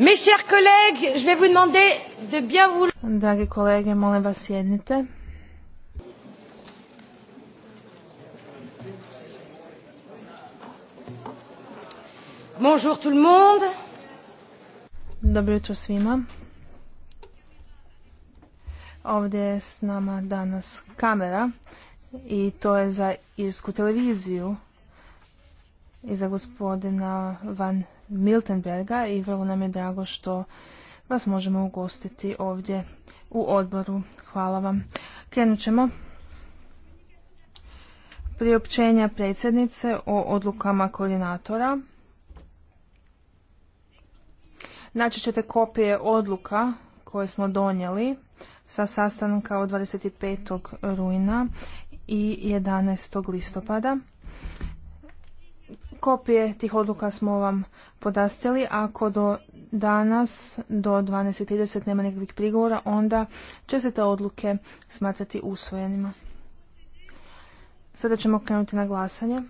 Mes chers collègues, je vais vous demander de bien vous... Dragi kolege, molim vas sjednite. Bonjour tout le monde. Dobro jutro svima. Ovdje je s nama danas kamera i to je za irsku televiziju i za gospodina Van Miltenberga i vrlo nam je drago što vas možemo ugostiti ovdje u odboru. Hvala vam. Krenut ćemo. Priopćenja predsjednice o odlukama koordinatora. Naći ćete kopije odluka koje smo donijeli sa sastanka od 25. rujna i 11. listopada. Kopije tih odluka smo vam podastili. Ako do danas, do 12.30 nema nekakvih prigovora, onda će se te odluke smatrati usvojenima. Sada ćemo krenuti na glasanje.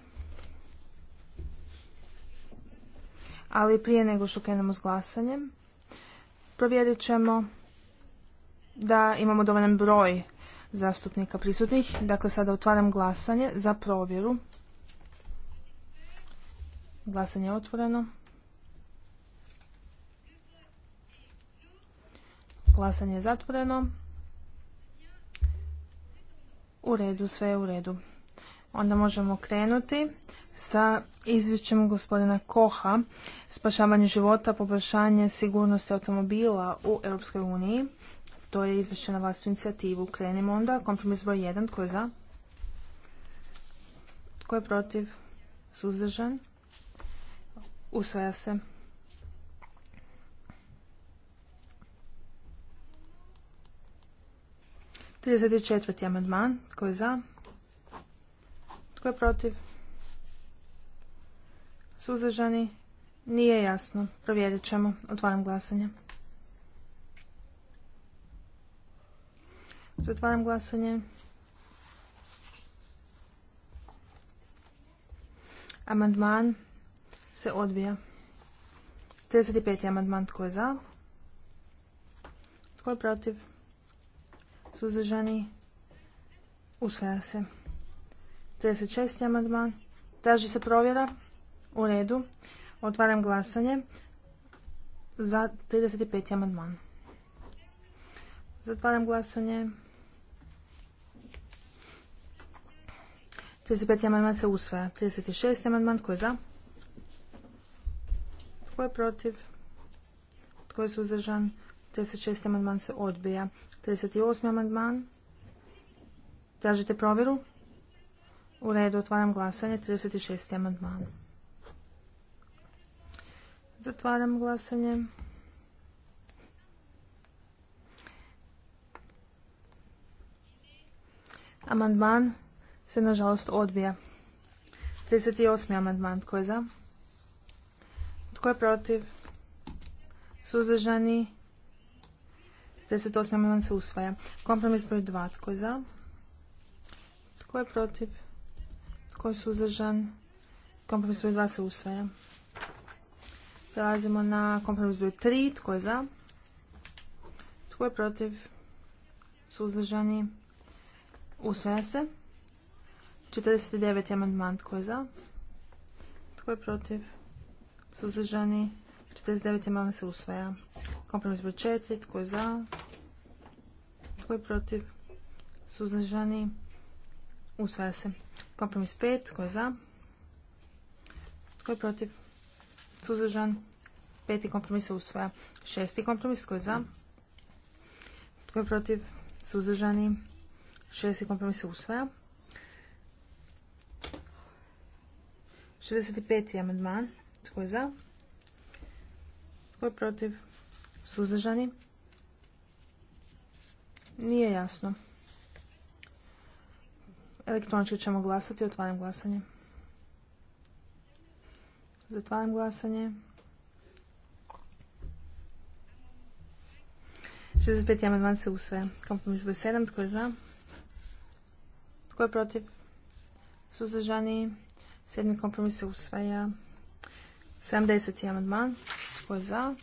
Ali prije nego što krenemo s glasanjem, provjerit ćemo da imamo dovoljan broj zastupnika prisutnih. Dakle, sada otvaram glasanje za provjeru. Glasanje je otvoreno. Glasanje je zatvoreno. U redu, sve je u redu. Onda možemo krenuti sa izvješćem gospodina Koha, spašavanje života, poboljšanje sigurnosti automobila u Europskoj uniji. To je izvješće na vlastnu inicijativu. Krenimo onda. Kompromis broj 1. Tko je za? Tko je protiv? Suzdržan? Usvaja se. Trideset četiri amandman. Tko je za? Tko je protiv? Suzdržani? Nije jasno. Provjerit ćemo. Otvaram glasanje. Zatvaram glasanje. Amandman se odbija. 35. amandman tko je za? Tko je protiv? Suzdržani? Usvaja se. 36. amandman. Traži se provjera. U redu. Otvaram glasanje za 35. amandman. Zatvaram glasanje. 35. amandman se usvaja. 36. amandman tko je za? Tko je protiv? Tko je suzdržan? 36. amandman se odbija. 38. amandman. Tražite provjeru? U redu, otvaram glasanje. 36. amandman. Zatvaram glasanje. Amandman se nažalost odbija. 38. amandman. Tko je za? Tko je protiv? Suzdržani? 58. amandman se usvaja. Kompromis broj 2. Tko je za? Tko je protiv? Tko je suzdržan? Kompromis broj 2 se usvaja. Prelazimo na kompromis broj 3. Tko je za? Tko je protiv? Suzdržani? Usvaja se. 49. amandman. Tko je za? Tko je protiv? suzdržani, 49. amandman se usvaja. Kompromis broj 4, tko je za, tko je protiv, suzdržani, usvaja se. Kompromis 5, tko je za, tko je protiv, suzdržan, peti kompromis se usvaja. Šesti kompromis, tko je za, tko je protiv, suzdržani, šesti kompromis se usvaja. 65. amandman. Tko je za? Tko je protiv? Suzdržani? Nije jasno. Elektronički ćemo glasati. Otvaram glasanje. Zatvaram glasanje. 65. amandman se usvaja. Kompromis broj 7. Tko je za? Tko je protiv? Suzdržani? Sedmi kompromis se usvaja. 70. amandman. Tko je za?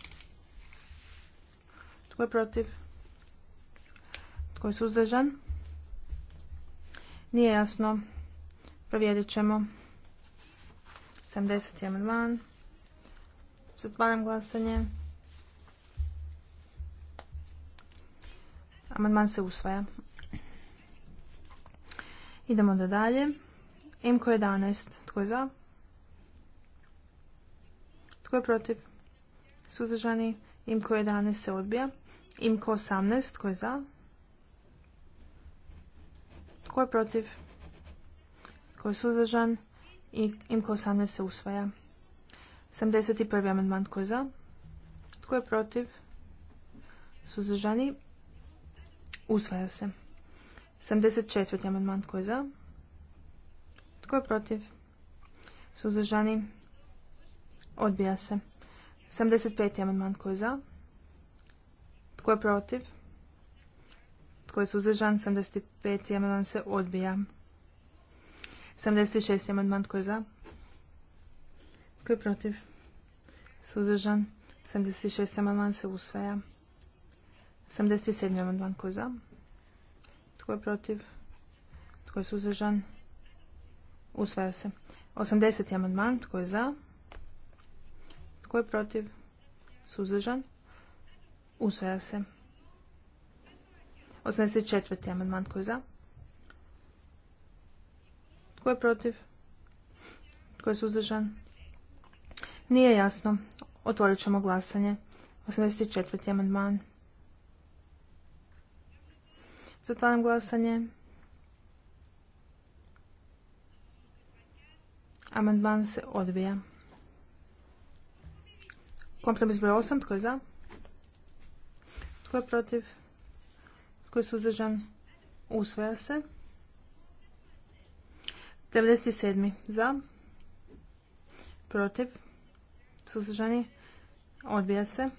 Tko je protiv? Tko je suzdržan? Nije jasno. Provjerit ćemo. 70. amandman. Zatvaram glasanje. Amandman se usvaja. Idemo da dalje. MK11. Tko je za? Tko je protiv? Suzdržani? Imko 11 se odbija. Imko 18. Tko je za? Tko je protiv? Tko je suzdržan? Imko 18 se usvaja. 71. amandman. Tko je za? Tko je protiv? Suzdržani? Usvaja se. 74. amandman. Tko je za? Tko je protiv? Suzdržani? Odbija se. 75. amandman tko je za? Tko je protiv? Tko je suzdržan? 75. amandman se odbija. 76. amandman tko je za? Tko je protiv? Suzdržan. 76. amandman se usvaja. 77. amandman tko je za? Tko je protiv? Tko je suzdržan? Usvaja se. 80. amandman tko je za? Tko je protiv? Suzdržan? Usvaja se. 84. amandman. Tko je za? Tko je protiv? Tko je suzdržan? Nije jasno. Otvorit ćemo glasanje. 84. amandman. Zatvaram glasanje. Amandman se odbija. Kompromis broj 8. Tko je za? Tko je protiv? Tko je suzdržan? usvoja se. 97. Za? Protiv? Suzdržani? Odbija se.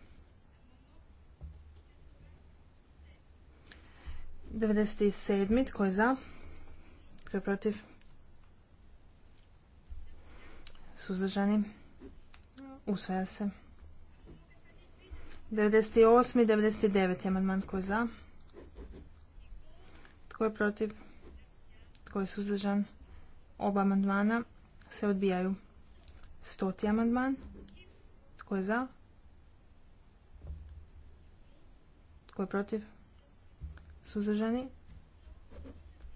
97. Tko je za? Tko je protiv? Suzdržani? usvoja se. 98. i 99. amandman tko je za? Tko je protiv? Tko je suzdržan? Oba amandmana se odbijaju. Stoti amandman. Tko je za? Tko je protiv? Suzdržani?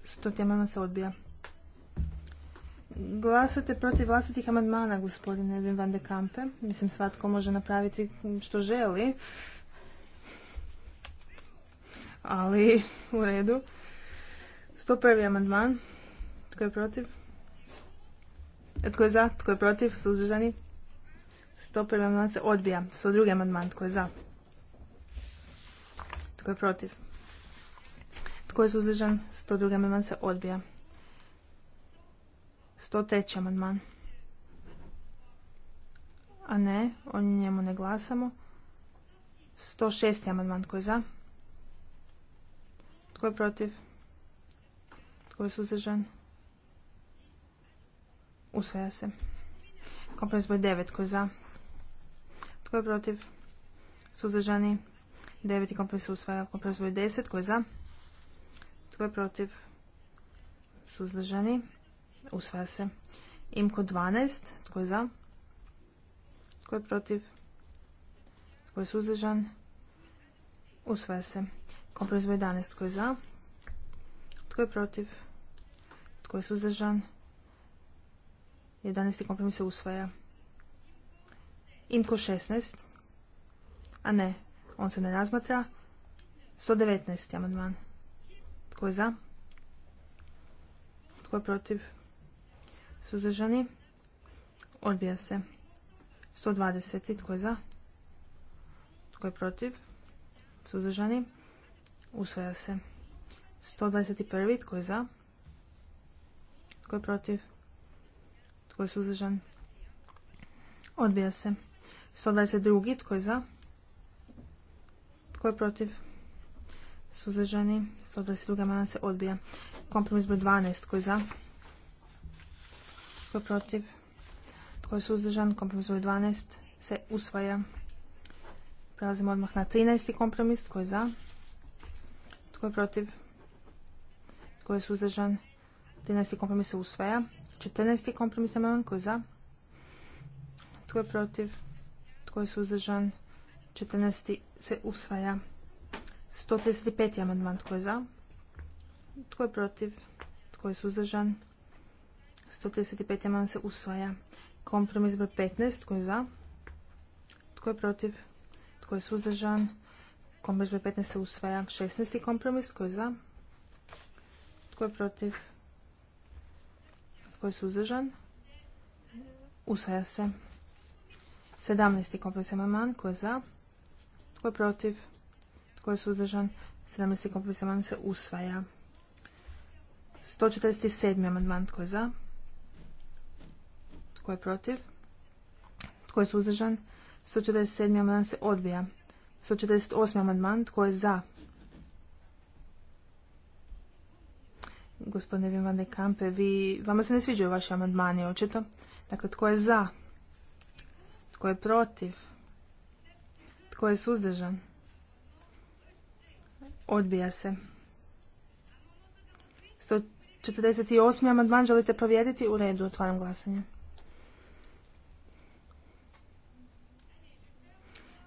100. amandman se odbija. Glasate protiv vlastitih amandmana, gospodine van de Kampe. Mislim, svatko može napraviti što želi. Ali, u redu. 101. amandman. Tko je protiv? E, tko je za? Tko je protiv? Suzdržani? 101. amandman se odbija. drugi amandman. Tko je za? Tko je protiv? Tko je suzdržan? drugi amandman se odbija. 103. amandman. A ne, o njemu ne glasamo. 106. amandman. Tko je za? Tko je protiv? Tko je suzdržan? Usvaja se. Kompromis broj 9. Tko je za? Tko je protiv? Suzdržani? 9. kompromis se usvaja. Kompromis broj 10. Tko je za? Tko je protiv? Suzdržani? Usvaja se. Imko 12. Tko je za? Tko je protiv? Tko je suzdržan? Usvaja se. Kompromis 11. Tko je za? Tko je protiv? Tko je suzdržan? 11. kompromis se usvaja. Imko 16. A ne, on se ne razmatra. 119. amandman. Tko je za? Tko je protiv? Suzdržani? Odbija se. 120. Tko je za? Tko je protiv? Suzdržani? Usvaja se. 121. Tko je za? Tko je protiv? Tko je suzdržan? Odbija se. 122. Tko je za? Tko je protiv? Suzdržani. 122. mana se odbija. Kompromis broj 12. Tko je za? Tko je protiv? Tko je suzdržan? Kompromis broj 12 se usvaja. Prelazimo odmah na 13. kompromis. Tko je za? Tko je protiv? Tko je suzdržan? 13. kompromis se usvaja. 14. kompromis amandman. Tko je za? Tko je protiv? Tko je suzdržan? 14. se usvaja. 135. amandman. Tko je za? Tko je protiv? Tko je suzdržan? 135. amandman se usvaja. Kompromis broj 15. Tko je za? Tko je protiv? Tko je suzdržan? Kompromis broj 15 se usvaja. 16. kompromis. Tko je za? Tko je protiv? Tko je suzdržan? Usvaja se. 17. kompromis amandman. Tko je za? Tko je protiv? Tko je suzdržan? 17. kompromis amandman se usvaja. 147. amandman. Tko je za? Tko je protiv? Tko je suzdržan? 147. amandman se odbija. 148. amandman. Tko je za? Gospodine Vim van Kampe, vi, vama se ne sviđaju vaši amandmani, očito. Dakle, tko je za? Tko je protiv? Tko je suzdržan? Odbija se. 148. amandman želite provjeriti? U redu, otvaram glasanje.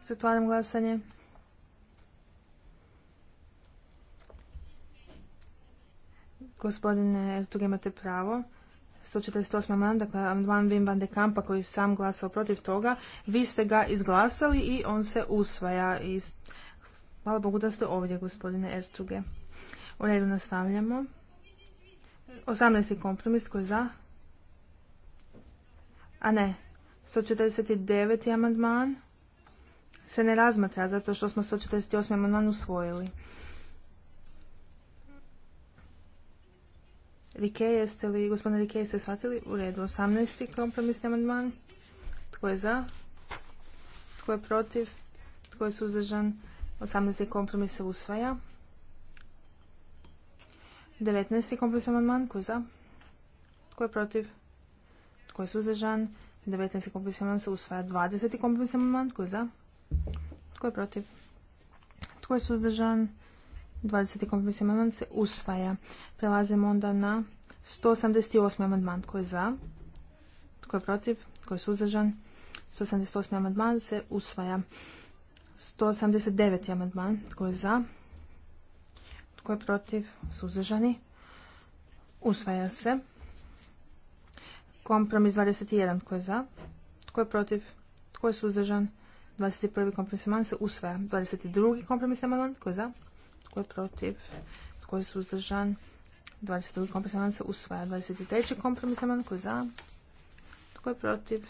Zatvaram glasanje. Gospodine Ertuge, imate pravo. 148. amandman, dakle amandman Wim van de Kampa koji sam glasao protiv toga, vi ste ga izglasali i on se usvaja. I hvala Bogu da ste ovdje, gospodine Ertuge. U redu nastavljamo. 18. kompromis, tko je za? A ne, 149. amandman se ne razmatra zato što smo 148. amandman usvojili. Rike, jeste li, gospodine Rike, jeste shvatili? U redu, 18. kompromisni amandman. Tko je za? Tko je protiv? Tko je suzdržan? 18. kompromis se usvaja. 19. kompromis amandman. Tko je za? Tko je protiv? Tko je suzdržan? 19. kompromis amandman se usvaja. 20. kompromis amandman. Tko je za? Tko je protiv? Tko je suzdržan? 20. kompromisni amandman se usvaja. Prelazimo onda na 188. amandman. Tko je za? Tko je protiv? Tko je suzdržan? 188. amandman se usvaja. 189. amandman. Tko je za? Tko je protiv? Suzdržani? Usvaja se. Kompromis 21. Tko je za? Tko je protiv? Tko je suzdržan? 21. kompromis amandman se usvaja. 22. kompromis amandman, tko za? Tko je protiv? Tko je suzdržan? 22. kompromisni amandman se usvaja. 23. kompromis amandman, tko je za? Tko je protiv?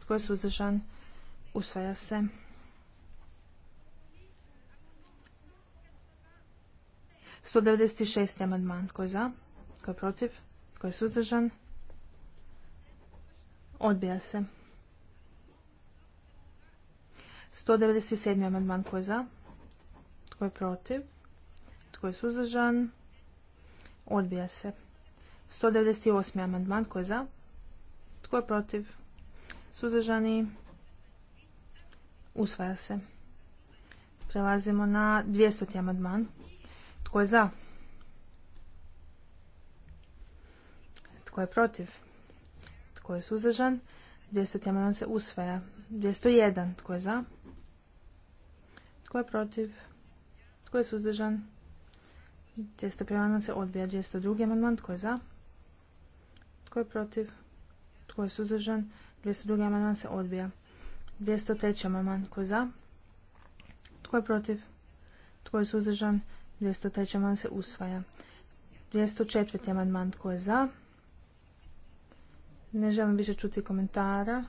Tko je suzdržan? Usvaja se. Sto devedeset šest amandman. Tko je za? Tko je protiv? Tko je suzdržan? Odbija se. 197. amandman tko je za? Tko je protiv? Tko je suzdržan? Odbija se. 198. amandman tko je za? Tko je protiv? Suzdržani? Usvaja se. Prelazimo na 200. amandman. Tko je za? Tko je protiv? Tko je suzdržan? 200. amandman se usvaja. 201. Tko je za? Tko je protiv? Tko je suzdržan? 201. amandman se odbija. 202. amandman. Tko je za? Tko je protiv? Tko je suzdržan? 202. amandman se odbija. 203. amandman. Tko je za? Tko je protiv? Tko je suzdržan? 203. amandman se usvaja. 204. amandman. Tko je za? Ne želim više čuti komentara.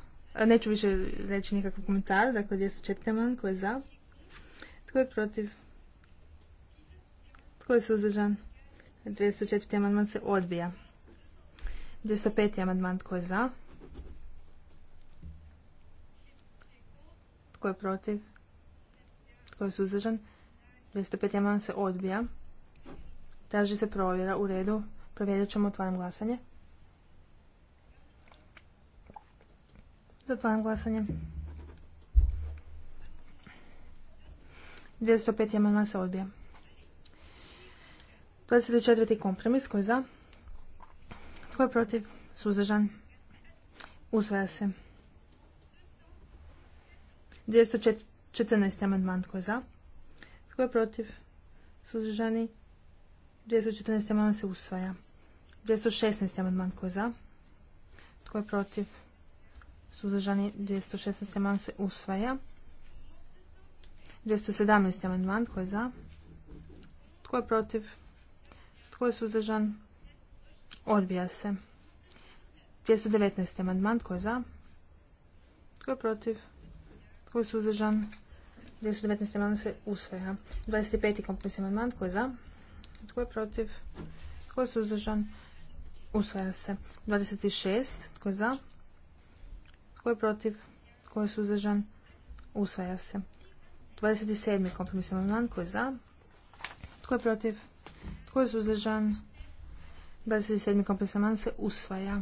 Neću više reći nikakav komentar. Dakle, 204. amandman. Tko je za? Tko je protiv? Tko je suzdržan? 204. amandman se odbija. 205. amandman tko je za? Tko je protiv? Tko je suzdržan? 205. amandman se odbija. Traži se provjera u redu. Provjerit ćemo, otvaram glasanje. Zatvaram glasanje. 205. amandman se odbija. 24. kompromis. Tko je za? Tko je protiv? Suzdržan. Usvaja se. 214. amandman. Tko je za? Tko je protiv? Suzdržani. 214. amandman se usvaja. 216. amandman. Tko je za? Tko je protiv? Suzdržani. 216. amandman se usvaja. 217. amandman, tko je za? Tko je protiv? Tko je suzdržan? Odbija se. 219. amandman, tko je za? Tko je protiv? Tko je suzdržan? 219. amandman se usvaja. 25. kompromisni amandman, tko je za? Tko je protiv? Tko je suzdržan? Usvaja se. 26. Tko je za? Tko je protiv? Tko je suzdržan? Usvaja se. 27. kompromisni amandman. Tko je za? Tko je protiv? Tko je suzdržan? 27. kompromisni amandman se usvaja.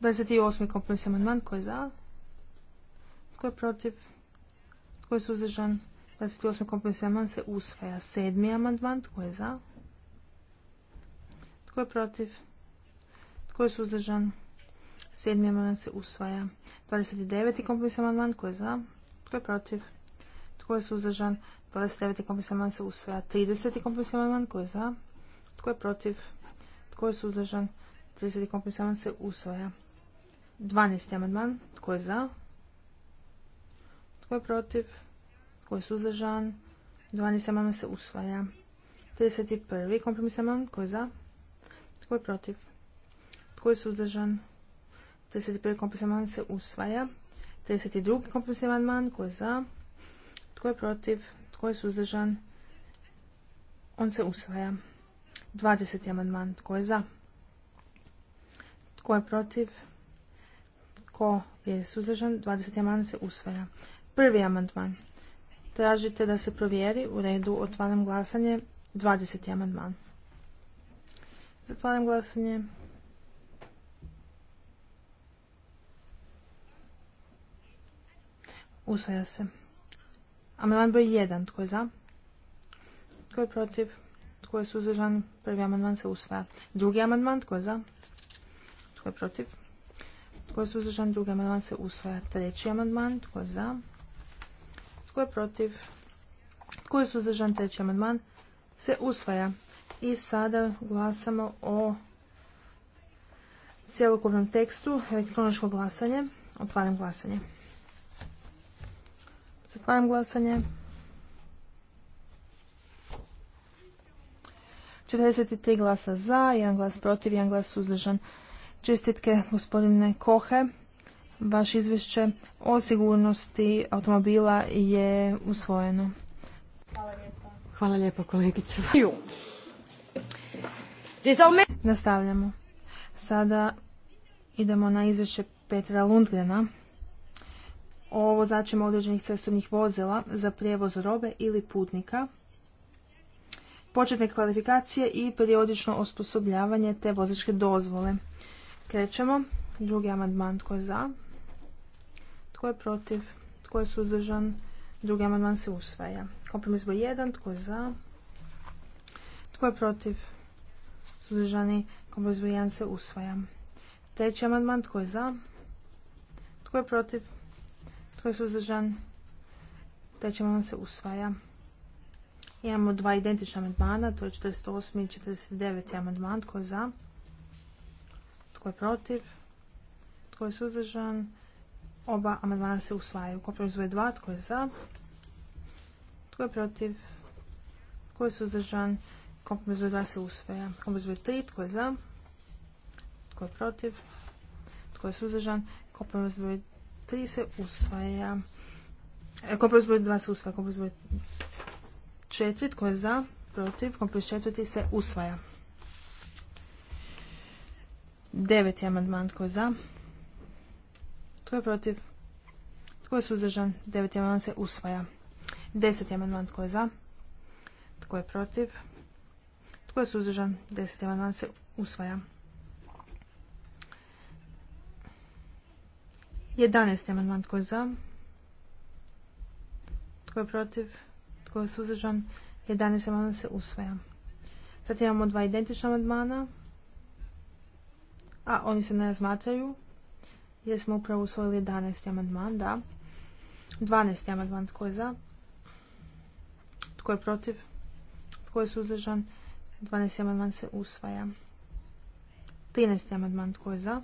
28. kompromisni amandman. Tko je za? Tko je protiv? Tko je suzdržan? 28. kompromisni amandman se usvaja. 7. amandman. Tko je za? Tko je protiv? Tko je suzdržan? Sedmi amandman se usvaja. 29. kompromis amandman, tko je za? Tko je protiv? Tko je suzdržan? 29. kompromis amandman se usvaja. 30. kompromis amandman, tko je za? Tko je protiv? Tko je suzdržan? 30. kompromis amandman se usvaja. 12. amandman, tko je za? Tko je protiv? Tko je suzdržan? 12. amandman se usvaja. 31. kompromis amandman, tko je za? Tko je protiv? Tko je suzdržan? 31. kompromisni amandman se usvaja. 32. kompromisni amandman, tko je za, tko je protiv, tko je suzdržan, on se usvaja. 20. amandman, tko je za, tko je protiv, tko je suzdržan, 20. amandman se usvaja. Prvi amandman. Tražite da se provjeri u redu otvaram glasanje 20. amandman. Zatvaram glasanje. Usvaja se. Amandman broj 1. Tko je za? Tko je protiv? Tko je suzdržan? Prvi amandman se usvaja. Drugi amandman. Tko je za? Tko je protiv? Tko je suzdržan? Drugi amandman se usvaja. Treći amandman. Tko je za? Tko je protiv? Tko je suzdržan? Treći amandman se usvaja. I sada glasamo o cijelokupnom tekstu elektroničko glasanje. Otvaram glasanje. Zatvaram glasanje. 43 glasa za, jedan glas protiv, jedan glas uzdržan. Čestitke gospodine Kohe. Vaše izvješće o sigurnosti automobila je usvojeno. Hvala lijepo, Hvala Nastavljamo. Sada idemo na izvješće Petra Lundgrena o vozačima određenih cestovnih vozila za prijevoz robe ili putnika, početne kvalifikacije i periodično osposobljavanje te vozačke dozvole. Krećemo. Drugi amandman tko je za? Tko je protiv? Tko je suzdržan? Drugi amandman se usvaja. Kompromis broj 1. Tko je za? Tko je protiv? Suzdržani. Kompromis broj 1 se usvaja. Treći amandman. Tko je za? Tko je protiv? Tko je suzdržan? Treći vam se usvaja. Imamo dva identična amandmana, to je 48. i 49. amandman. Tko je za? Tko je protiv? Tko je suzdržan? Oba amandmana se usvajaju. tko broj dva? Tko je za? Tko je protiv? Tko je suzdržan? Kompromis broj 2 se usvaja. Kompromis broj 3. Tko je za? Tko je protiv? Tko je suzdržan? Kompromis broj 3 e, se usvaja. Kompromis broj 2 se usvaja. Kompromis broj 4 tko je za, protiv. Kompromis 4 se usvaja. je amandman tko je za, tko je protiv, tko je suzdržan. 9 je amandman se usvaja. 10 je amandman tko je za, tko je protiv, tko je suzdržan. 10 je amandman se usvaja. 11. amandman tko je za? Tko je protiv? Tko je suzdržan? 11. amandman se usvaja. Sad imamo dva identična amandmana, a oni se ne razmatraju jer smo upravo usvojili 11. amandman, da. 12. amandman tko je za? Tko je protiv? Tko je suzdržan? 12. amandman se usvaja. 13. amandman tko je za?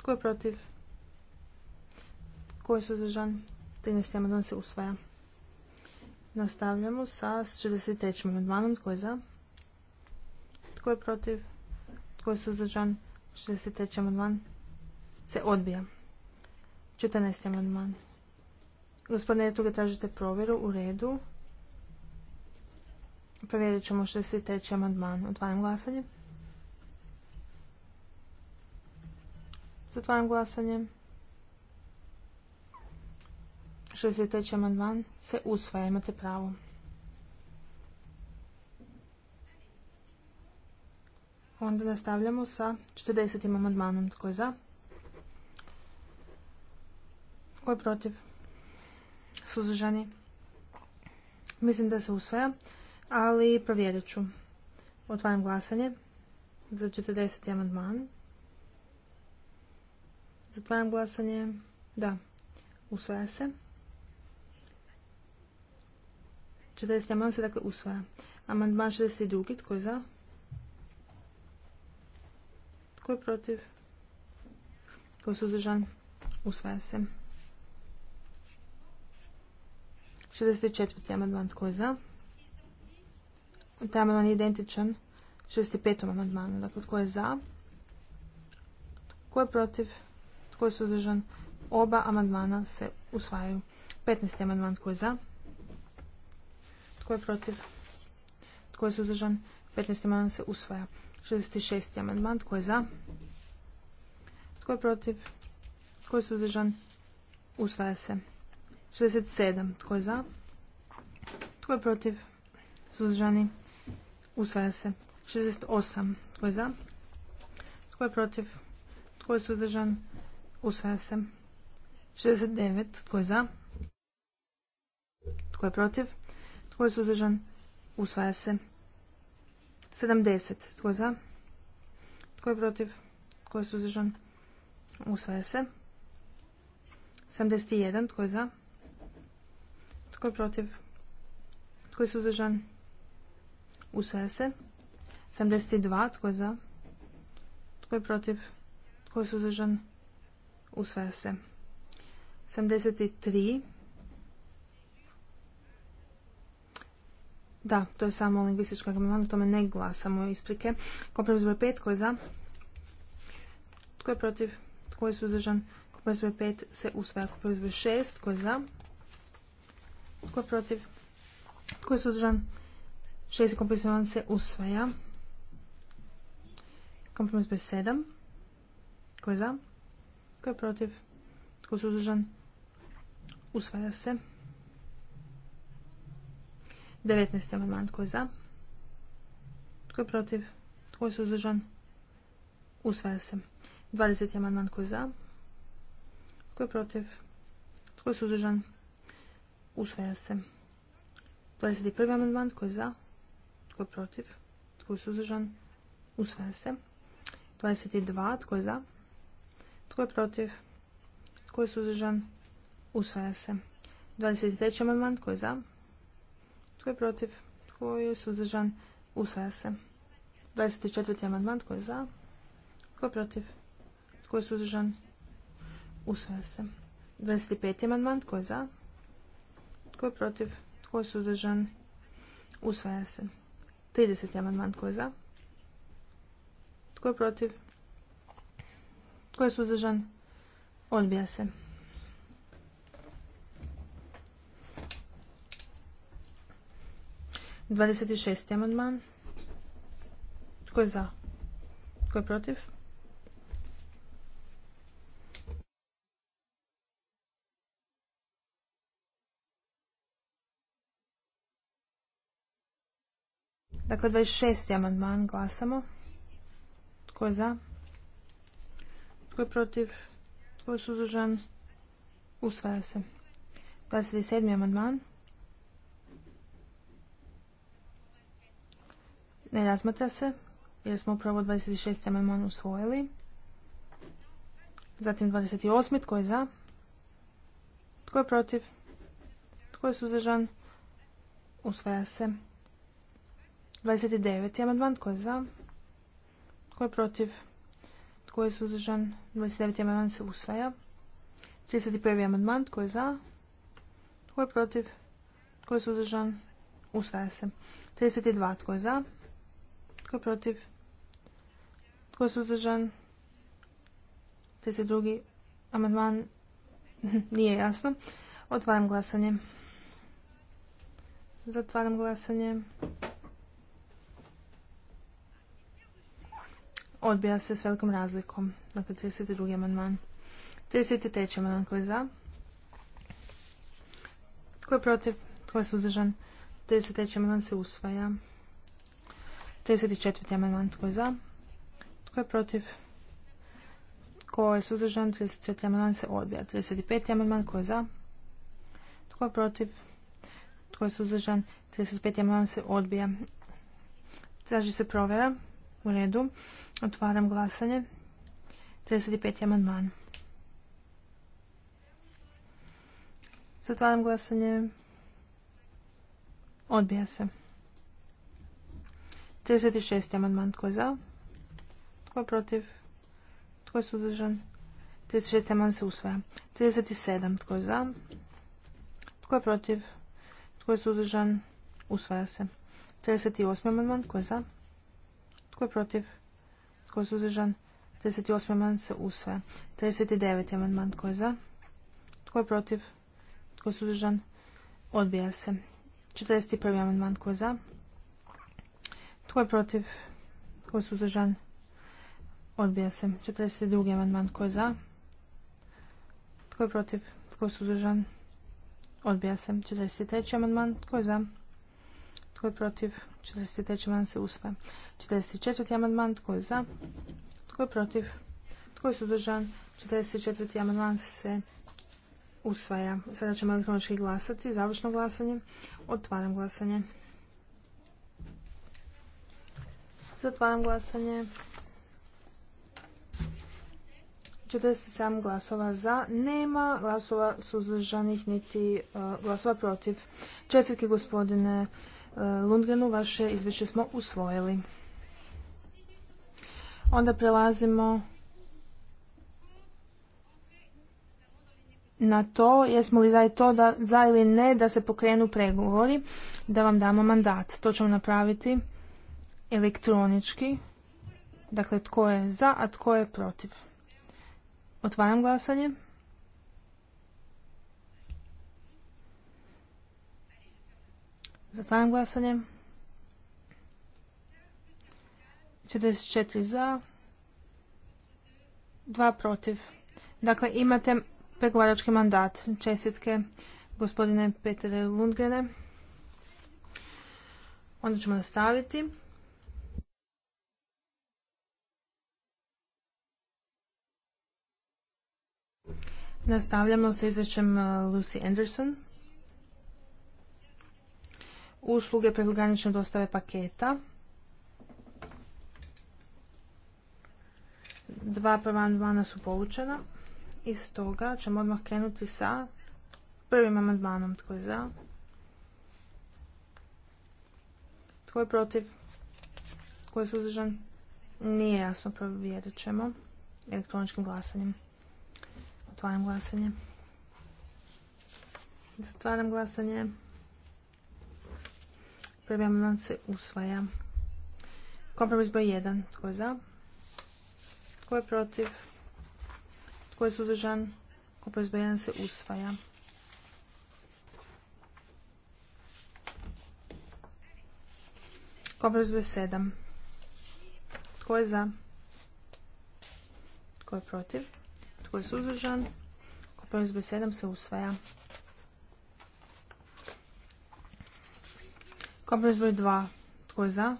Tko je protiv? Tko je suzdržan? 13. amandman se usvaja. Nastavljamo sa 63. amandmanom. Tko je za? Tko je protiv? Tko je suzdržan? 63. amandman se odbija. 14. amandman. Gospodine ga tražite provjeru u redu. Provjerit ćemo 63. amandman. Odvajam glasanje. Zatvaram glasanje. 63. amandman se usvaja. Imate pravo. Onda nastavljamo sa 40. amandmanom. Tko je za? Tko je protiv? Suzdržani? Mislim da se usvaja, ali provjerit ću. Otvaram glasanje za 40. amandman. Zatvaram glasanje. Da. Usvaja se. 40. amandman se dakle usvaja. Amandman 62. Tko je za? Tko je protiv? Tko je suzdržan? Usvaja se. 64. amandman. Tko je za? Taj amandman je identičan 65. amandmanu. Dakle, tko je za? Tko je protiv? Tko je suzdržan? Oba amandmana se usvajaju. 15. amandman tko je za? Tko je protiv? Tko je suzdržan? 15. amandman se usvaja. 66. amandman tko je za? Tko je protiv? Tko je suzdržan? Usvaja se. 67. Tko je za? Tko je protiv? Suzdržani? Usvaja se. 68. Tko je za? Tko je protiv? Tko je suzdržan? Usvaja se. 69. Tko je za? Tko je protiv? Tko je suzdržan? Usvaja se. 70. Tko je za? Tko je protiv? Tko je suzdržan? Usvaja se. 71. Tko je za? Tko je protiv? Tko je suzdržan? Usvaja se. 72. Tko je za? Tko je protiv? Tko je suzdržan? Usvaja se. 73. Da, to je samo lingvistička gramatika, o tome ne glasamo isprike. Kompromis broj 5, tko je za? Tko je protiv? Tko je suzdržan? Kompromis broj 5 se usvaja. Kompromis broj 6, tko je za? Tko je protiv? Tko je suzdržan? Šesti kompromis broj se usvaja. Kompromis broj 7, tko je za? Tko je protiv? Tko je suzdržan? Usvaja se. 19. amandman. Tko je za? Tko je protiv? Tko je suzdržan? Usvaja se. 20. amandman. Tko je za? Tko je protiv? Tko je suzdržan? Usvaja se. 21. amandman. Tko je za? Tko je protiv? Tko je suzdržan? Usvaja se. 22. Tko je za? Tko je protiv? Tko je suzdržan? Usvaja se. 23. amandman. Tko je za? Tko je protiv? Tko je suzdržan? Usvaja se. 24. amandman. Tko je za? Tko je protiv? Tko je suzdržan? Usvaja se. 25. amandman. Tko je za? Tko je protiv? Tko je suzdržan? Usvaja se. 30. amandman. Tko je za? Tko je protiv? Tko je suzdržan? Odbija se. Dvadeset šest amandman. Tko je za? Tko je protiv? Dakle, 26. amandman glasamo. Tko je za? Tko je protiv? Tko je suzdržan? Usvaja se. 27. amandman. Ne razmatra se, jer smo upravo 26. amandman usvojili. Zatim 28. Tko je za? Tko je protiv? Tko je suzdržan? Usvaja se. 29. amandman. Tko je za? Tko je protiv? Tko je suzdržan? 29. amandman se usvaja. 31. amandman. Tko je za? Tko je protiv? Tko je suzdržan? Usvaja se. 32. Tko je za? Tko je protiv? Tko je suzdržan? 32. amandman nije jasno. Otvaram glasanje. Zatvaram glasanje. Odbija se s velikom razlikom. Dakle, 32. amandman. 33. amandman koji je za. Tko je protiv? Tko je suzdržan? 33. amandman se usvaja. 34. amandman. Tko je za? Tko je protiv? Tko je suzdržan? 34. amandman se odbija. 35. amandman. Tko je za? Tko je protiv? Tko je suzdržan? 35. amandman se odbija. Traži se provjera. U redu. Otvaram glasanje. 35. amandman. Zatvaram glasanje. Odbija se. 36. amandman. Tko je za? Tko je protiv? Tko je sudržan? 36. amandman se usvaja. 37. Tko je za? Tko je protiv? Tko je sudržan? Usvaja se. 38. amandman. Tko je za? Tko je protiv? Tko je suzdržan? 38. amandman se usvaja. 39. amandman. Tko je za? Tko je protiv? Tko je suzdržan? Odbija se. 41. amandman. Tko je za? Tko je protiv? Tko je suzdržan? Odbija se. 42. amandman. Tko je za? Tko je protiv? Tko je suzdržan? Odbija se. 43. amandman. Tko je za? Tko je protiv? 43. amandman se usvaja. 44. amandman, tko je za? Tko je protiv? Tko je suzdržan? 44. amandman se usvaja. Sada ćemo elektronički glasati. Završno glasanje. Otvaram glasanje. Zatvaram glasanje. 47 glasova za, nema glasova suzdržanih niti e, glasova protiv. Čestitke gospodine Eh, Lundgrenu. Vaše izvješće smo usvojili. Onda prelazimo na to, jesmo li za, to za ili ne da se pokrenu pregovori, da vam damo mandat. To ćemo napraviti elektronički. Dakle, tko je za, a tko je protiv. Otvaram glasanje. Zatvaram glasanje. 44 za, 2 protiv. Dakle, imate pregovarački mandat. Čestitke gospodine Petere Lundgrene. Onda ćemo nastaviti. Nastavljamo sa izvećem uh, Lucy Anderson usluge prekogranične dostave paketa. Dva prva amandmana su povučena i stoga ćemo odmah krenuti sa prvim amandmanom. Tko je za? Tko je protiv? Tko je suzdržan? Nije jasno, provjerit ćemo elektroničkim glasanjem. Otvaram glasanje. Zatvaram glasanje. Prvi amandman se usvaja. Kompromis broj 1. Tko je za? Tko je protiv? Tko je sudržan? Kompromis broj 1 se usvaja. Kompromis broj 7. Tko je za? Tko je protiv? Tko je suzdržan? Kompromis broj 7 se usvaja. Kompromis broj 2. Tko je za?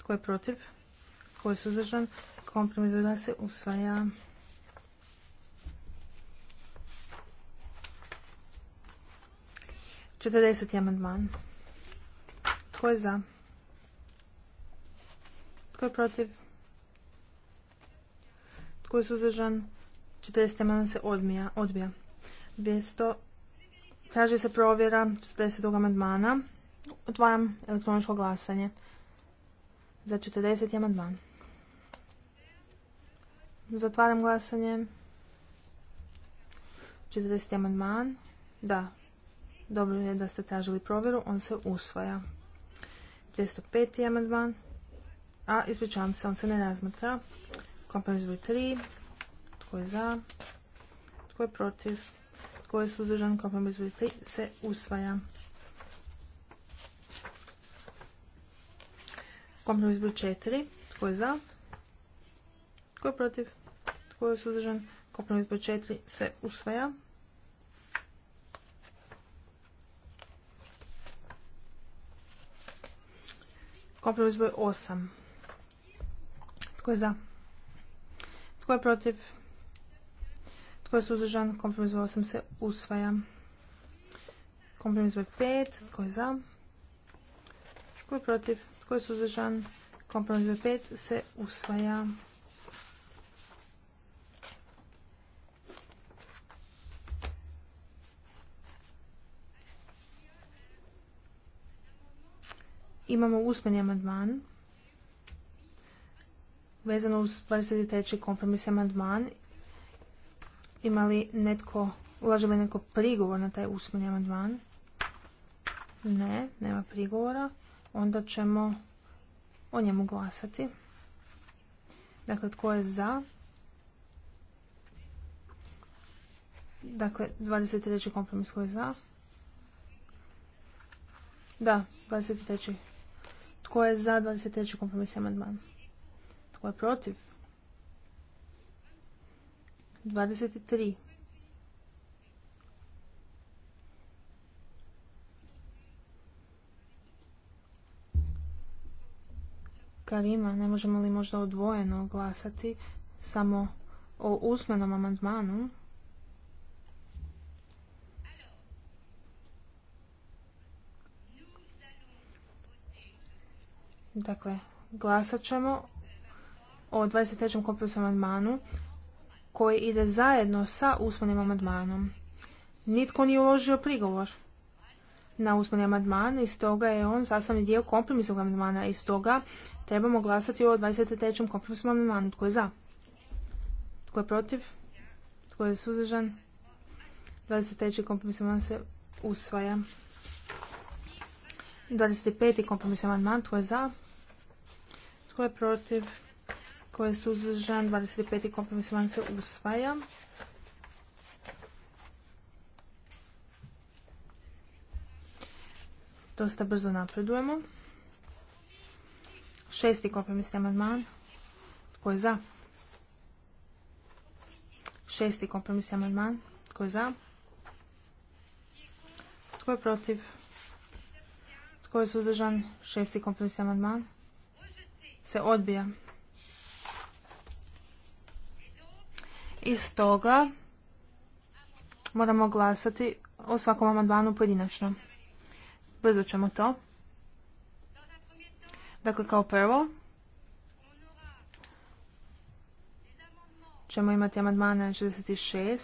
Tko je protiv? Tko je suzdržan? Kompromis broj 2 se usvaja. Četrdeseti amandman. Tko je za? Tko je protiv? Tko je suzdržan? 40. amandman se odmija, odbija. 200 Traži se provjera 40. amandmana. Otvaram elektroničko glasanje za 40. amandman. Zatvaram glasanje. 40. amandman. Da. Dobro je da ste tražili provjeru. On se usvaja. 205. amandman. A, ispričavam se, on se ne razmatra. Kompromis broj 3. Tko je za? Tko je protiv? tko je suzdržan, kompromis broj 3 se usvaja. Kompromis broj 4, tko je za, tko je protiv, tko je suzdržan, kompromis broj 4 se usvaja. Kompromis broj 8. Tko je za? Tko je protiv? Tko je suzdržan? Kompromis broj 8 se usvaja. Kompromis broj 5. Tko je za? Tko je protiv? Tko je suzdržan? Kompromis broj 5 se usvaja. Imamo usmeni amandman vezano uz 23. kompromis amandman Imali netko, ulaže li netko prigovor na taj usmeni amandman? Ne, nema prigovora. Onda ćemo o njemu glasati. Dakle, tko je za? Dakle, 23. kompromis koji je za? Da, 23. Tko je za 23. kompromis, amandman? Tko je protiv? 23. Karima, ne možemo li možda odvojeno glasati samo o usmenom amandmanu? Dakle, glasat ćemo o 23. sa amandmanu koji ide zajedno sa usmenim amandmanom. Nitko nije uložio prigovor na usmeni amandman i stoga je on sastavni dio kompromisnog amandmana i stoga trebamo glasati o 23. kompromisnom amandmanu. Tko je za? Tko je protiv? Tko je suzdržan? 23. kompromisni amandman se usvaja. 25. kompromisni amandman. Tko je za? Tko je protiv? koje su suzdržan, 25. kompromis van se usvaja. Dosta brzo napredujemo. Šesti kompromisni amandman. Tko je za? Šesti kompromisni amandman. Tko je za? Tko je protiv? Tko je suzdržan? Šesti kompromisni amandman. Se odbija. I stoga moramo glasati o svakom amandmanu pojedinačno. Brzo ćemo to. Dakle, kao prvo ćemo imati amandmane 66,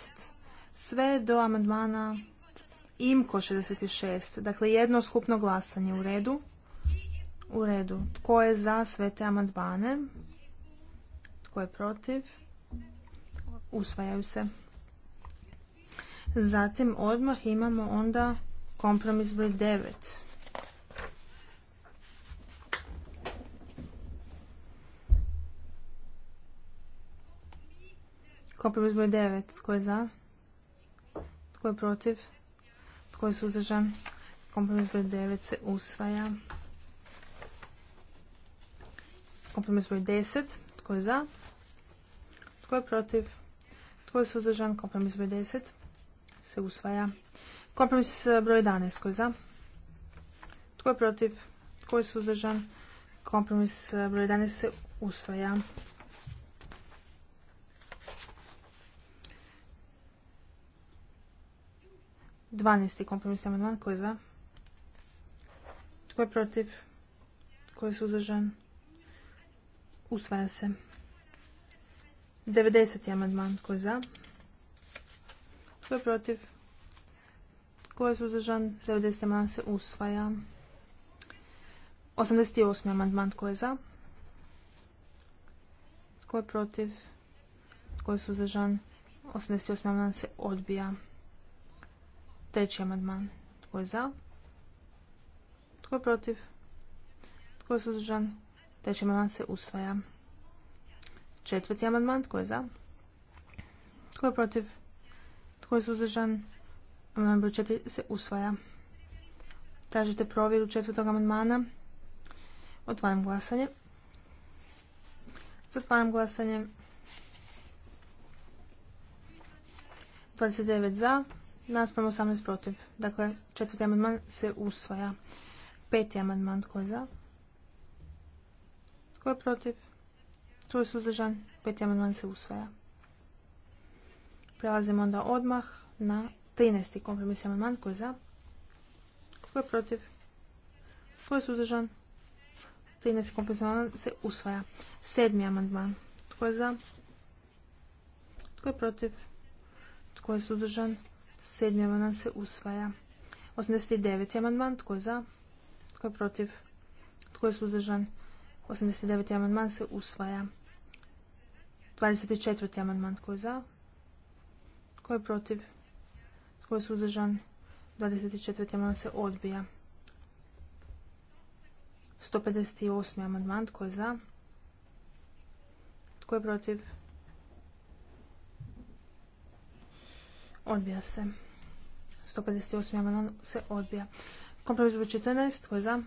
sve do amandmana IMKO 66. Dakle, jedno skupno glasanje u redu. U redu. Tko je za sve te amandmane? Tko je protiv? usvajaju se. Zatim odmah imamo onda kompromis broj 9. Kompromis broj 9. Tko je za? Tko je protiv? Tko je suzdržan? Kompromis broj 9 se usvaja. Kompromis broj 10. Tko je za? Tko je protiv? Tko je suzdržan? Kompromis broj 10 se usvaja. Kompromis e, broj 11. Tko je za? Tko je protiv? Tko je suzdržan? Kompromis e, broj 11 se usvaja. Dvanesti kompromis amandman. Tko je za? Tko je protiv? Tko je suzdržan? Usvaja se. 90. amandman. Tko je za? Tko je protiv? Tko je suzdržan? 90. amandman se usvaja. 88. amandman. Tko je za? Tko je protiv? Tko je suzdržan? 88. amandman se odbija. Treći amandman. Tko je za? Tko je protiv? Tko je suzdržan? Treći amandman se usvaja. Četvrti amandman, tko je za? Tko je protiv? Tko je suzdržan? Amandman broj četiri se usvaja. Tražite provjeru četvrtog amandmana. Otvaram glasanje. Zatvaram glasanje. 29 za, naspram 18 protiv. Dakle, četvrti amandman se usvaja. Peti amandman, tko je za? Tko je protiv? Tko je suzdržan? Peti amandman se usvaja. Prelazimo onda odmah na 13. kompromisni amandman. Tko je za? Tko je protiv? Tko je suzdržan? 13. kompromisni amandman se usvaja. Sedmi amandman. Tko je za? Tko je protiv? Tko je suzdržan? Sedmi amandman se usvaja. 89. amandman. Tko je za? Tko je protiv? Tko je suzdržan? 89. amandman se usvaja. 24. amandman tko je za? Tko je protiv? Tko je suzdržan? 24. amandman se odbija. 158. amandman tko je za? Tko je protiv? Odbija se. 158. amandman se odbija. Kompromis broj 14. Tko je za?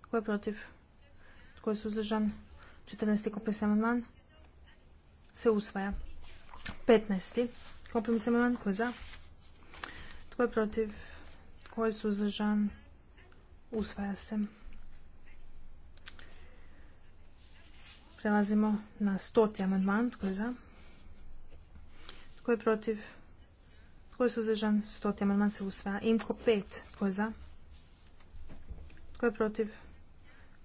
Tko je protiv? Tko je suzdržan? 14. kompromis amandman se usvaja. 15. Kompromis amandman tko je za? Tko je protiv? Tko je suzdržan? Usvaja se. Prelazimo na stoti amandman. Tko je za? Tko je protiv? Tko je suzdržan? Stoti amandman se usvaja. Imko 5. Tko je za? Tko je protiv?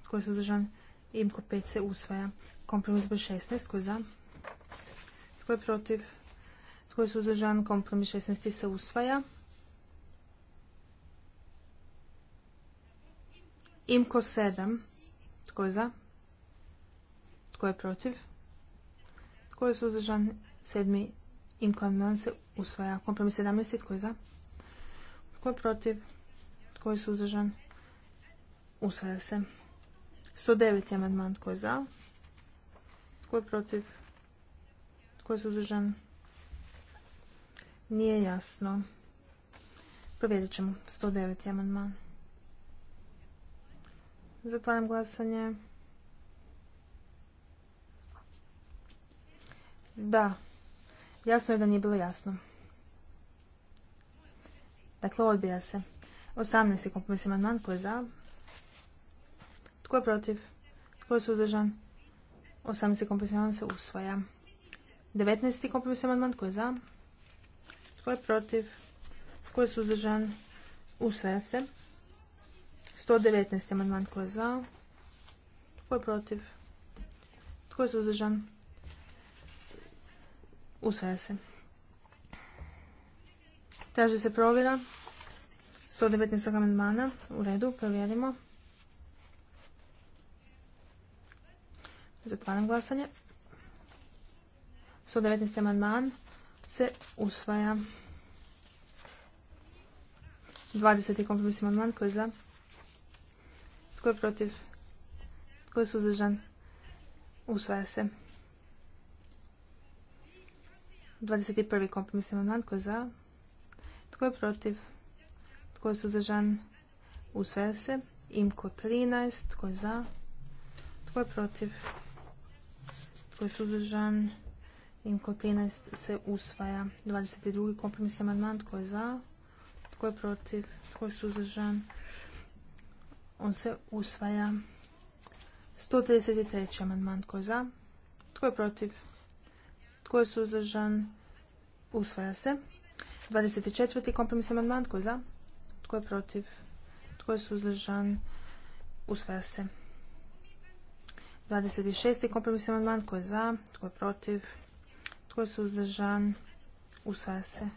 Tko je suzdržan? Imko 5 se usvaja. Kompromis broj 16. Tko je za? Tko je protiv? Tko je suzdržan? Kompromis 16. se usvaja. Imko 7. Tko je za? Tko je protiv? Tko je suzdržan? Sedmi Imko Adnan se usvaja. Kompromis 17. Tko je za? Tko je protiv? Tko je suzdržan? Usvaja se. 109. amandman. Tko je za? Tko je protiv? Tko je suzdržan? Nije jasno. Provjerit ćemo 109. amandman. Zatvaram glasanje. Da, jasno je da nije bilo jasno. Dakle, odbija se. 18. kompromis amandman. Tko je za? Tko je protiv? Tko je suzdržan? 18. kompromis se usvaja. 19. kompromis amandman. Tko je za? Tko je protiv? Tko je suzdržan? Usvaja se. 119. amandman. Tko je za? Tko je protiv? Tko je suzdržan? Usvaja se. Traži se provjera 119. amandmana. U redu, provjerimo. Zatvaram glasanje. 119. amandman se usvaja. 20. kompromis amandman koji je za? Tko je protiv? Tko je suzdržan? Usvaja se. 21. kompromis amandman koji je za? Tko je protiv? Tko je suzdržan? Usvaja se. Imko 13. Tko je za? Tko je protiv? Tko je suzdržan? Imko 13 se usvaja. 22. kompromis amandman. Tko je za? Tko je protiv? Tko je suzdržan? On se usvaja. 133. amandman. Tko je za? Tko je protiv? Tko je suzdržan? Usvaja se. 24. kompromis amandman. Tko je za? Tko je protiv? Tko je suzdržan? Usvaja se. 26. kompromis amandman. Tko je za? Tko je protiv? Tko je suzdržan? Usvaja se.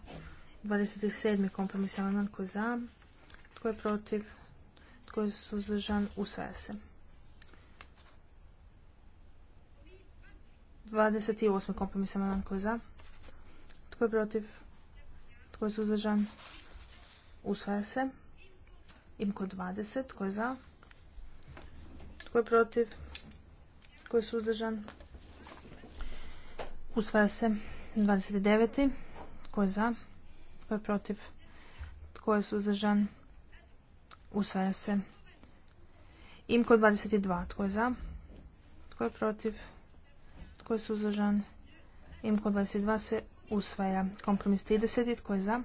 27. kompromis amandman tko je za? Tko je protiv? Tko je suzdržan? Usvaja se. 28. kompromis amandman tko je za? Tko je protiv? Tko je suzdržan? Usvaja se. Imko 20. Tko je za? Tko je protiv? Tko je suzdržan? Usvaja se 29. Tko je za? Tko je protiv? Tko je suzdržan? Usvaja se. Imko 22. Tko je za? Tko je protiv? Tko je suzdržan? Imko 22 se usvaja. Kompromis 30. Tko je za?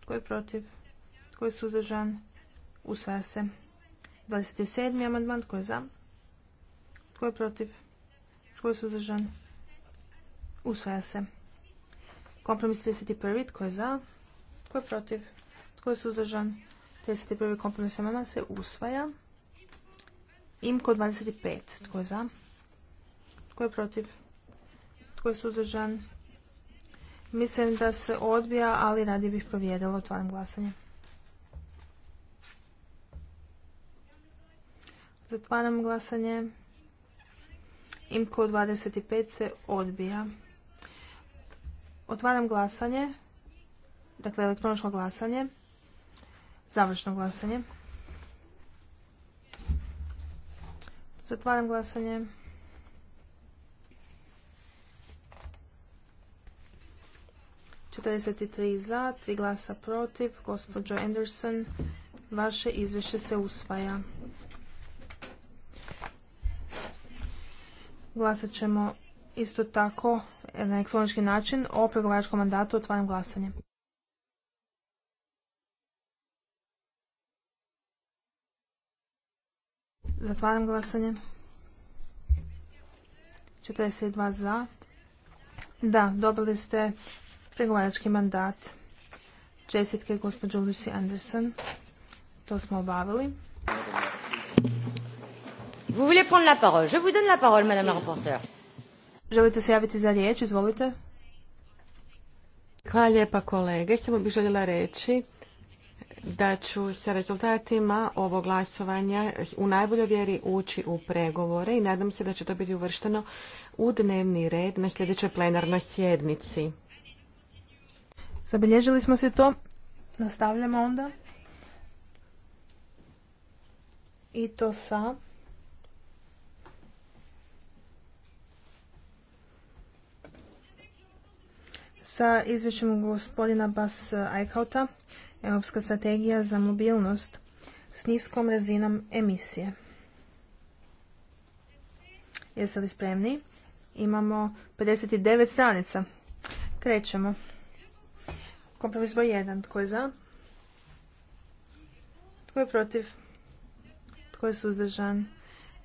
Tko je protiv? Tko je suzdržan? Usvaja se. 27. amandman. Tko je za? Tko je protiv? Tko je suzdržan? Usvaja se. Kompromis 31. Tko je za? Tko je protiv? Tko je suzdržan? 31. kompromis amandman se usvaja. Imko 25. Tko je za? Tko je protiv? Tko je suzdržan? Mislim da se odbija, ali radije bih provjerila. Otvaram glasanje. Zatvaram glasanje. Imko 25 se odbija. Otvaram glasanje, dakle elektroničko glasanje, završno glasanje. Zatvaram glasanje. Četrdeset tri za, tri glasa protiv. Gospođo Anderson, vaše izvješće se usvaja. Glasat ćemo isto tako na elektronički način o pregovaračkom mandatu otvaram glasanje. Zatvaram glasanje. 42 za. Da, dobili ste pregovarački mandat. Čestitke gospođo Lucy Anderson. To smo obavili. Vous voulez prendre la parole. Je vous donne la parole, madame la Želite se javiti za riječ? Izvolite. Hvala lijepa kolege. Samo bih željela reći da ću sa rezultatima ovog glasovanja u najboljoj vjeri ući u pregovore i nadam se da će to biti uvršteno u dnevni red na sljedećoj plenarnoj sjednici. Zabilježili smo se to. Nastavljamo onda. I to sa sa izvješćem gospodina Bas Eichauta, Europska strategija za mobilnost s niskom razinom emisije. Jeste li spremni? Imamo 59 stranica. Krećemo. Kompromis broj 1. Tko je za? Tko je protiv? Tko je suzdržan?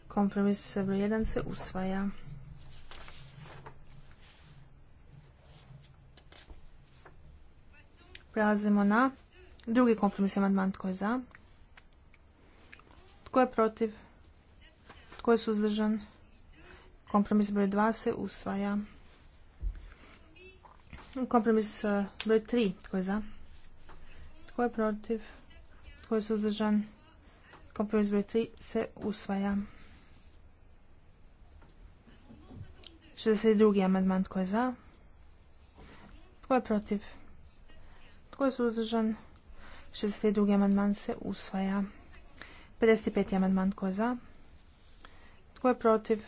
Kompromis broj 1 se usvaja. Prelazimo na drugi kompromis, amandman. Tko je za? Tko je protiv? Tko je suzdržan? Kompromis broj 2 se usvaja. Kompromis e, broj 3. Tko je za? Tko je protiv? Tko je suzdržan? Kompromis broj 3 se usvaja. 62. amandman. Tko je za? Tko je protiv? Tko je suzdržan? 62. amandman se usvaja. 55. amandman tko je za? Tko je protiv?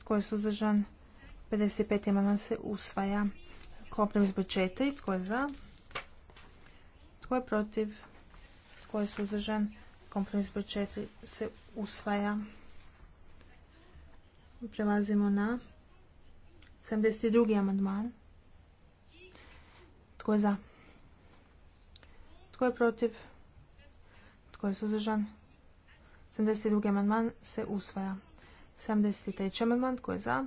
Tko je suzdržan? 55. amandman se usvaja. Kompromis broj 4. Tko je za? Tko je protiv? Tko je suzdržan? Kompromis broj 4 se usvaja. Prelazimo na 72. amandman. Tko je za? Tko je protiv? Tko je suzdržan? 72. amandman se usvaja. 73. amandman. Tko je za?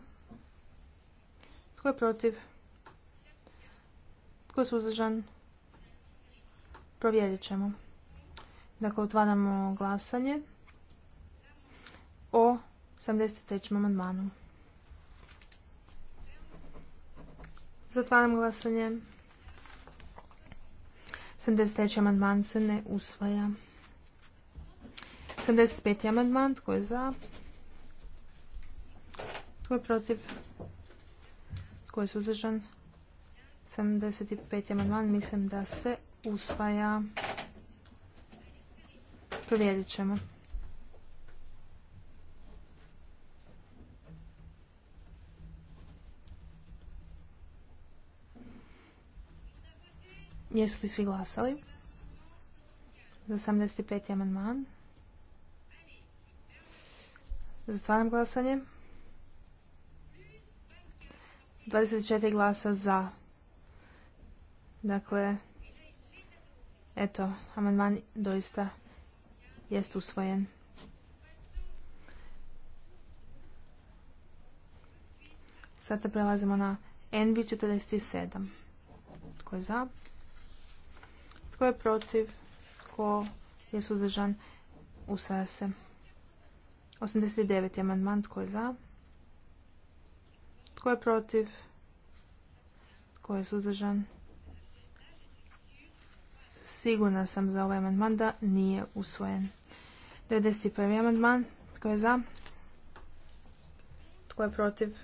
Tko je protiv? Tko je suzdržan? Provjerit ćemo. Dakle, otvaramo glasanje o 73. amandmanu. Zatvaram glasanje. 73. amandman se ne usvaja. 75. amandman, tko je za? Tko je protiv? Tko je suzdržan? 75. amandman, mislim da se usvaja. Provjerit ćemo. Jesu li svi glasali? Za 75. amandman. Zatvaram glasanje. 24 glasa za. Dakle, eto, amandman doista jest usvojen. Sada prelazimo na NB47. Tko je za? Tko je protiv? Tko je suzdržan? Usvaja se. 89. amandman. Tko je za? Tko je protiv? Tko je suzdržan? Sigurna sam za ovaj amandman da nije usvojen. 91. amandman. Tko je za? Tko je protiv?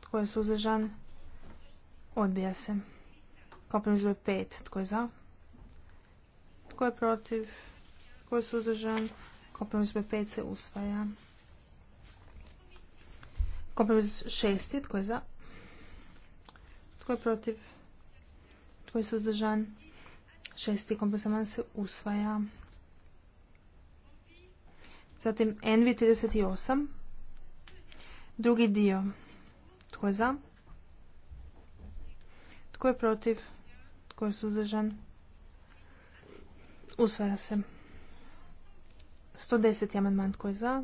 Tko je suzdržan? Odbija se. Kompromis broj 5. Tko je za? Tko je protiv? Tko je suzdržan? Kompromis B5 se usvaja. Kompromis šesti. Tko je za? Tko je protiv? Tko je suzdržan? Šesti kompromis se usvaja. Zatim Envi 38. Drugi dio. Tko je za? Tko je protiv? Tko je suzdržan? Usvaja se. 110. amandman tko je za?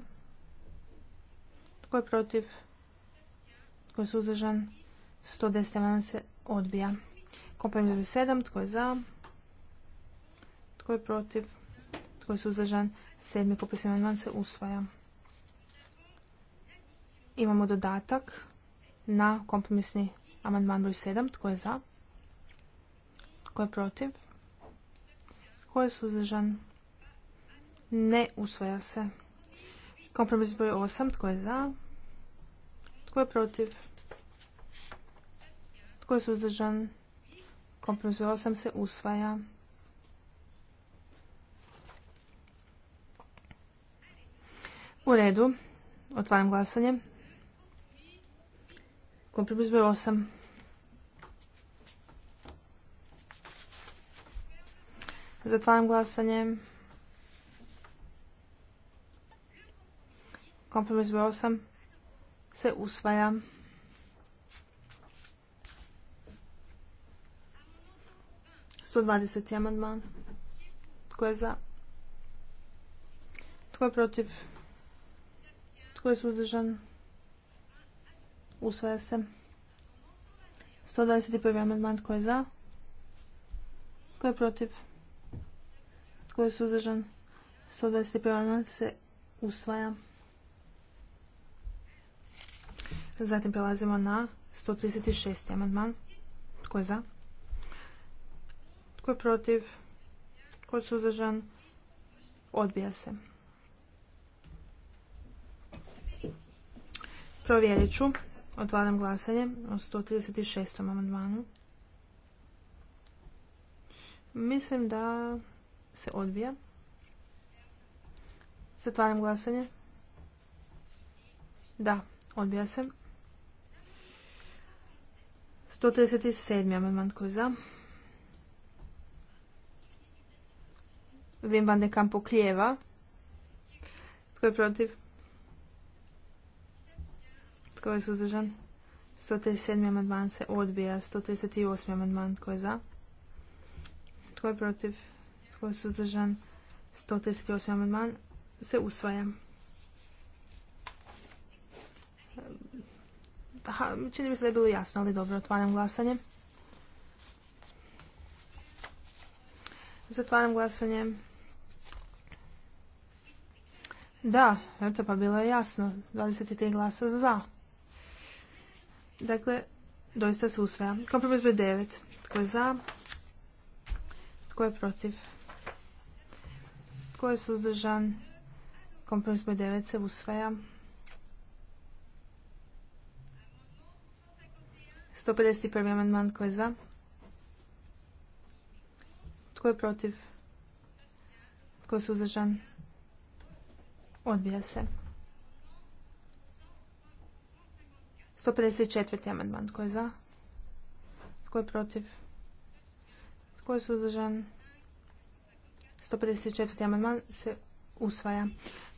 Tko je protiv? Tko je suzdržan? 110. amandman se odbija. Kompromis 7. Tko je za? Tko je protiv? Tko je suzdržan? 7. kompromis amandman se usvaja. Imamo dodatak na kompromisni amandman broj 7. Tko je za? Tko je protiv? Tko je suzdržan? Ne usvaja se. Kompromis broj 8. Tko je za? Tko je protiv? Tko je suzdržan? Kompromis broj 8 se usvaja. U redu. Otvaram glasanje. Kompromis broj 8. Zatvaram glasanje. Kompromis broj 8 se usvaja. Sto dvadeset amandman. Tko je za? Tko je protiv? Tko je suzdržan? Usvaja se. 121. amandman. Tko je za? Tko je protiv? Tko je suzdržan? 121 amandman se usvaja. Zatim prelazimo na 136. amandman. Tko je za? Tko je protiv? Tko je suzdržan? Odbija se. Provjerit ću. Otvaram glasanje o 136. amandmanu. Mislim da se odbija. Zatvaram glasanje. Da, odbija se. 137. amandman tko je za. Vim van de Campo, klijeva. Tko je protiv? Tko je suzdržan? 137. amandman se odbija. 138. amandman tko je za? Tko je protiv? Tko je suzdržan? 138. amandman se usvaja. čini mi se da je bilo jasno, ali dobro, otvaram glasanje. Zatvaram glasanje. Da, eto pa bilo je jasno. 23 glasa za. Dakle, doista se usvaja. Kompromis broj 9. Tko je za? Tko je protiv? Tko je suzdržan? Kompromis broj 9 se usvaja. 151. amandman tko je za? Tko je protiv? Tko je suzdržan? Odbija se. 154. amandman. Tko je za? Tko je protiv? Tko je suzdržan? 154. amandman se usvaja.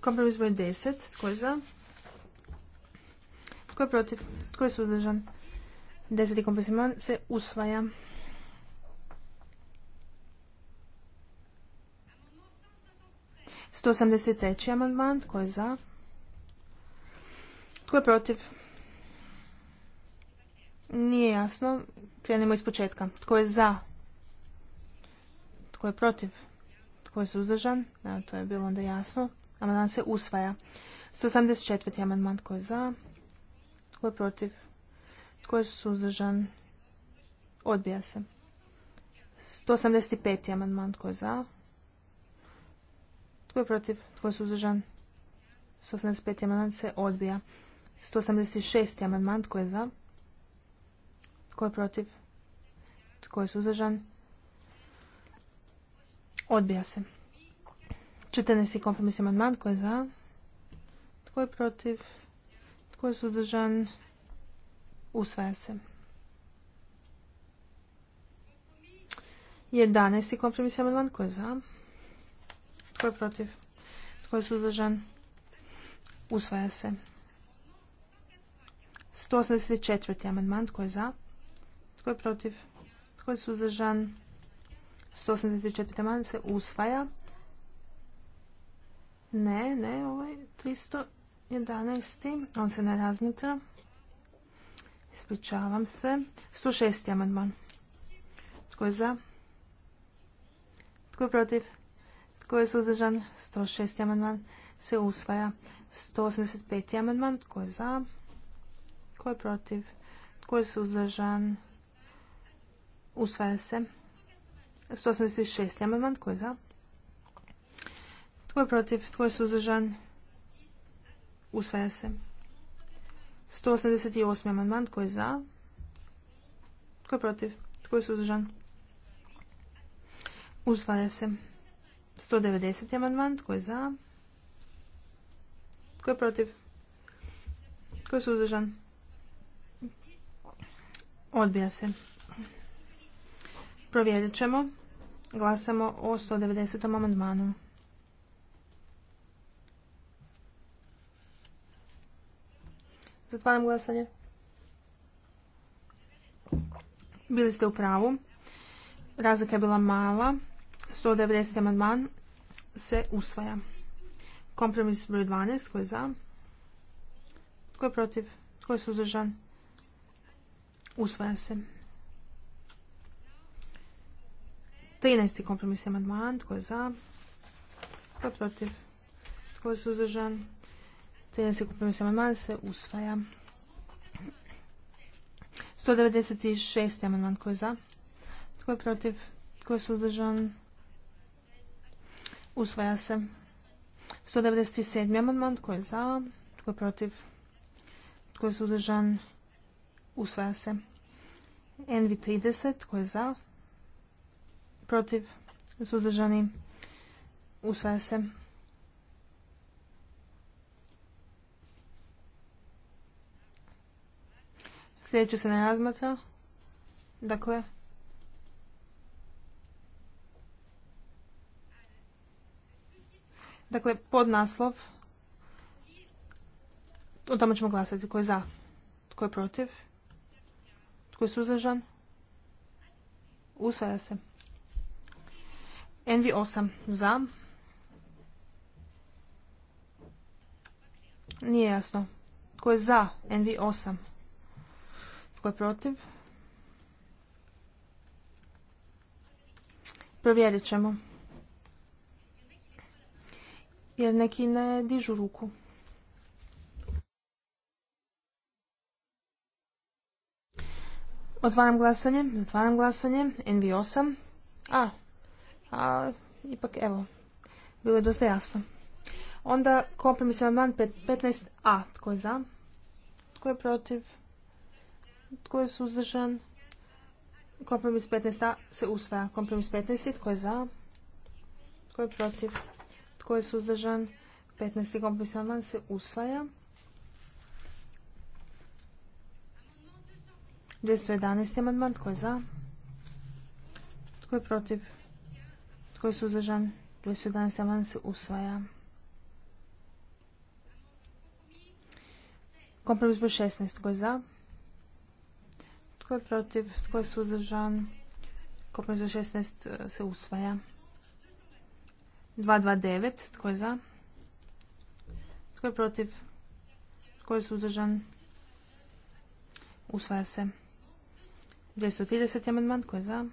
Kompromis broj 10. Tko je za? Tko je protiv? Tko je suzdržan? 10. kompromis se usvaja. Sto osamdeset treći amandman. Tko je za? Tko je protiv? Nije jasno. Krenemo iz početka. Tko je za? Tko je protiv? Tko je suzdržan? Evo, to je bilo onda jasno. Amandman se usvaja. 184. amandman. Tko je za? Tko je protiv? Tko je suzdržan? Odbija se. 185. amandman. Tko je za? Tko je protiv? Tko je suzdržan? 185. amandman se odbija. 186. amandman. Tko je za? Tko je protiv? Tko je suzdržan? Odbija se. 14. kompromisni amandman. Tko je za? Tko je protiv? Tko je suzdržan? Usvaja se. 11. kompromisni amandman. Tko je za? Tko je protiv? Tko je suzdržan? Usvaja se. 184. amandman. Tko je za? Tko je protiv? Tko je suzdržan? 184. amandman se usvaja. Ne, ne, ovaj 311. On se ne razmitra. Ispričavam se. 106. amandman. Tko je za? Tko je protiv? Tko je suzdržan? 106. amandman se usvaja. 185. amandman. Tko je za? Tko je protiv? Tko je suzdržan? Usvaja se. 186. amandman. Tko je za? Tko je protiv? Tko je suzdržan? Usvaja se. 188. amandman. Tko je za? Tko je protiv? Tko je suzdržan? Usvaja se. 190. amandman. Tko je za? Tko je protiv? Tko je suzdržan? Odbija se. Provjerit ćemo. Glasamo o 190. amandmanu. Zatvaram glasanje. Bili ste u pravu. Razlika je bila mala. 190. amandman se usvaja. Kompromis broj 12. Tko je za? Tko je protiv? Tko je suzdržan? Usvaja se. 13. kompromisni amandman, tko je za? Tko je protiv? Tko je suzdržan? 13. kompromisni amandman se usvaja. 196. amandman, tko je za? Tko je protiv? Tko je suzdržan? Usvaja se. 197. amandman, tko je za? Tko je protiv? Tko je suzdržan? Usvaja se. NV30, tko je za? protiv, suzdržani, usvaja se. Sljedeće se ne razmatra. Dakle, Dakle, pod naslov, o tome ćemo glasati. Tko je za? Tko je protiv? Tko je suzdržan? Usvaja se. NV8 za. Nije jasno. Ko je za NV8? Ko je protiv? Provjerit ćemo. Jer neki ne dižu ruku. Otvaram glasanje, Otvaram glasanje, NV8. A, a ipak evo, bilo je dosta jasno. Onda kompromis amandman 15a. Tko je za? Tko je protiv? Tko je suzdržan? Kompromis 15a se usvaja. Kompromis 15. Tko je za? Tko je protiv? Tko je suzdržan? 15. kompromis amandman se usvaja. 211. amandman. Tko je za? Tko je protiv? Tko je suzdržan? su amandman se usvaja. Kompromis broj 16. Tko je za? Tko je protiv? Tko je suzdržan? Kompromis broj 16 e, se usvaja. 229. Tko je za? Tko je protiv? Tko je suzdržan? Usvaja se. 230. amandman. Tko je za?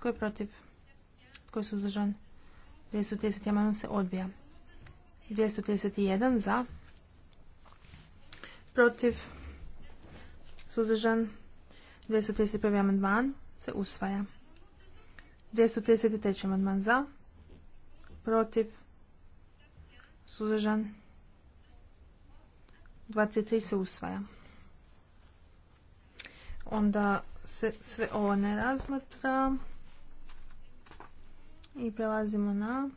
Tko je protiv? Tko je suzdržan? 230. amandman se odbija. 231 za. Protiv. Suzdržan. 231. amandman se usvaja. 233. amandman za. Protiv. Suzdržan. 233 se usvaja. Onda se sve ovo ne razmatra. I prelazimo na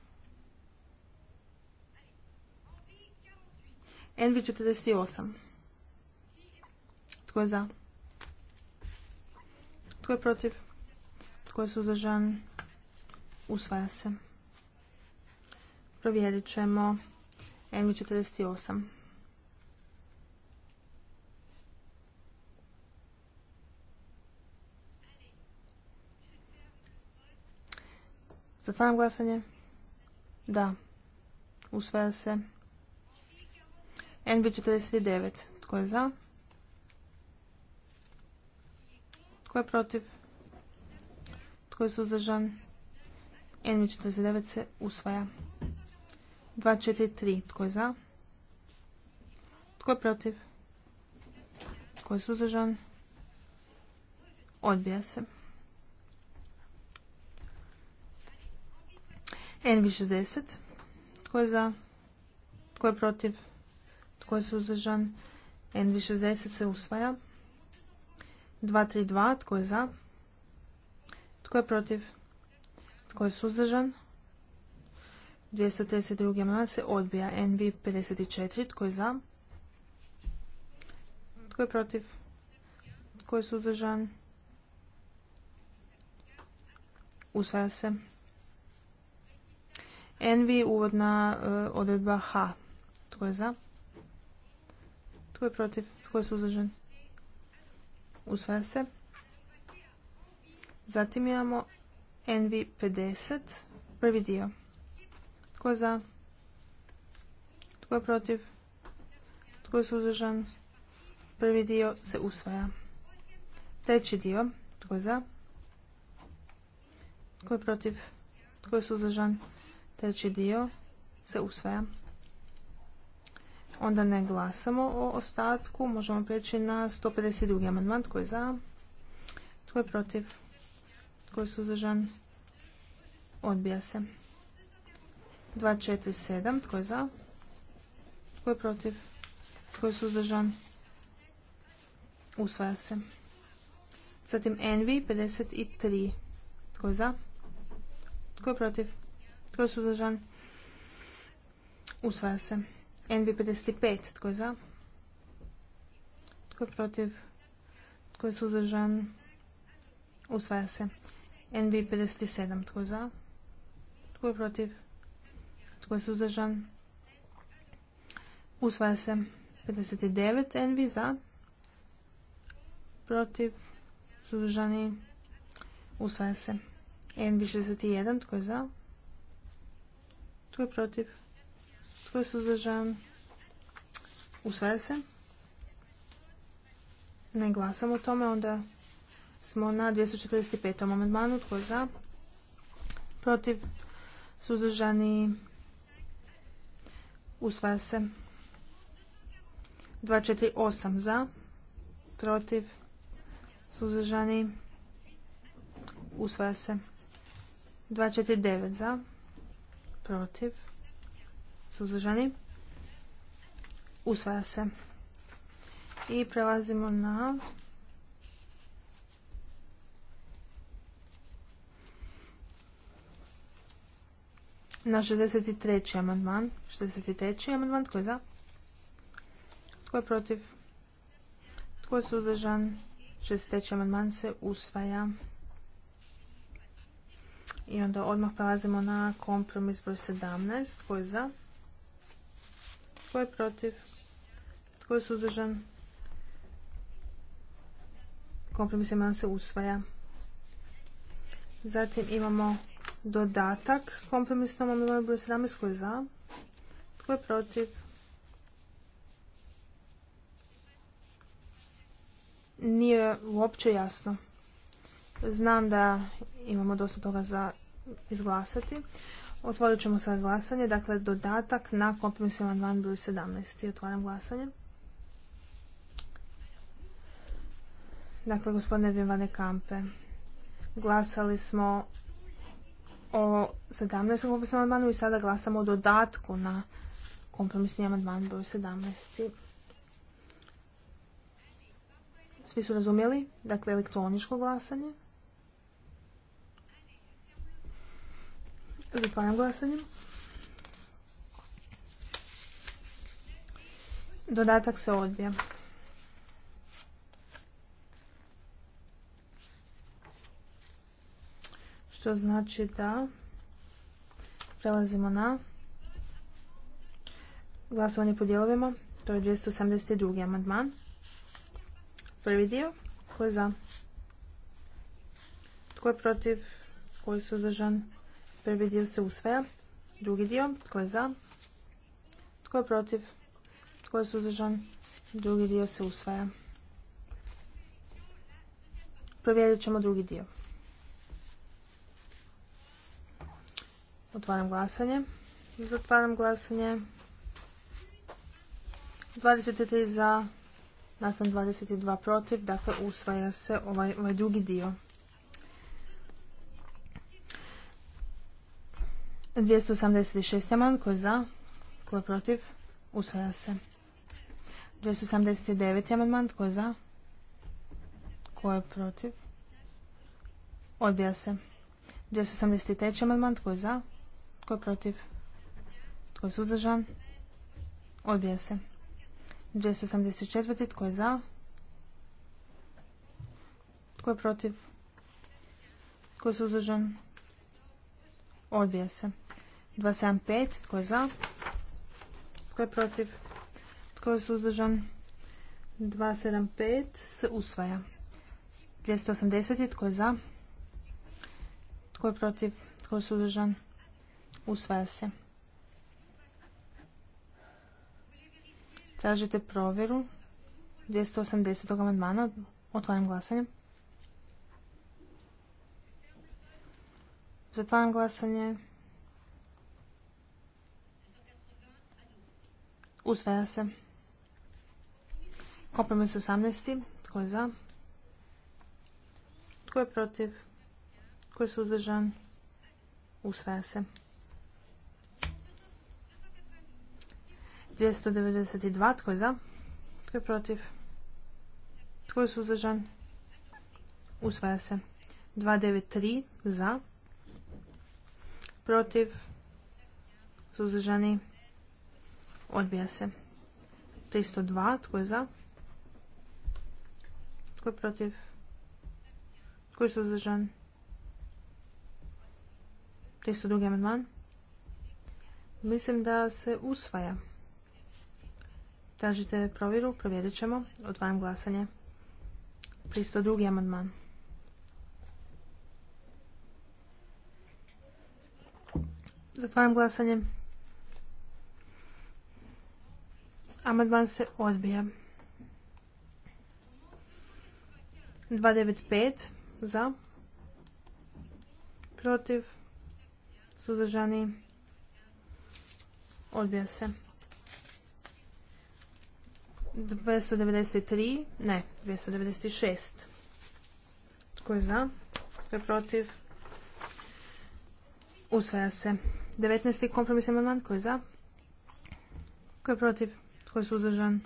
Envi 48. Tko je za? Tko je protiv? Tko je suzdržan? Usvaja se. Provjerit ćemo Envi 48. Zatvaram glasanje. Da. Usvaja se. NB49. Tko je za? Tko je protiv? Tko je suzdržan? NB49 se usvaja. 243. Tko je za? Tko je protiv? Tko je suzdržan? Odbija se. NV60. Tko je za? Tko je protiv? Tko je suzdržan? NV60 se usvaja. 232. Tko je za? Tko je protiv? Tko je suzdržan? 232. amandman se odbija. NV54. Tko je za? Tko je protiv? Tko je suzdržan? Usvaja se. Envi, uvodna e, odredba H. Tko je za? Tko je protiv? Tko je suzdržan? Usvaja se. Zatim imamo Envi 50, prvi dio. Tko je za? Tko je protiv? Tko je suzdržan? Prvi dio se usvaja. Treći dio. Tko je za? Tko je protiv? Tko je suzdržan? Treći dio se usvaja. Onda ne glasamo o ostatku. Možemo preći na 152. amandman. Tko je za? Tko je protiv? Tko je suzdržan? Odbija se. 247. Tko je za? Tko je protiv? Tko je suzdržan? Usvaja se. Zatim NV 53. Tko je za? Tko je protiv? Tko je suzdržan? Usvaja se. NB55. Tko je za? Tko je protiv? Tko je suzdržan? Usvaja se. NB57. Tko je za? Tko je protiv? Tko je suzdržan? Usvaja se. 59. NB za? Protiv? Suzdržani? Usvaja se. NB61. Tko je za? Tko je protiv? Tko je suzdržan? Usvaja se. Ne glasamo o tome, onda smo na 245. amandmanu. Tko je za? Protiv? Suzdržani? Usvaja se. 248 za. Protiv? Suzdržani? Usvaja se. 249 za protiv, suzdržani, usvaja se. I prelazimo na na 63. amandman. 63. amandman, tko je za? Tko je protiv? Tko je suzdržan? 63. amandman se usvaja. I onda odmah prelazimo na kompromis broj 17. Tko je za? Tko je protiv? Tko je suzdržan? Kompromis amandman se usvaja. Zatim imamo dodatak kompromisnom amandmanu broj 17. Tko je za? Tko je protiv? Nije uopće jasno. Znam da imamo dosta toga za izglasati. Otvorit ćemo sad glasanje, dakle dodatak na kompromisni amandman broj 17. Otvaram glasanje. Dakle, gospodine Vimane Kampe, glasali smo o 17. kompromisnom amandmanu i sada glasamo o dodatku na kompromisni amandman broj 17. Svi su razumjeli? Dakle, elektroničko glasanje. Zatvaram glasanje. Dodatak se odbija. Što znači da prelazimo na glasovanje po To je 272. amandman. Prvi dio. Tko je za? Tko je protiv? Tko je suzdržan? Prvi dio se usvaja. Drugi dio, tko je za? Tko je protiv? Tko je suzdržan? Drugi dio se usvaja. Provjerit ćemo drugi dio. Otvaram glasanje. Zatvaram glasanje. 23 za, nasam 22 protiv, dakle usvaja se ovaj, ovaj drugi dio. 286. amandman ko je za, ko je protiv, usvaja se. 279. amandman tko je za, Tko je protiv, odbija se. 283. amandman tko je za, Tko je protiv, tko je suzdržan, odbija se. 284. tko je za, tko je protiv, tko je suzdržan, Odbija se. 275. Tko je za? Tko je protiv? Tko je suzdržan? 275 se usvaja. 280. Tko je za? Tko je protiv? Tko je suzdržan? Usvaja se. Tražite provjeru 280. amandmana. Otvaram glasanje. Zatvaram glasanje. Usvaja se. Kompromis 18. Tko je za? Tko je protiv? Tko je suzdržan? Usvaja se. 292. Tko je za? Tko je protiv? Tko je suzdržan? Usvaja se. 293. Za protiv, suzdržani, odbija se. 302, tko je za, tko je protiv, tko je suzdržan, 302. amandman. Mislim da se usvaja. Tražite provjeru, provjerit ćemo. Otvaram glasanje. 302. amandman. Zatvaram glasanje. Amadman se odbija. 295 za. Protiv. Suzdržani. Odbija se. 293. Ne, 296. Tko je za? Tko protiv? Usvaja se. 19. kompromis amandman. Tko je za? Tko je protiv? Tko je suzdržan?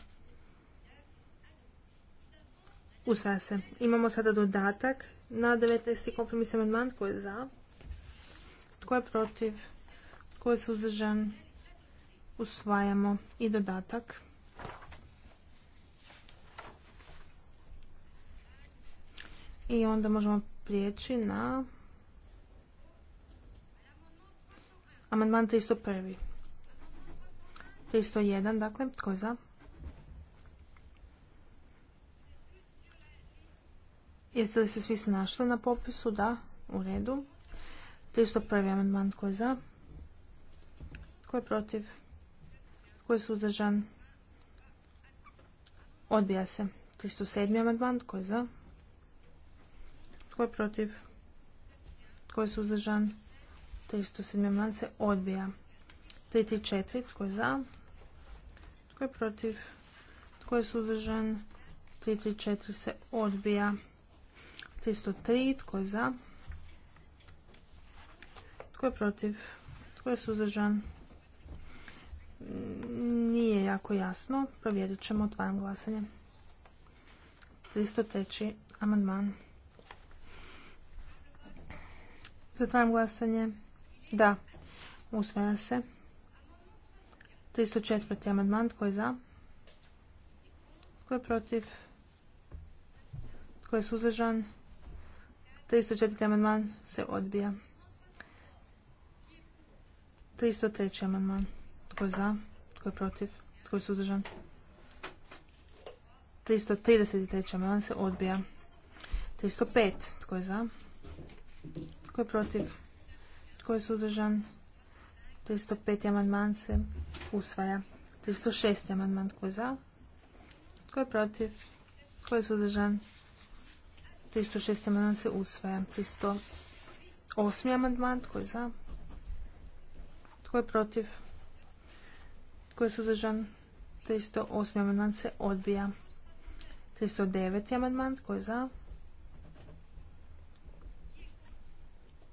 Usvaja se. Imamo sada dodatak na 19. kompromis amandman. Tko je za? Tko je protiv? Tko je suzdržan? Usvajamo i dodatak. I onda možemo prijeći na Amandman 301. 301, dakle, tko je za? Jeste li se svi snašli na popisu? Da, u redu. 301. amandman, tko je za? Tko je protiv? Tko je suzdržan? Odbija se. 307. amandman, tko je za? Tko je protiv? Tko je suzdržan? 307 amandman se odbija. 334 tko je za? Tko je protiv? Tko je suzdržan? 334 se odbija. 303 tko je za? Tko je protiv? Tko je suzdržan? Nije jako jasno. Provjerit ćemo. Otvaram glasanje. 303. amandman. Zatvaram glasanje. Da. Usvaja se. 304. amandman. Tko je za? Tko je protiv? Tko je suzdržan? 304. amandman se odbija. 303. amandman. Tko je za? Tko je protiv? Tko je suzdržan? 333. amandman se odbija. 305. Tko je za? Tko je protiv? Tko je suzdržan? 305. amandman se usvaja. 306. amandman tko je za? Tko je protiv? Tko je suzdržan? 306. amandman se usvaja. 308. amandman tko je za? Tko je protiv? Tko je suzdržan? 308. amandman se odbija. 309. amandman tko je za?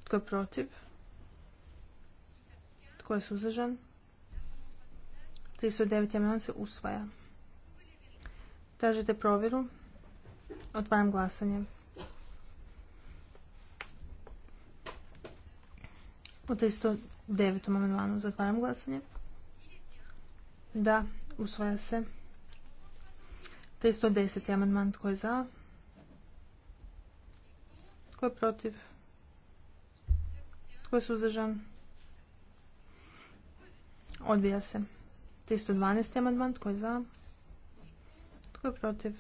Tko je protiv? Tko je suzdržan? 309. amandman se usvaja. Tražite provjeru. Otvaram glasanje. u 309. amandmanu zatvaram glasanje. Da, usvaja se. 310. amandman tko je za? Tko je protiv? Tko je suzdržan? Odbija se. 312. amandman. Tko je za? Tko je protiv?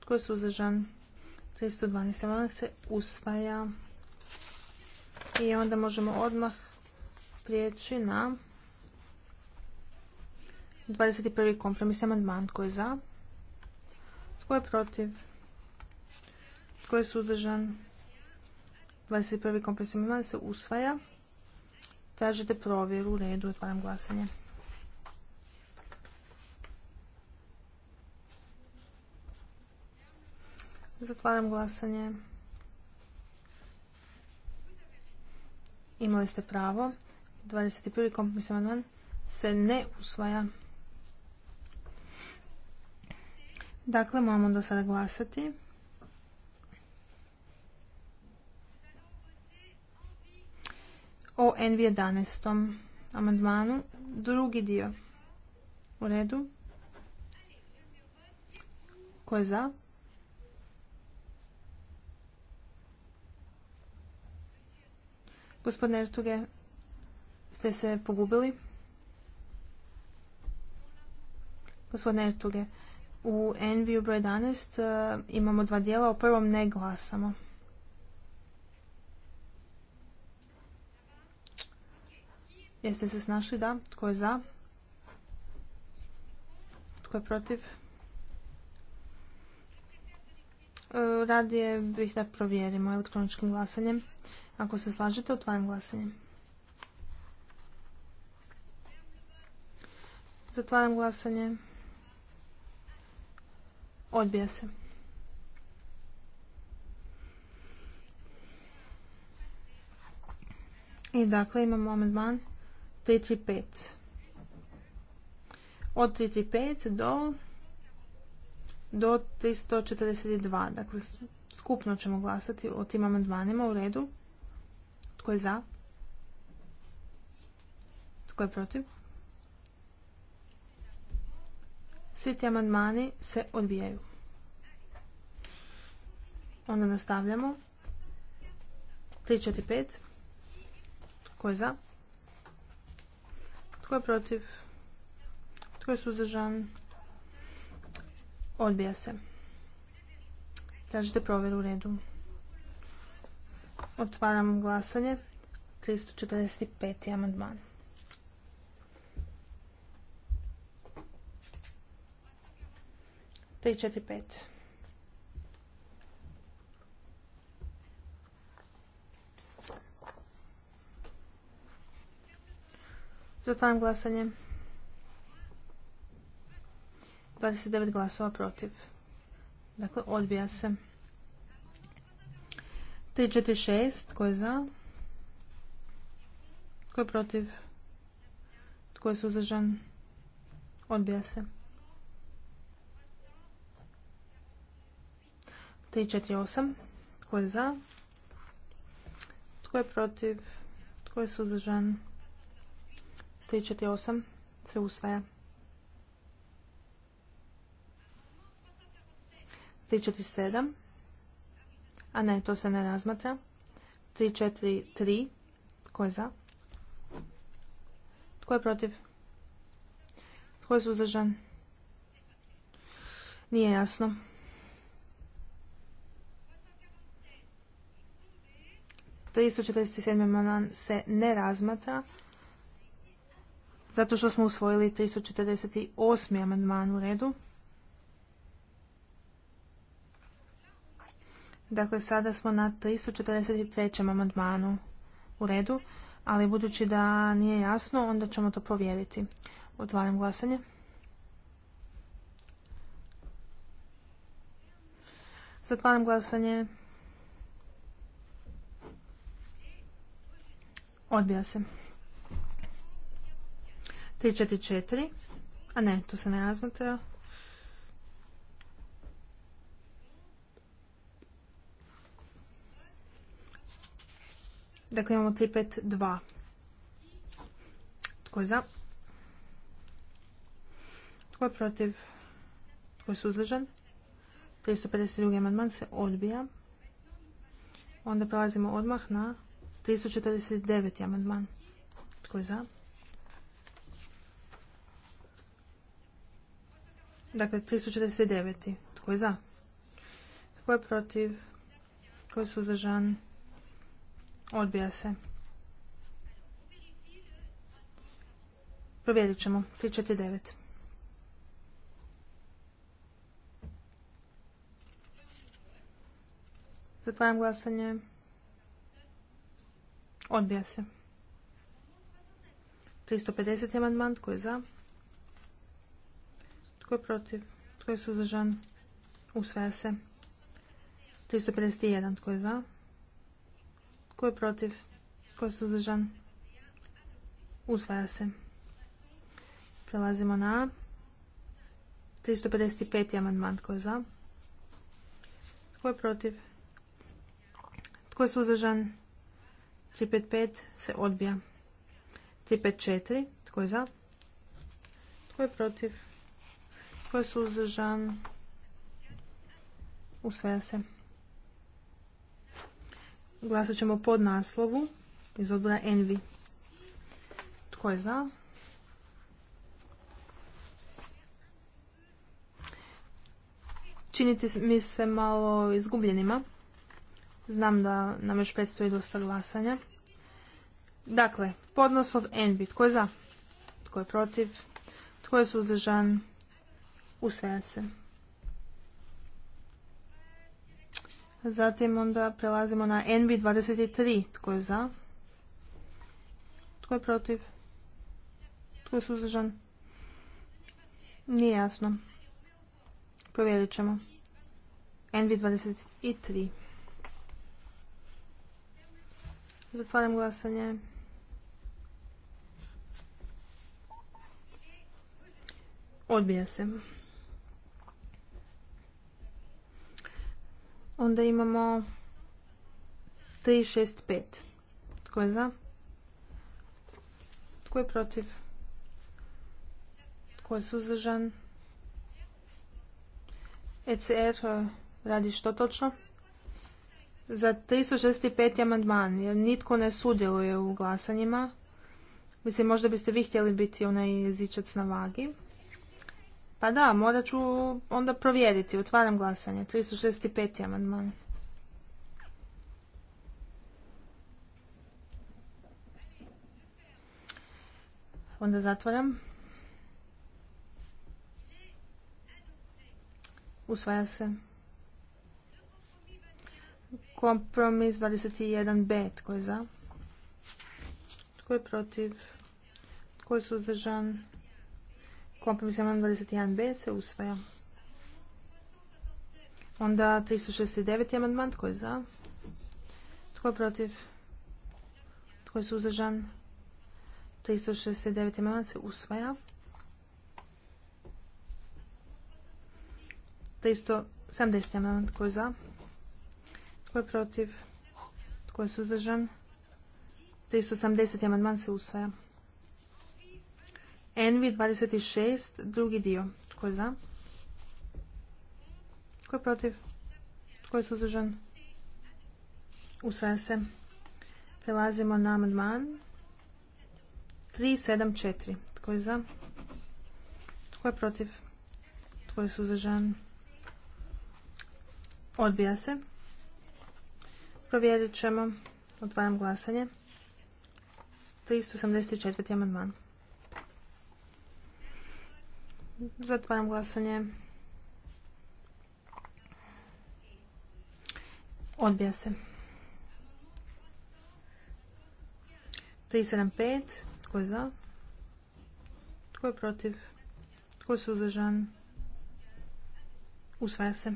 Tko je suzdržan? 312. amandman se usvaja. I onda možemo odmah prijeći na 21. kompromis amandman. Tko je za? Tko je protiv? Tko je suzdržan? 21. kompromis amandman se usvaja. Tražite provjeru u redu, otvaram glasanje. Zatvaram glasanje. Imali ste pravo. 21. kompromisan amandman se ne usvaja. Dakle, moramo do sada glasati. o NV11. amandmanu. Drugi dio. U redu. Ko je za? Gospodine Ertuge, ste se pogubili? Gospodine Ertuge, u nv broj 11 eh, imamo dva dijela, o prvom ne glasamo. Jeste se snašli? Da. Tko je za? Tko je protiv? E, radije bih da provjerimo elektroničkim glasanjem. Ako se slažete, otvaram glasanje. Zatvaram glasanje. Odbija se. I dakle imamo amandman 335. Od 335 do, do 342. Dakle, skupno ćemo glasati o tim amandmanima u redu. Tko je za? Tko je protiv? Svi ti amandmani se odbijaju. Onda nastavljamo. 345. Tko je za? Tko je protiv? Tko je suzdržan? Odbija se. Tražite provjeru u redu. Otvaram glasanje. 345. amandman. Tri, četiri, pet. Zatvaram glasanje. 29 glasova protiv. Dakle, odbija se. 346, tko je za? Tko je protiv? Tko je suzdržan? Odbija se. 348, tko je za? Tko je protiv? Tko je suzdržan? 348 se usvaja. 347. A ne, to se ne razmatra. 343. Tko je za? Tko je protiv? Tko je suzdržan? Nije jasno. 347. amandman se ne razmatra zato što smo usvojili 348. amandman u redu. Dakle, sada smo na 343. amandmanu u redu, ali budući da nije jasno, onda ćemo to povjeriti. Otvaram glasanje. Zatvaram glasanje. Odbija se. 344. A ne, tu se ne razmatra. Dakle, imamo 352. Tko je za? Tko je protiv? Tko je suzdržan? 352. amandman se odbija. Onda prelazimo odmah na 349. amandman. Tko je za? Dakle, 349. Tko je za? Tko je protiv? Tko je suzdržan? Odbija se. Provjerit ćemo. 349. Zatvaram glasanje. Odbija se. 350. amandman. Tko je za? Tko je protiv? Tko je suzdržan? Usvaja se. 351. Tko je za? Tko je protiv? Tko je suzdržan? Usvaja se. Prelazimo na 355. amandman. Tko je za? Tko je protiv? Tko je suzdržan? 355 se odbija. 354. Tko je za? Tko je protiv? Tko je suzdržan? Usvaja se. Glasat ćemo pod naslovu iz odbora Envi. Tko je za? Činite mi se malo izgubljenima. Znam da nam još predstoji dosta glasanja. Dakle, podnosov Envi. Tko je za? Tko je protiv? Tko je suzdržan? u se. Zatim onda prelazimo na NB23. Tko je za? Tko je protiv? Tko je suzdržan? Nije jasno. Provjerit ćemo. NB23. Zatvaram glasanje. Odbija se. Onda imamo 365. Tko je za? Tko je protiv? Tko je suzdržan? ECR eh, radi što točno? Za 365. amandman, jer nitko ne sudjeluje u glasanjima. Mislim, možda biste vi htjeli biti onaj jezičac na vagi. Pa da, morat ću onda provjeriti. Otvaram glasanje. 365. amandman. Onda zatvaram. Usvaja se. Kompromis 21b. Tko je za? Tko je protiv? Tko je suzdržan? Kompromis 21b se usvaja. Onda 369. amandman. Tko je za? Tko je protiv? Tko je suzdržan? 369. amandman se usvaja. 370. amandman. Tko je za? Tko je protiv? Tko je suzdržan? 380. amandman se usvaja. Envi 26, drugi dio. Tko je za? Tko je protiv? Tko je suzdržan? Usvaja se. Prelazimo na amandman 374. Tko je za? Tko je protiv? Tko je suzdržan? Odbija se. Provjerit ćemo. Otvaram glasanje. 384. amandman. Zatvaram glasanje. Odbija se. 375. Tko je za? Tko je protiv? Tko je suzdržan? Usvaja se.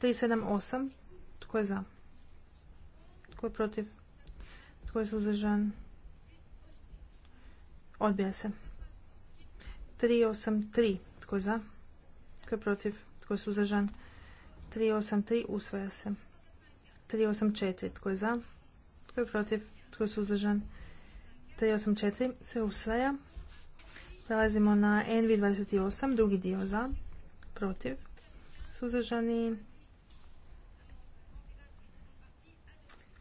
378. Tko je za? Tko je protiv? Tko je suzdržan? Odbija se. 383. Tko je za? Tko je protiv? Tko je suzdržan? 383. Usvaja se. 384. Tko je za? Tko je protiv? Tko je suzdržan? 384 se usvaja. Prelazimo na NV28, drugi dio za, protiv, suzdržani,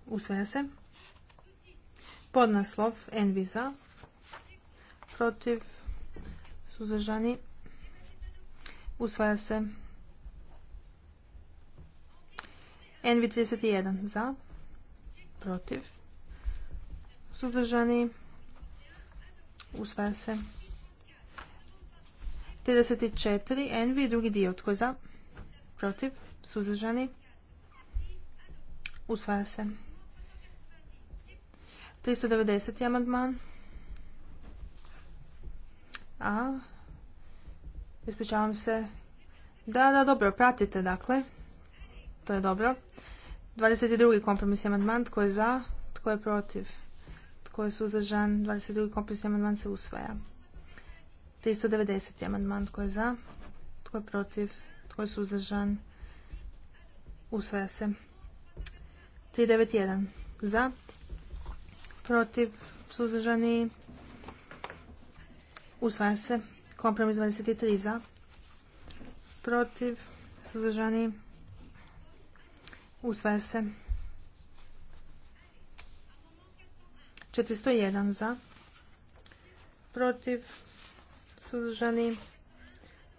usvaja se. Podnaslov NV za, protiv, Suzdržani. Usvaja se. NV31 za. Protiv. Suzdržani. Usvaja se. 34 NV drugi dio. Tko za? Protiv. Suzdržani. Usvaja se. 390. amandman. A, ispričavam se. Da, da, dobro, pratite, dakle. To je dobro. 22. kompromis je amandman. Tko je za? Tko je protiv? Tko je suzdržan? 22. kompromis je amandman se usvaja. 390. amandman. Tko je za? Tko je protiv? Tko je suzdržan? Usvaja se. 391. Za? Protiv? Suzdržani? Usvaja se. Kompromis 23 za. Protiv. Suzdržani. Usvaja se. 401 za. Protiv. Suzdržani.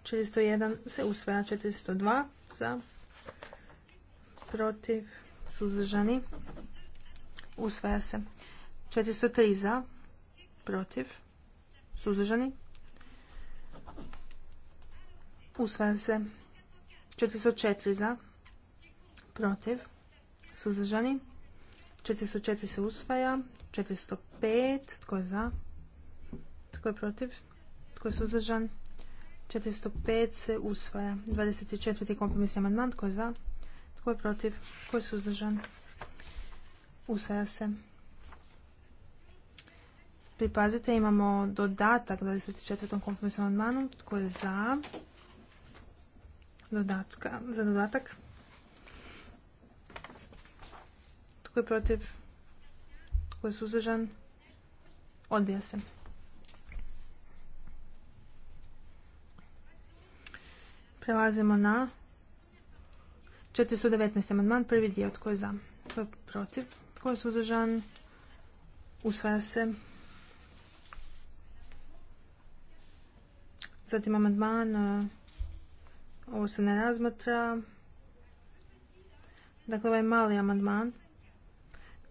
401 se usvaja. 402 za. Protiv. Suzdržani. Usvaja se. 403 za. Protiv Suzdržani? Usvaja se. 404 za. Protiv. Suzdržani? 404 se usvaja. 405. Tko je za? Tko je protiv? Tko je suzdržan? 405 se usvaja. 24. kompromisni amandman. Tko je za? Tko je protiv? Tko je suzdržan? Usvaja se pripazite, imamo dodatak 24. kompromisnom amandmanu. Tko je za? Dodatka, za dodatak. Tko je protiv? Tko je suzdržan? Odbija se. Prelazimo na 419. amandman, prvi dio. Tko je za? Tko je protiv? Tko je suzdržan? Usvaja se. Zatim amandman, e, ovo se ne razmatra. Dakle, ovaj mali amandman,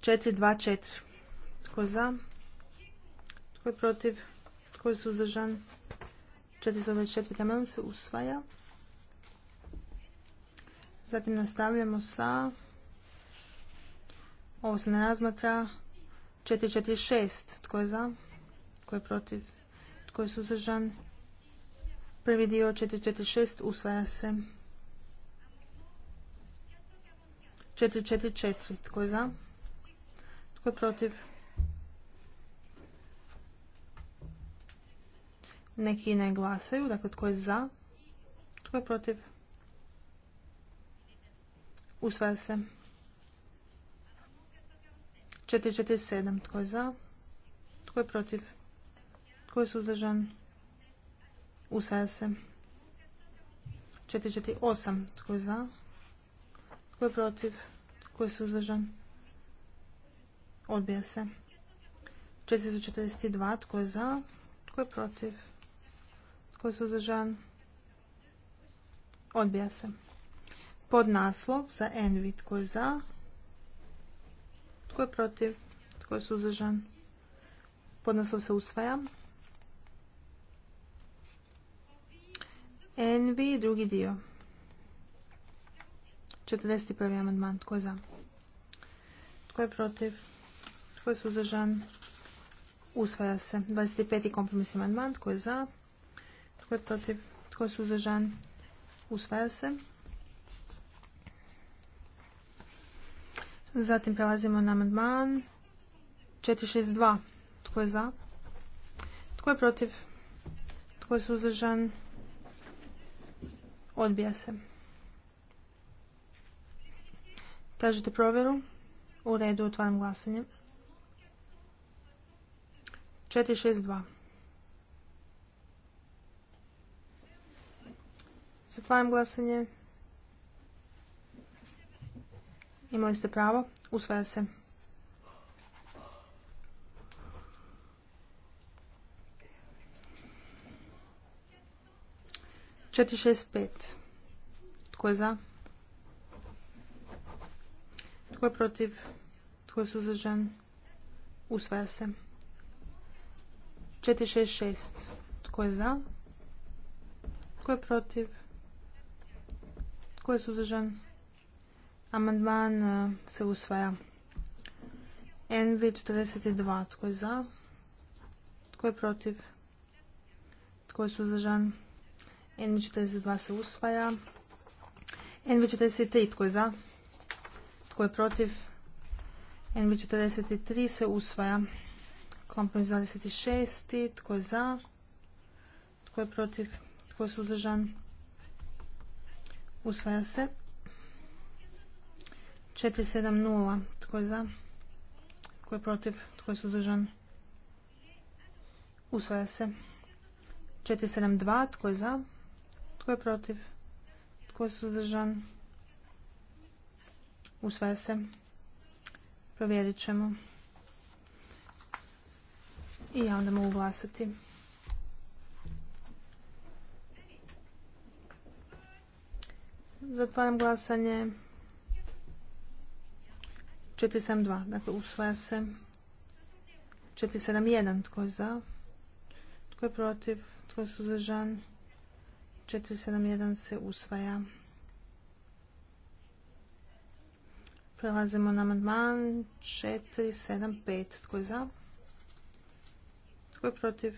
424. Tko je za? Tko je protiv? Tko je suzdržan? 424. amandman se usvaja. Zatim nastavljamo sa... Ovo se ne razmatra. 446. Tko je za? Tko je protiv? Tko je suzdržan? Prvi dio 446 usvaja se. 444. Tko je za? Tko je protiv? Neki ne glasaju. Dakle, tko je za? Tko je protiv? Usvaja se. 447. Tko je za? Tko je protiv? Tko je suzdržan? Usvaja se. 448. Tko je za? Tko je protiv? Tko je suzdržan? Odbija se. 442. Tko je za? Tko je protiv? Tko je suzdržan? Odbija se. Pod naslov za Envi. Tko je za? Tko je protiv? Tko je suzdržan? Pod naslov se usvaja. Envi, drugi dio. 41. amandman. Tko je za? Tko je protiv? Tko je suzdržan? Usvaja se. 25. kompromisni amandman. Tko je za? Tko je protiv? Tko je suzdržan? Usvaja se. Zatim prelazimo na amandman 462. Tko je za? Tko je protiv? Tko je suzdržan? Odbija se. Tražite provjeru? U redu, otvaram glasanje. 462. Zatvaram glasanje. Imali ste pravo. Usvaja se. 465. Tko je za? Tko je protiv? Tko je suzdržan? Usvaja se. 466. Tko je za? Tko je protiv? Tko je suzdržan? Amandman e, se usvaja. NV42. Tko je za? Tko je protiv? Tko je suzdržan? NV42 se usvaja. NV43 tko je za? Tko je protiv? NV43 se usvaja. Kompromis 26. Tko je za? Tko je protiv? Tko je suzdržan? Usvaja se. 470. Tko je za? Tko je protiv? Tko je suzdržan? Usvaja se. 472. Tko je za? Tko je protiv? Tko je suzdržan? Usvaja se. Provjerit ćemo. I ja onda mogu glasati. Zatvaram glasanje. 472. Dakle, usvaja se. 471. Tko je za? Tko je protiv? Tko je suzdržan? 471 se usvaja. Prelazimo na amandman 475. Tko je za? Tko je protiv?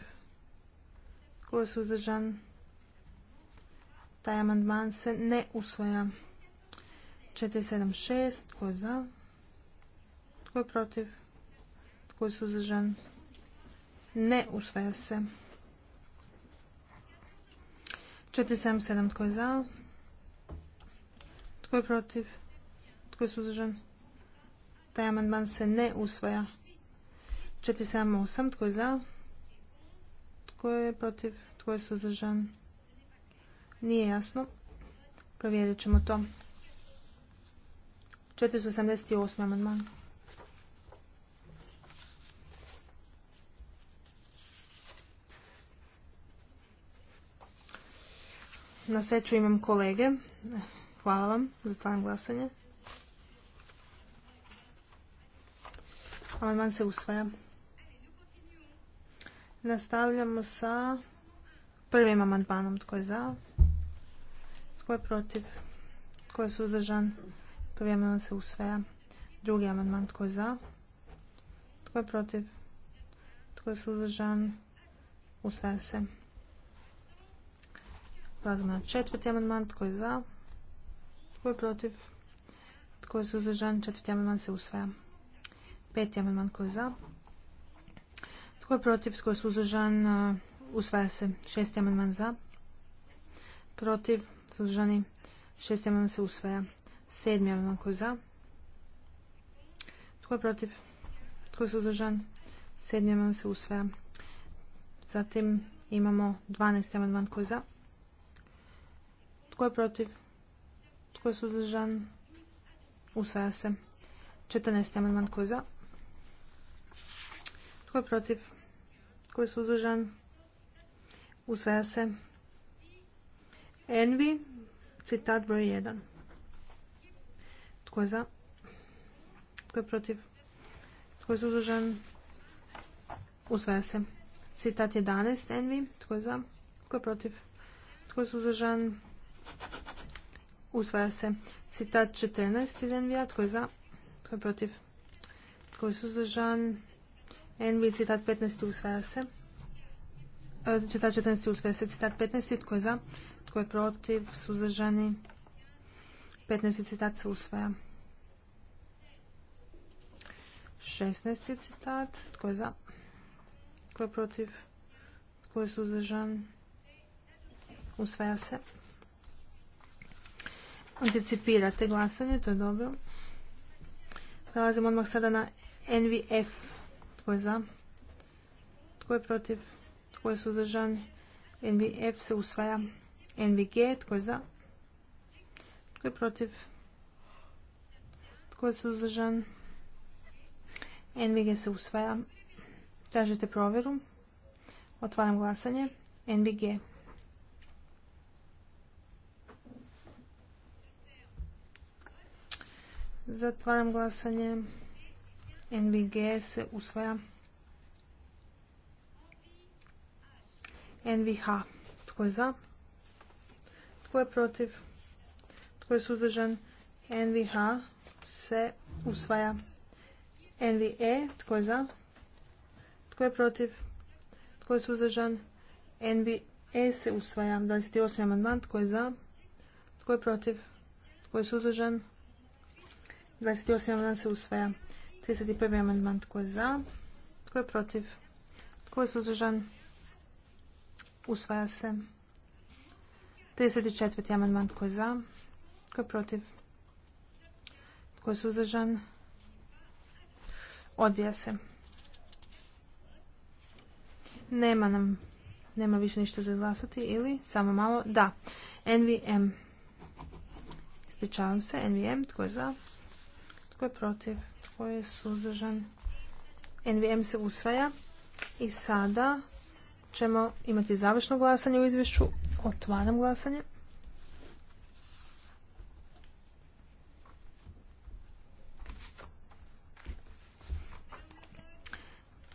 Tko je suzdržan? Taj amandman se ne usvaja. 476. Tko je za? Tko je protiv? Tko je suzdržan? Ne usvaja se. 477 tko je za? Tko je protiv? Tko je suzdržan? Taj amandman se ne usvaja. 478 tko je za? Tko je protiv? Tko je suzdržan? Nije jasno. Provjerit ćemo to. 488. amandman. Na sreću imam kolege. Hvala vam. Zatvaram glasanje. Amandman se usvaja. Nastavljamo sa prvim amandmanom. Tko je za? Tko je protiv? Tko je suzdržan? Prvi amandman se usvaja. Drugi amandman. Tko je za? Tko je protiv? Tko je suzdržan? Usvaja se. Prelazimo na četvrti amandman. Tko je za? Tko je protiv? Tko je suzdržan? Četvrti amandman se usvaja. Peti amandman. Tko je za? Tko je protiv? Tko je suzdržan? Usvaja se. Šesti amandman za. Protiv? Suzdržani? Šesti amandman se usvaja. Sedmi amandman. Tko je za? Tko je protiv? Tko je suzdržan? Sedmi amandman se usvaja. Zatim imamo 12. amandman tko je za. Tko je protiv? Tko je suzdržan? Usvaja se. 14. amandman. Tko za? Tko je protiv? Tko je suzdržan? Usvaja se. Envi, citat broj 1. Tko je za? Tko je protiv? Tko je suzdržan? Usvaja se. Citat 11. Envi, tko je za? Tko je protiv? Tko je suzdržan? Usvaja se. Citat 14. Idenvija. Tko je za? Tko je protiv? Tko je suzdržan? Envi. Citat 15. E, usvaja se. Citat 14. Usvaja se. Citat 15. Tko je za? Tko je protiv? Suzdržani? 15. citat se usvaja. 16. citat. Tko je za? Tko je protiv? Tko je suzdržan? Usvaja se. Anticipirate glasanje, to je dobro. Prelazimo odmah sada na NVF. Tko je za? Tko je protiv? Tko je suzdržan? NVF se usvaja. NVG, tko je za? Tko je protiv? Tko je suzdržan? NVG se usvaja. Tražite provjeru. Otvaram glasanje. NVG. Zatvaram glasanje. NVG se usvaja. NVH. Tko je za? Tko je protiv? Tko je suzdržan? NVH se usvaja. NVE. Tko je za? Tko je protiv? Tko je suzdržan? NVE se usvaja. 28. amandman. Tko je za? Tko je protiv? Tko je suzdržan? 28. amandman se usvaja. 31. amandman tko je za? Tko je protiv? Tko je suzdržan? Usvaja se. 34. amandman tko je za? Tko je protiv? Tko je suzdržan? Odbija se. Nema nam, nema više ništa za izglasati ili samo malo, da, NVM. Ispričavam se, NVM, tko je za, tko je protiv? Tko je suzdržan? NVM se usvaja. I sada ćemo imati završno glasanje u izvješću. Otvaram glasanje.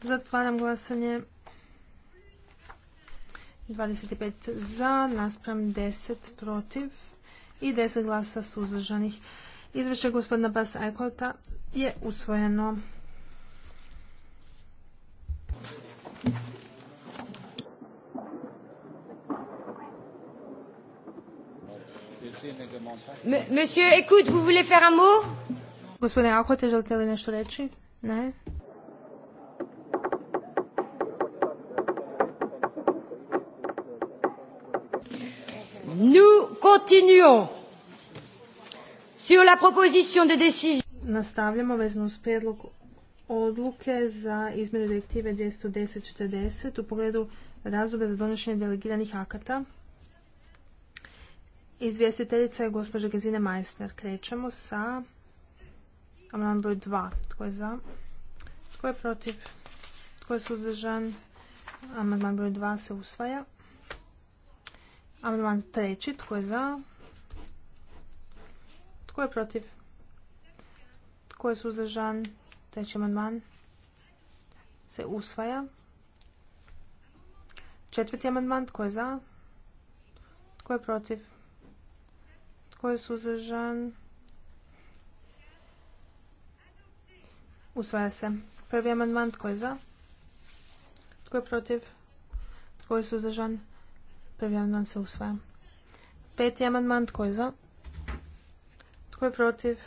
Zatvaram glasanje. 25 za, naspram 10 protiv i 10 glasa suzdržanih. Izvješće gospodina Bas Eicholta je usvojeno. Monsieur, écoute, vous voulez faire un mot Gospodine Eicholte, želite li nešto reći? Ne. Nous continuons. Sur la proposition de décision... Nastavljamo vezno uz prijedlog odluke za izmjenu direktive 210.40 u pogledu razdoblja za donošenje delegiranih akata. Izvjestiteljica je gospođa Gezine Majsner. Krećemo sa amandman broj 2. Tko je za? Tko je protiv? Tko je suzdržan? Amandman broj 2 se usvaja. Amandman treći. Tko je za? Tko je protiv? Tko je suzdržan? Treći amandman se usvaja. Četvrti amandman, tko je za? Tko je protiv? Tko je suzdržan? Usvaja se. Prvi amandman, tko je za? Tko je protiv? Tko je suzdržan? Prvi amandman se usvaja. Peti amandman, tko je za? je protiv?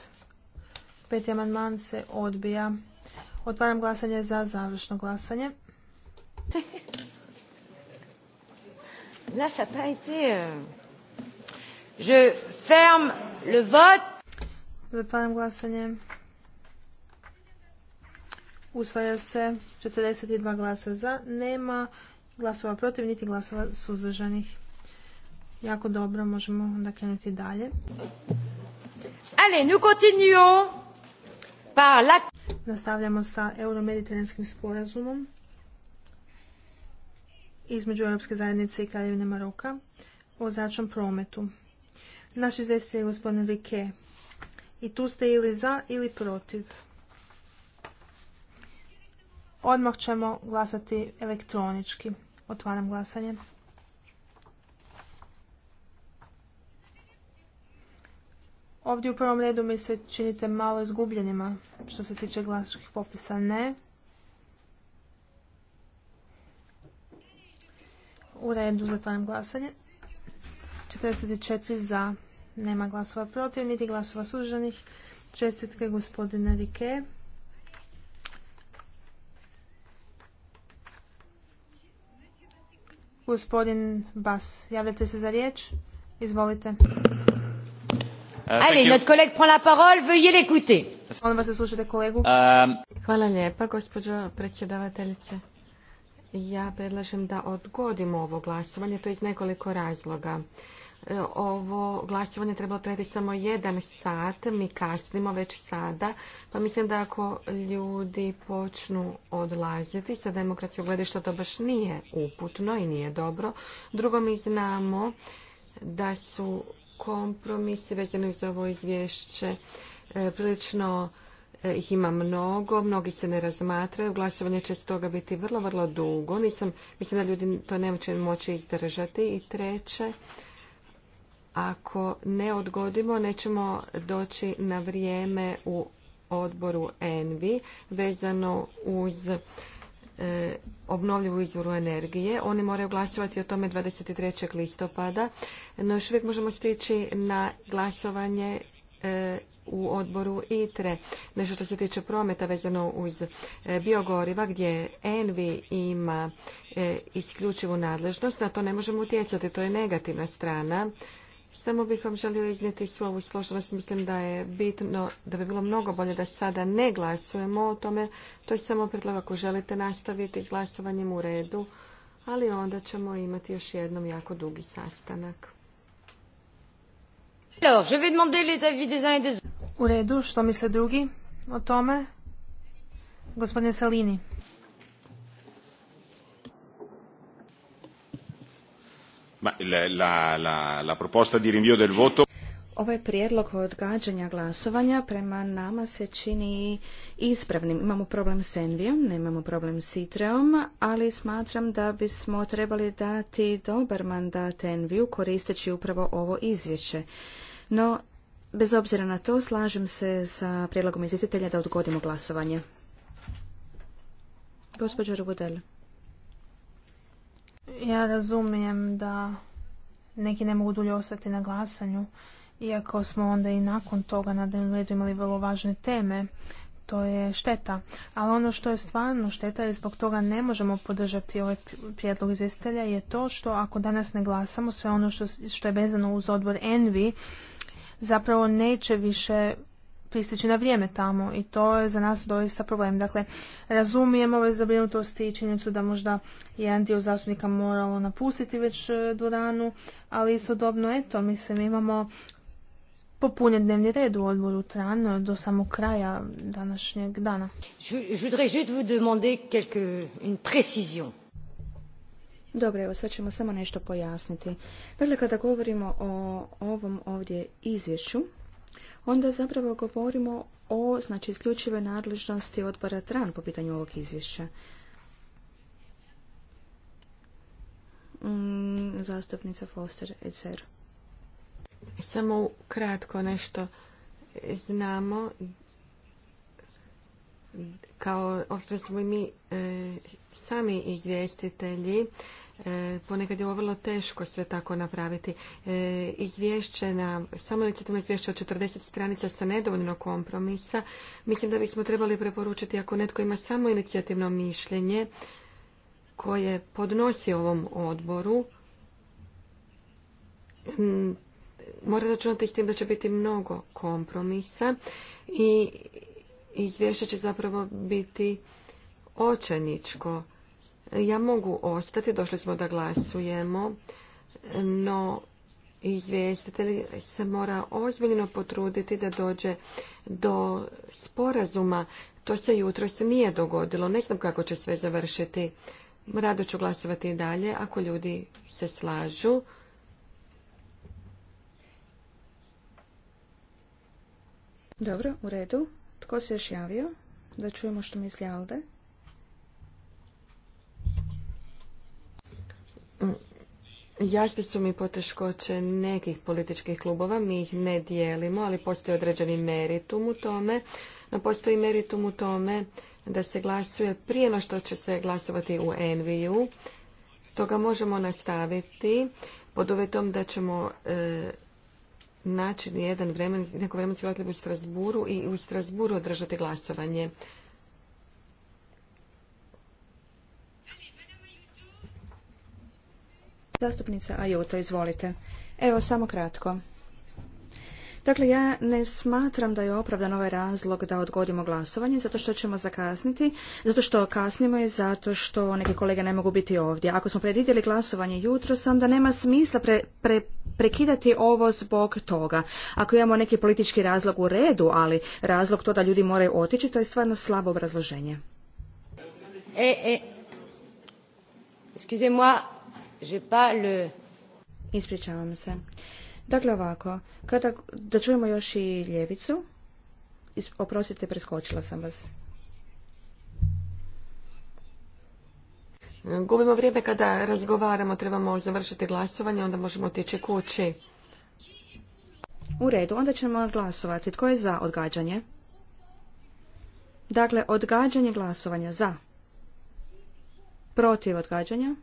Peti amandman se odbija. Otvaram glasanje za završno glasanje. Euh, je Zatvaram glasanje. Usvaja se 42 glasa za. Nema glasova protiv, niti glasova suzdržanih. Jako dobro, možemo onda krenuti dalje. Allez, nous continuons par la... Nastavljamo sa euromediteranskim sporazumom između Europske zajednice i Kraljevine Maroka o zračnom prometu. Naš izvesti je gospodin Rike. I tu ste ili za ili protiv. Odmah ćemo glasati elektronički. Otvaram glasanje. Ovdje u prvom redu mi se činite malo izgubljenima što se tiče glasačkih popisa. Ne. U redu zatvaram glasanje. 44 za. Nema glasova protiv, niti glasova suženih. Čestitke gospodine Rike. Gospodin Bas, javljate se za riječ? Izvolite. Uh, Allez, notre collègue prend la parole, veuillez l'écouter. vas kolegu. Um, Hvala lijepa, gospođo predsjedavateljice. Ja predlažem da odgodimo ovo glasovanje, to iz nekoliko razloga. E, ovo glasovanje trebalo trajati samo jedan sat, mi kasnimo već sada, pa mislim da ako ljudi počnu odlaziti sa demokratskog gledišta, to baš nije uputno i nije dobro. Drugo, mi znamo da su kompromisi vezano iz ovo izvješće. E, prilično e, ih ima mnogo, mnogi se ne razmatraju, glasovanje će stoga biti vrlo, vrlo dugo. mislim da ljudi to neće moći izdržati. I treće, ako ne odgodimo, nećemo doći na vrijeme u odboru ENVI vezano uz E, obnovljivu izvoru energije. Oni moraju glasovati o tome 23. listopada, no još uvijek možemo stići na glasovanje e, u odboru ITRE. Nešto što se tiče prometa vezano uz e, biogoriva gdje ENVI ima isključivu nadležnost, na to ne možemo utjecati, to je negativna strana samo bih vam želio iznijeti svu ovu složenost. Mislim da je bitno, da bi bilo mnogo bolje da sada ne glasujemo o tome. To je samo predlog ako želite nastaviti s glasovanjem u redu, ali onda ćemo imati još jednom jako dugi sastanak. U redu, što misle drugi o tome? Gospodine Salini. Ma, la, voto Ovaj prijedlog odgađanja glasovanja prema nama se čini ispravnim. Imamo problem s Envijom, nemamo problem s Itreom, ali smatram da bismo trebali dati dobar mandat Enviju koristeći upravo ovo izvješće. No, bez obzira na to, slažem se sa prijedlogom izvjestitelja da odgodimo glasovanje. Gospođa Rubudel. Ja razumijem da neki ne mogu dulje ostati na glasanju, iako smo onda i nakon toga na dnevnom redu imali vrlo važne teme, to je šteta. Ali ono što je stvarno šteta i zbog toga ne možemo podržati ovaj prijedlog izvjestitelja je to što ako danas ne glasamo sve ono što, što je vezano uz odbor Envi zapravo neće više pristići na vrijeme tamo i to je za nas doista problem. Dakle, razumijemo ove zabrinutosti i činjenicu da možda jedan dio zastupnika moralo napustiti već e, dvoranu, ali istodobno, eto, mislim, imamo popunjen dnevni red u odboru TRAN e, do samog kraja današnjeg dana. Dobro, evo sad ćemo samo nešto pojasniti. Dakle, kada govorimo o ovom ovdje izvješću, onda zapravo govorimo o znači isključive nadležnosti odbora TRAN po pitanju ovog izvješća. Mm, zastupnica Foster ECR. Samo kratko nešto znamo kao što smo i mi e, sami izvjestitelji E, ponekad je ovo vrlo teško sve tako napraviti. E, izvješće na, samo inicijativno izvješće od 40 stranica sa nedovoljno kompromisa, mislim da bismo trebali preporučiti ako netko ima samo inicijativno mišljenje koje podnosi ovom odboru, mm, mora računati s tim da će biti mnogo kompromisa i izvješće će zapravo biti očajničko ja mogu ostati, došli smo da glasujemo, no izvjestitelj se mora ozbiljno potruditi da dođe do sporazuma. To se jutro se nije dogodilo, ne znam kako će sve završiti. Rado ću glasovati i dalje ako ljudi se slažu. Dobro, u redu. Tko se još javio? Da čujemo što misli Alde. Mm, Jasne su mi poteškoće nekih političkih klubova, mi ih ne dijelimo, ali postoji određeni meritum u tome. No postoji meritum u tome da se glasuje prije no što će se glasovati u Enviju. Toga možemo nastaviti pod uvjetom da ćemo e, naći jedan vremen, neko će u Strasburu i u Strasburu održati glasovanje. Zastupnica Ajuto, izvolite. Evo, samo kratko. Dakle, ja ne smatram da je opravdan ovaj razlog da odgodimo glasovanje, zato što ćemo zakasniti, zato što kasnimo i zato što neke kolege ne mogu biti ovdje. Ako smo predvidjeli glasovanje jutro, sam da nema smisla prekidati ovo zbog toga. Ako imamo neki politički razlog u redu, ali razlog to da ljudi moraju otići, to je stvarno slabo obrazloženje. E, e. Ispričavam se. Dakle ovako, kada, da čujemo još i ljevicu. oprostite, preskočila sam vas. Gubimo vrijeme kada razgovaramo, trebamo završiti glasovanje, onda možemo otići kući. U redu, onda ćemo glasovati. Tko je za odgađanje? Dakle, odgađanje glasovanja za. Protiv odgađanja.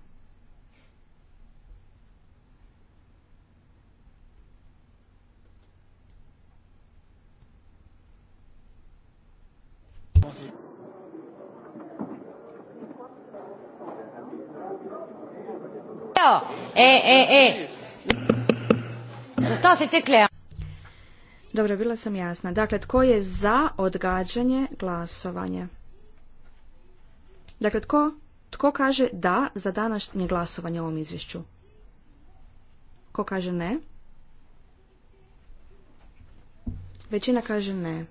E, e, e. Dobro, bila sam jasna. Dakle, tko je za odgađanje glasovanja? Dakle, tko, tko kaže da za današnje glasovanje u ovom izvješću? Tko kaže ne? Većina kaže ne.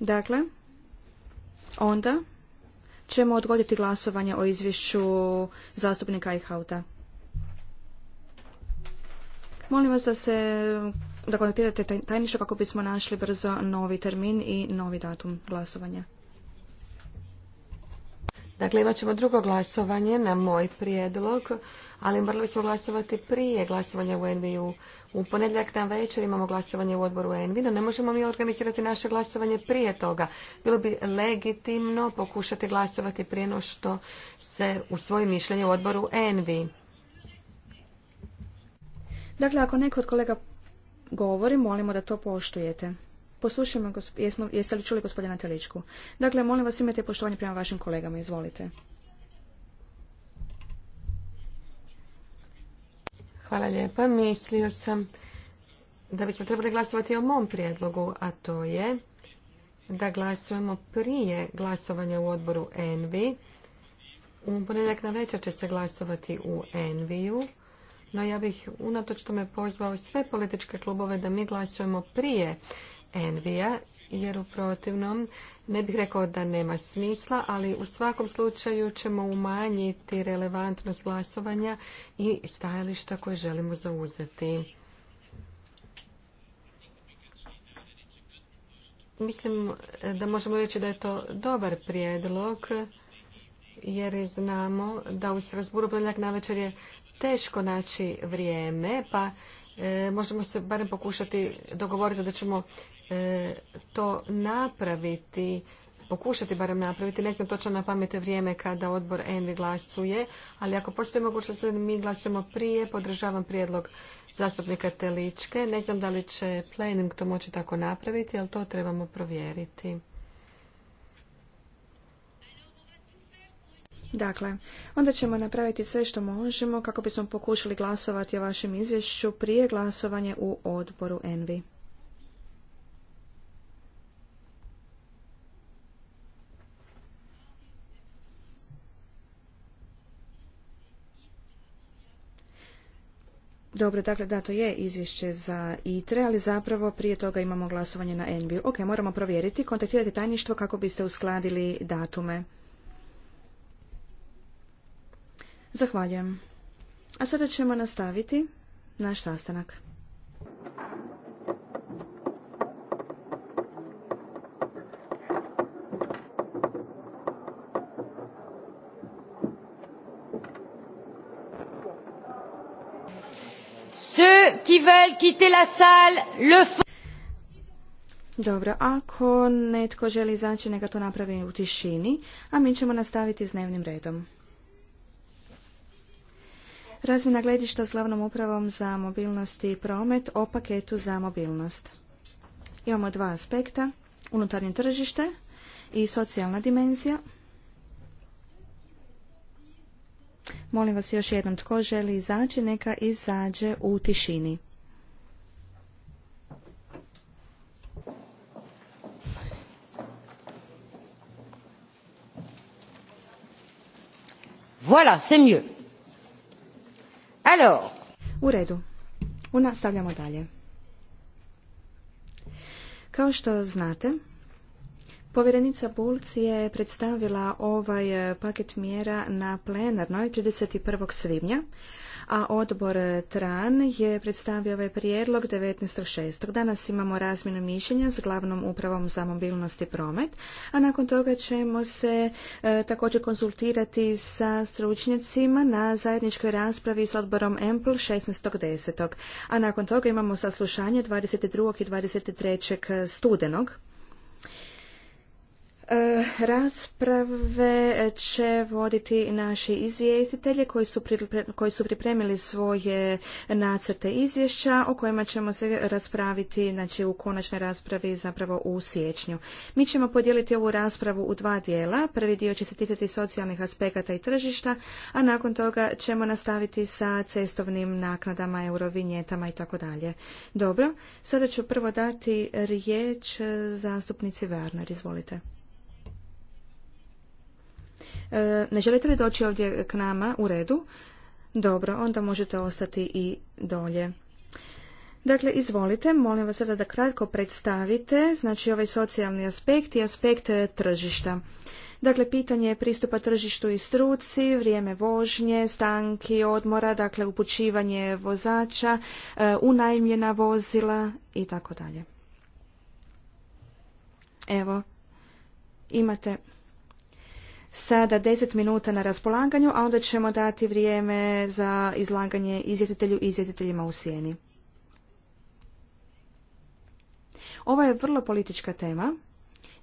Dakle, onda ćemo odgoditi glasovanje o izvješću zastupnika Eichhauta. Molim vas da se da kontaktirate tajništvo kako bismo našli brzo novi termin i novi datum glasovanja. Dakle, imat ćemo drugo glasovanje na moj prijedlog, ali morali smo glasovati prije glasovanja u Envi. U ponedjeljak na večer imamo glasovanje u odboru Envi, no ne možemo mi organizirati naše glasovanje prije toga. Bilo bi legitimno pokušati glasovati prije no što se u svoje mišljenje u odboru Envi. Dakle, ako neko od kolega govori, molimo da to poštujete. Poslušajmo, jesmo, jeste li čuli gospodina Teličku? Dakle, molim vas imate poštovanje prema vašim kolegama, izvolite. Hvala lijepa. Mislio sam da bismo trebali glasovati o mom prijedlogu, a to je da glasujemo prije glasovanja u odboru Envi. U ponedjeljak na večer će se glasovati u Enviju, no ja bih unatoč tome pozvao sve političke klubove da mi glasujemo prije Envija, jer u protivnom ne bih rekao da nema smisla, ali u svakom slučaju ćemo umanjiti relevantnost glasovanja i stajališta koje želimo zauzeti. Mislim da možemo reći da je to dobar prijedlog, jer znamo da u Strasburu ponedjeljak navečer je teško naći vrijeme, pa e, možemo se barem pokušati dogovoriti da ćemo E, to napraviti, pokušati barem napraviti, ne znam točno na pamet vrijeme kada odbor Envi glasuje, ali ako postoji mogućnost da mi glasujemo prije, podržavam prijedlog zastupnika Teličke. Ne znam da li će planning to moći tako napraviti, ali to trebamo provjeriti. Dakle, onda ćemo napraviti sve što možemo kako bismo pokušali glasovati o vašem izvješću prije glasovanje u odboru Envi. Dobro, dakle, da, to je izvješće za ITRE, ali zapravo prije toga imamo glasovanje na NBU. Ok, moramo provjeriti. Kontaktirajte tajništvo kako biste uskladili datume. Zahvaljujem. A sada ćemo nastaviti naš sastanak. qui veulent quitter la salle le Dobro, ako netko želi izaći, neka to napravi u tišini, a mi ćemo nastaviti s dnevnim redom. Razmjena gledišta s glavnom upravom za mobilnost i promet o paketu za mobilnost. Imamo dva aspekta, unutarnje tržište i socijalna dimenzija. Molim vas još jednom, tko želi izaći, neka izađe u tišini. Voilà, c'est mieux. U redu. Nastavljamo dalje. Kao što znate, Povjerenica Bulc je predstavila ovaj e, paket mjera na plenarnoj 31. svibnja, a odbor TRAN je predstavio ovaj prijedlog 19.6. Danas imamo razmjenu mišljenja s glavnom upravom za mobilnost i promet, a nakon toga ćemo se e, također konzultirati sa stručnjacima na zajedničkoj raspravi s odborom EMPL 16.10. A nakon toga imamo saslušanje 22. i 23. studenog Eh, rasprave će voditi naši izvjestitelji koji su, koji su pripremili svoje nacrte izvješća o kojima ćemo se raspraviti znači, u konačnoj raspravi zapravo u siječnju. Mi ćemo podijeliti ovu raspravu u dva dijela. Prvi dio će se ticati socijalnih aspekata i tržišta, a nakon toga ćemo nastaviti sa cestovnim naknadama, eurovinjetama i tako dalje. Dobro, sada ću prvo dati riječ zastupnici Varnar. Izvolite. E, ne želite li doći ovdje k nama u redu? Dobro, onda možete ostati i dolje. Dakle, izvolite, molim vas sada da kratko predstavite, znači ovaj socijalni aspekt i aspekt tržišta. Dakle, pitanje je pristupa tržištu i struci, vrijeme vožnje, stanki, odmora, dakle, upućivanje vozača, e, unajmljena vozila i tako dalje. Evo, imate sada 10 minuta na raspolaganju, a onda ćemo dati vrijeme za izlaganje izvjestitelju i izvjetiteljima u sjeni. Ovo je vrlo politička tema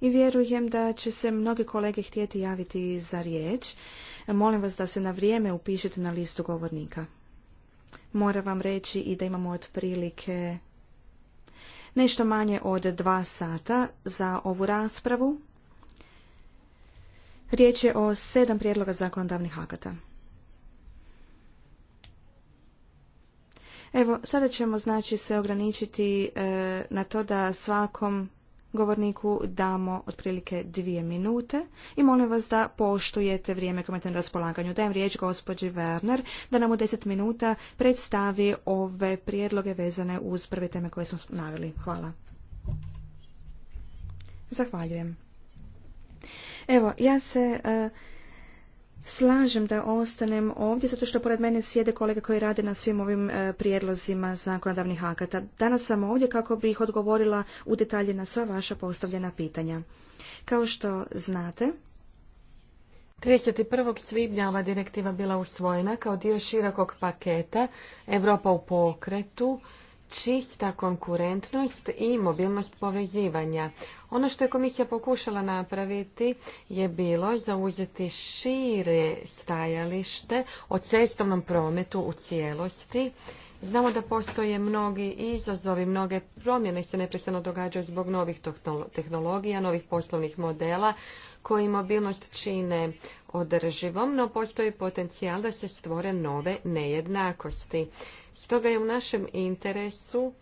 i vjerujem da će se mnogi kolege htjeti javiti za riječ. Molim vas da se na vrijeme upišete na listu govornika. Moram vam reći i da imamo otprilike nešto manje od dva sata za ovu raspravu Riječ je o sedam prijedloga zakonodavnih akata. Evo, sada ćemo znači se ograničiti e, na to da svakom govorniku damo otprilike dvije minute i molim vas da poštujete vrijeme koje na raspolaganju. Dajem riječ gospođi Werner da nam u deset minuta predstavi ove prijedloge vezane uz prve teme koje smo naveli. Hvala. Zahvaljujem. Evo, ja se e, slažem da ostanem ovdje zato što pored mene sjede kolege koji rade na svim ovim prijedlozima prijedlozima zakonodavnih akata. Danas sam ovdje kako bih odgovorila u detalje na sva vaša postavljena pitanja. Kao što znate, 31. svibnja ova direktiva bila usvojena kao dio širokog paketa Europa u pokretu čista konkurentnost i mobilnost povezivanja. Ono što je komisija pokušala napraviti je bilo zauzeti šire stajalište o cestovnom prometu u cijelosti. Znamo da postoje mnogi izazovi, mnoge promjene se neprestano događaju zbog novih tehnologija, novih poslovnih modela koji mobilnost čine održivom, no postoji potencijal da se stvore nove nejednakosti. Stoga je u našem interesu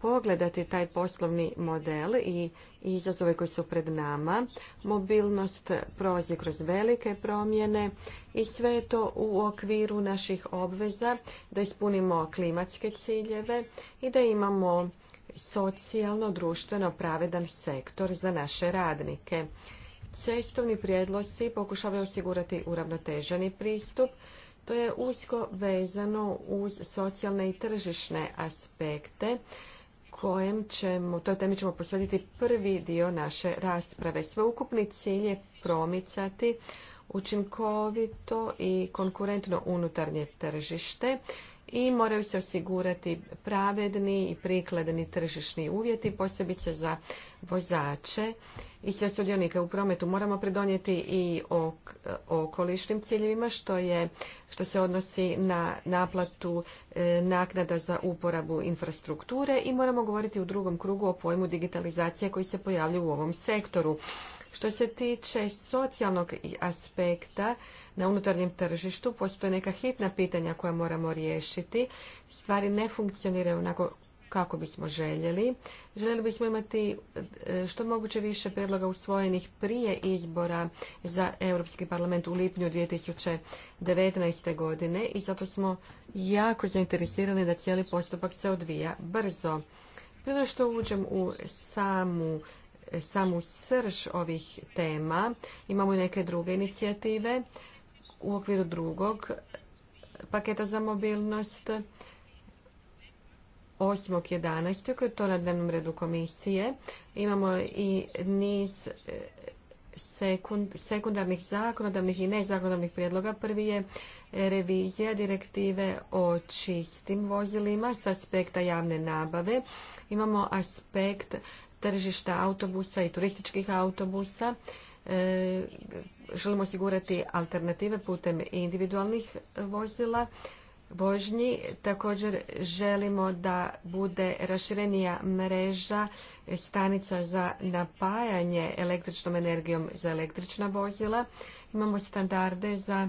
pogledati taj poslovni model i izazove koji su pred nama. Mobilnost prolazi kroz velike promjene i sve je to u okviru naših obveza da ispunimo klimatske ciljeve i da imamo socijalno, društveno pravedan sektor za naše radnike. Cestovni prijedlozi pokušavaju osigurati uravnoteženi pristup to je usko vezano uz socijalne i tržišne aspekte kojem ćemo, toj temi ćemo posvetiti prvi dio naše rasprave. Sveukupni cilj je promicati učinkovito i konkurentno unutarnje tržište i moraju se osigurati pravedni i prikladni tržišni uvjeti, posebice za vozače i sve sudionike u prometu. Moramo pridonijeti i okolišnim ciljevima što, je, što se odnosi na naplatu e, naknada za uporabu infrastrukture i moramo govoriti u drugom krugu o pojmu digitalizacije koji se pojavljuje u ovom sektoru. Što se tiče socijalnog aspekta na unutarnjem tržištu, postoje neka hitna pitanja koja moramo riješiti. Stvari ne funkcioniraju onako kako bismo željeli. Željeli bismo imati e, što moguće više predloga usvojenih prije izbora za Europski parlament u lipnju 2019. godine i zato smo jako zainteresirani da cijeli postupak se odvija brzo. Prije što uđem u samu samu srž ovih tema. Imamo i neke druge inicijative u okviru drugog paketa za mobilnost 8.11. koji je to na dnevnom redu komisije. Imamo i niz e, sekundarnih zakonodavnih i nezakonodavnih prijedloga. Prvi je e, revizija direktive o čistim vozilima s aspekta javne nabave. Imamo aspekt tržišta autobusa i turističkih autobusa. E, želimo osigurati alternative putem individualnih vozila vožnji. Također želimo da bude raširenija mreža stanica za napajanje električnom energijom za električna vozila. Imamo standarde za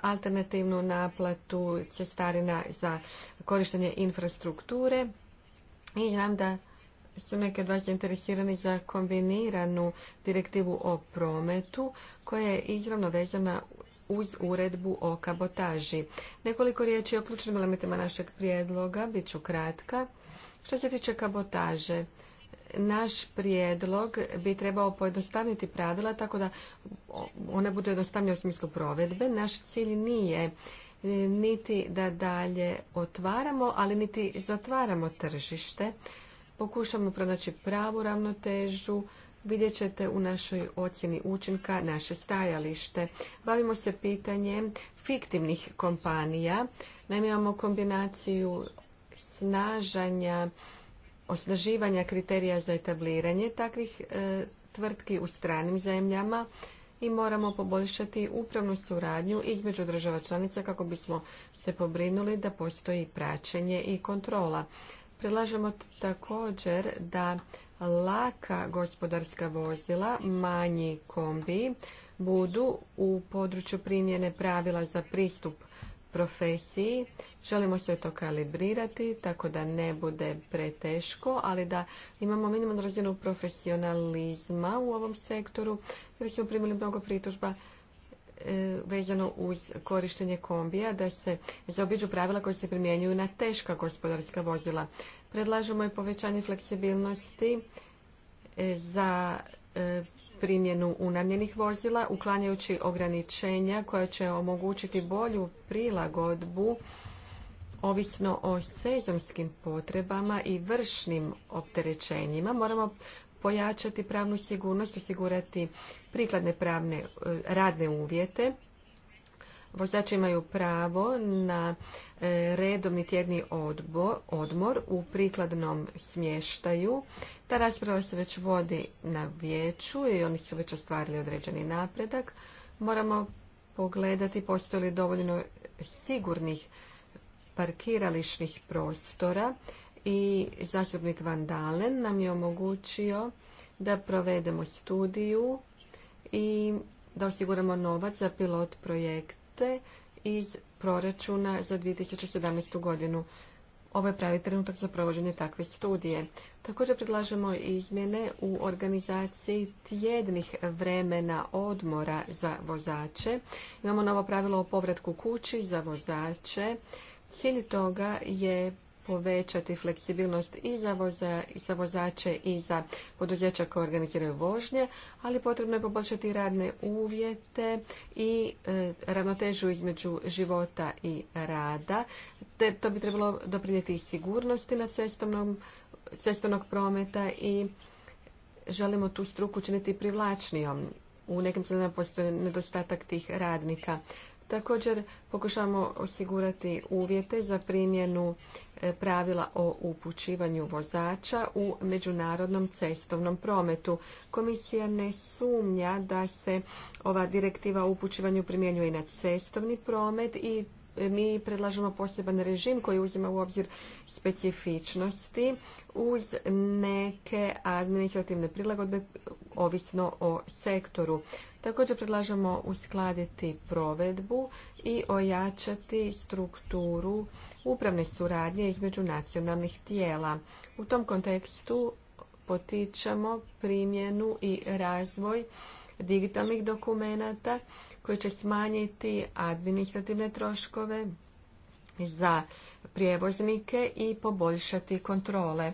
alternativnu naplatu cestarina za korištenje infrastrukture. I znam da su neke od vas zainteresirani za kombiniranu direktivu o prometu koja je izravno vezana uz uredbu o kabotaži. Nekoliko riječi o ključnim elementima našeg prijedloga, bit ću kratka. Što se tiče kabotaže, naš prijedlog bi trebao pojednostavniti pravila tako da one bude jednostavnija u smislu provedbe. Naš cilj nije niti da dalje otvaramo, ali niti zatvaramo tržište. Pokušamo pronaći pravu ravnotežu, vidjet ćete u našoj ocjeni učinka naše stajalište. Bavimo se pitanjem fiktivnih kompanija. Naime, imamo kombinaciju snažanja, osnaživanja kriterija za etabliranje takvih e, tvrtki u stranim zemljama i moramo poboljšati upravnu suradnju između država članica kako bismo se pobrinuli da postoji praćenje i kontrola. Predlažemo također da laka gospodarska vozila, manji kombi, budu u području primjene pravila za pristup profesiji. Želimo sve to kalibrirati tako da ne bude preteško, ali da imamo minimalnu razinu profesionalizma u ovom sektoru jer smo primili mnogo pritužba E, vezano uz korištenje kombija da se zaobiđu pravila koja se primjenjuju na teška gospodarska vozila. Predlažemo i povećanje fleksibilnosti e, za e, primjenu unamljenih vozila, uklanjajući ograničenja koja će omogućiti bolju prilagodbu ovisno o sezonskim potrebama i vršnim opterećenjima. Moramo pojačati pravnu sigurnost, osigurati prikladne pravne e, radne uvjete. Vozači imaju pravo na e, redovni tjedni odmor u prikladnom smještaju. Ta rasprava se već vodi na vijeću i oni su već ostvarili određeni napredak. Moramo pogledati postoji li dovoljno sigurnih parkirališnih prostora i zastupnik Van Dalen nam je omogućio da provedemo studiju i da osiguramo novac za pilot projekte iz proračuna za 2017. godinu. Ovo je pravi trenutak za provođenje takve studije. Također predlažemo izmjene u organizaciji tjednih vremena odmora za vozače. Imamo novo pravilo o povratku kući za vozače. Cilj toga je povećati fleksibilnost i za, i za vozače i za poduzeća koje organiziraju vožnje, ali potrebno je poboljšati radne uvjete i e, ravnotežu između života i rada. Te, to bi trebalo doprinijeti i sigurnosti na cestovnog prometa i želimo tu struku činiti privlačnijom. U nekim slučajima postoji nedostatak tih radnika. Također pokušavamo osigurati uvjete za primjenu e, pravila o upućivanju vozača u međunarodnom cestovnom prometu. Komisija ne sumnja da se ova direktiva o upućivanju primjenjuje na cestovni promet i mi predlažemo poseban režim koji uzima u obzir specifičnosti uz neke administrativne prilagodbe ovisno o sektoru. Također predlažemo uskladiti provedbu i ojačati strukturu upravne suradnje između nacionalnih tijela. U tom kontekstu potičemo primjenu i razvoj digitalnih dokumenata koji će smanjiti administrativne troškove za prijevoznike i poboljšati kontrole.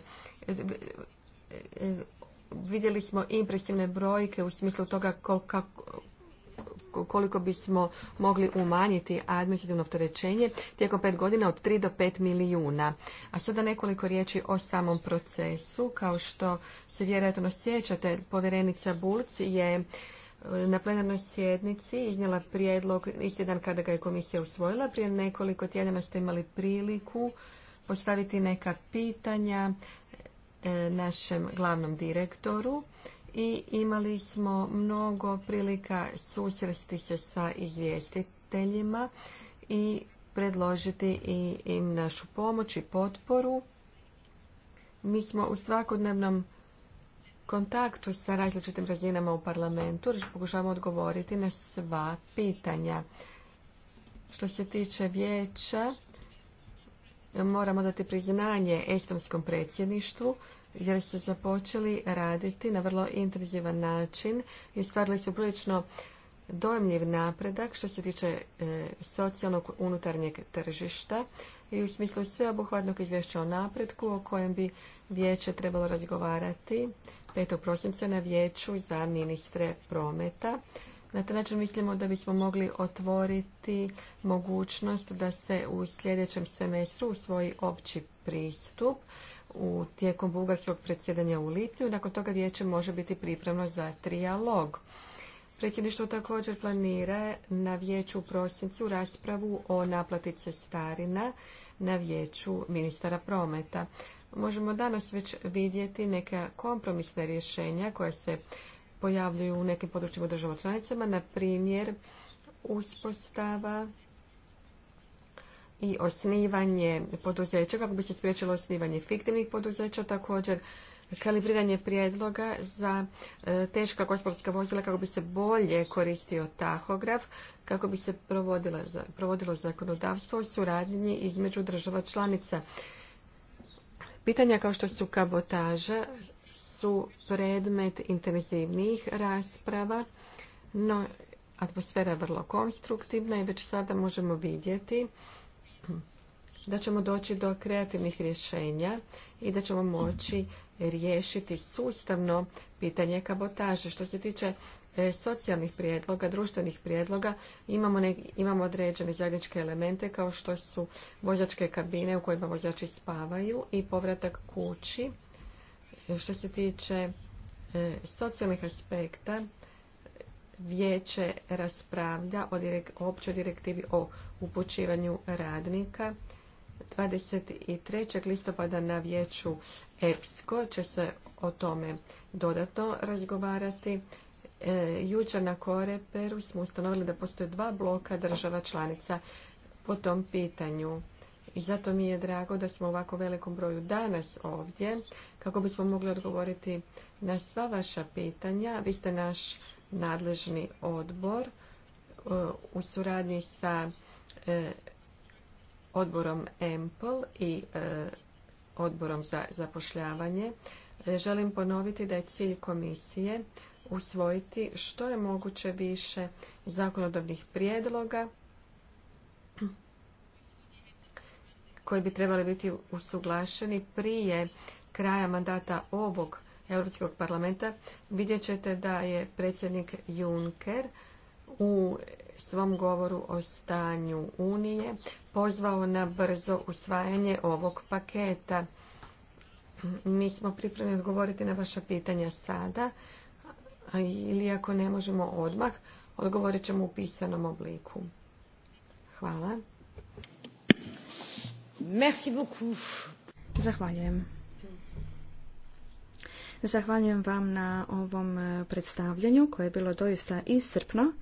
Vidjeli smo impresivne brojke u smislu toga koliko, koliko bismo mogli umanjiti administrativno opterećenje tijekom pet godina od 3 do 5 milijuna. A sada nekoliko riječi o samom procesu. Kao što se vjerojatno sjećate, povjerenica Bulc je na plenarnoj sjednici iznijela prijedlog isti dan kada ga je komisija usvojila. Prije nekoliko tjedana ste imali priliku postaviti neka pitanja e, našem glavnom direktoru i imali smo mnogo prilika susresti se sa izvjestiteljima i predložiti im našu pomoć i potporu. Mi smo u svakodnevnom kontaktu sa različitim razinama u parlamentu, jer pokušavamo odgovoriti na sva pitanja. Što se tiče vijeća, moramo dati priznanje estonskom predsjedništvu, jer su započeli raditi na vrlo intenzivan način i stvarili su prilično dojemljiv napredak što se tiče e, socijalnog unutarnjeg tržišta i u smislu sveobuhvatnog izvješća o napretku o kojem bi vijeće trebalo razgovarati 5. prosinca na vijeću za ministre prometa. Na taj način mislimo da bismo mogli otvoriti mogućnost da se u sljedećem semestru usvoji opći pristup u tijekom bugarskog predsjedanja u lipnju i nakon toga vijeće može biti pripremno za trijalog. Predsjedništvo također planira na vijeću u prosincu raspravu o naplati cestarina na vijeću ministara prometa možemo danas već vidjeti neka kompromisna rješenja koja se pojavljuju u nekim područjima država članicama, na primjer uspostava i osnivanje poduzeća, kako bi se spriječilo osnivanje fiktivnih poduzeća, također kalibriranje prijedloga za e, teška gospodarska vozila kako bi se bolje koristio tahograf, kako bi se provodilo zakonodavstvo u suradnji između država članica. Pitanja kao što su kabotaža su predmet intenzivnijih rasprava, no atmosfera je vrlo konstruktivna i već sada možemo vidjeti da ćemo doći do kreativnih rješenja i da ćemo moći riješiti sustavno pitanje kabotaže. Što se tiče E, socijalnih prijedloga, društvenih prijedloga, imamo, određene zajedničke elemente kao što su vozačke kabine u kojima vozači spavaju i povratak kući. E, što se tiče e, socijalnih aspekta, vijeće raspravlja o općoj direktivi o upućivanju radnika. 23. listopada na vijeću EPSCO će se o tome dodatno razgovarati. E, jučer na Koreperu smo ustanovili da postoje dva bloka država članica po tom pitanju. I zato mi je drago da smo u ovako velikom broju danas ovdje, kako bismo mogli odgovoriti na sva vaša pitanja. Vi ste naš nadležni odbor e, u suradnji sa e, odborom EMPL i odborom za zapošljavanje. Želim ponoviti da je cilj komisije usvojiti što je moguće više zakonodavnih prijedloga koji bi trebali biti usuglašeni prije kraja mandata ovog Europskog parlamenta. Vidjet ćete da je predsjednik Juncker u svom govoru o stanju Unije pozvao na brzo usvajanje ovog paketa. Mi smo pripremni odgovoriti na vaša pitanja sada ili ako ne možemo odmah, odgovorit ćemo u pisanom obliku. Hvala. Merci beaucoup. Zahvaljujem. Zahvaljujem vam na ovom e, predstavljanju koje je bilo doista iscrpno.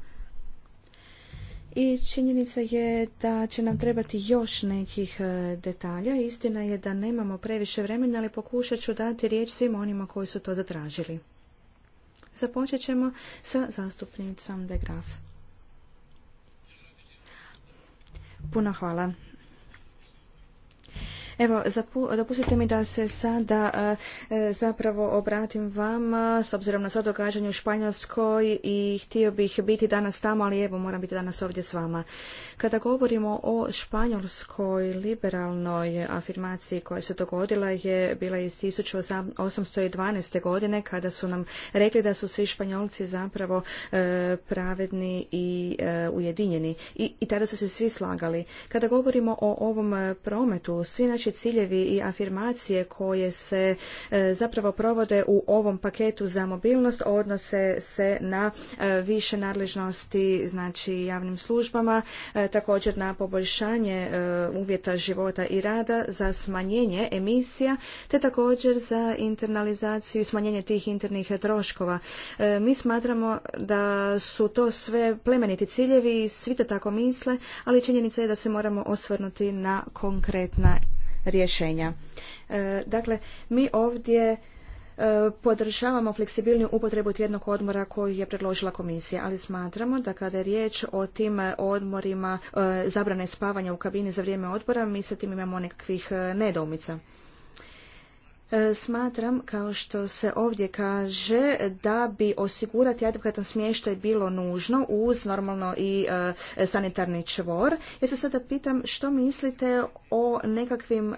I činjenica je da će nam trebati još nekih e, detalja. Istina je da nemamo previše vremena, ali pokušat ću dati riječ svima onima koji su to zatražili. Započet ćemo sa zastupnicom De Graf. Puno hvala. Evo, dopustite mi da se sada e, e, zapravo obratim vama s obzirom na sva događanje u Španjolskoj i htio bih biti danas tamo, ali evo moram biti danas ovdje s vama. Kada govorimo o španjolskoj liberalnoj afirmaciji koja se dogodila je bila iz 1812. godine kada su nam rekli da su svi Španjolci zapravo e, pravedni i ujedinjeni I, i tada su se svi slagali. Kada govorimo o ovom prometu, svi ciljevi i afirmacije koje se e, zapravo provode u ovom paketu za mobilnost odnose se na e, više nadležnosti znači javnim službama, e, također na poboljšanje uvjeta života i rada za smanjenje emisija, te također za internalizaciju i smanjenje tih internih troškova. Mi smatramo da su to sve plemeniti ciljevi i svi to tako misle, ali činjenica je da se moramo osvrnuti na konkretna rješenja. E, dakle, mi ovdje e, podržavamo fleksibilniju upotrebu tjednog odmora koju je predložila komisija, ali smatramo da kada je riječ o tim odmorima e, zabrane spavanja u kabini za vrijeme odbora, mi sa tim imamo nekakvih nedoumica. E, smatram, kao što se ovdje kaže, da bi osigurati adekvatan smještaj bilo nužno uz normalno i e, sanitarni čvor. Ja se sada pitam što mislite o nekakvim e,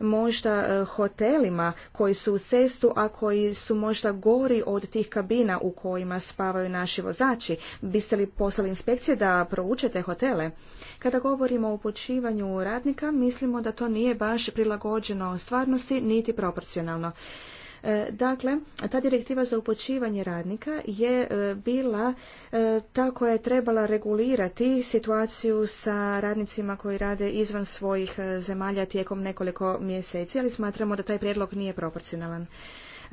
možda hotelima koji su u cestu, a koji su možda gori od tih kabina u kojima spavaju naši vozači. Biste li poslali inspekcije da proučete hotele? Kada govorimo o upućivanju radnika, mislimo da to nije baš prilagođeno stvarnosti niti propisno proporcionalno. E, dakle, ta direktiva za upočivanje radnika je e, bila e, ta koja je trebala regulirati situaciju sa radnicima koji rade izvan svojih zemalja tijekom nekoliko mjeseci, ali smatramo da taj prijedlog nije proporcionalan.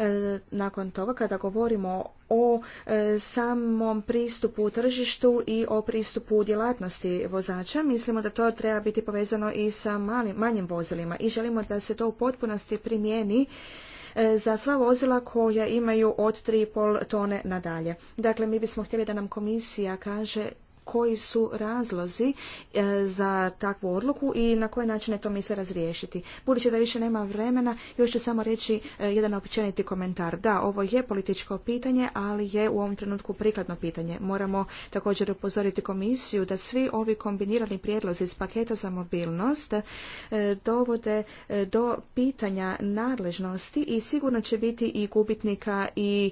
E, nakon toga kada govorimo o e, samom pristupu tržištu i o pristupu djelatnosti vozača, mislimo da to treba biti povezano i sa manjim vozilima i želimo da se to u potpunosti primijeni e, za sva vozila koja imaju od 3,5 tone nadalje. Dakle, mi bismo htjeli da nam komisija kaže koji su razlozi e, za takvu odluku i na koji način to to se razriješiti. Budući da više nema vremena, još ću samo reći e, jedan općeniti komentar. Da, ovo je političko pitanje, ali je u ovom trenutku prikladno pitanje. Moramo također upozoriti komisiju da svi ovi kombinirani prijedlozi iz paketa za mobilnost e, dovode do pitanja nadležnosti i sigurno će biti i gubitnika i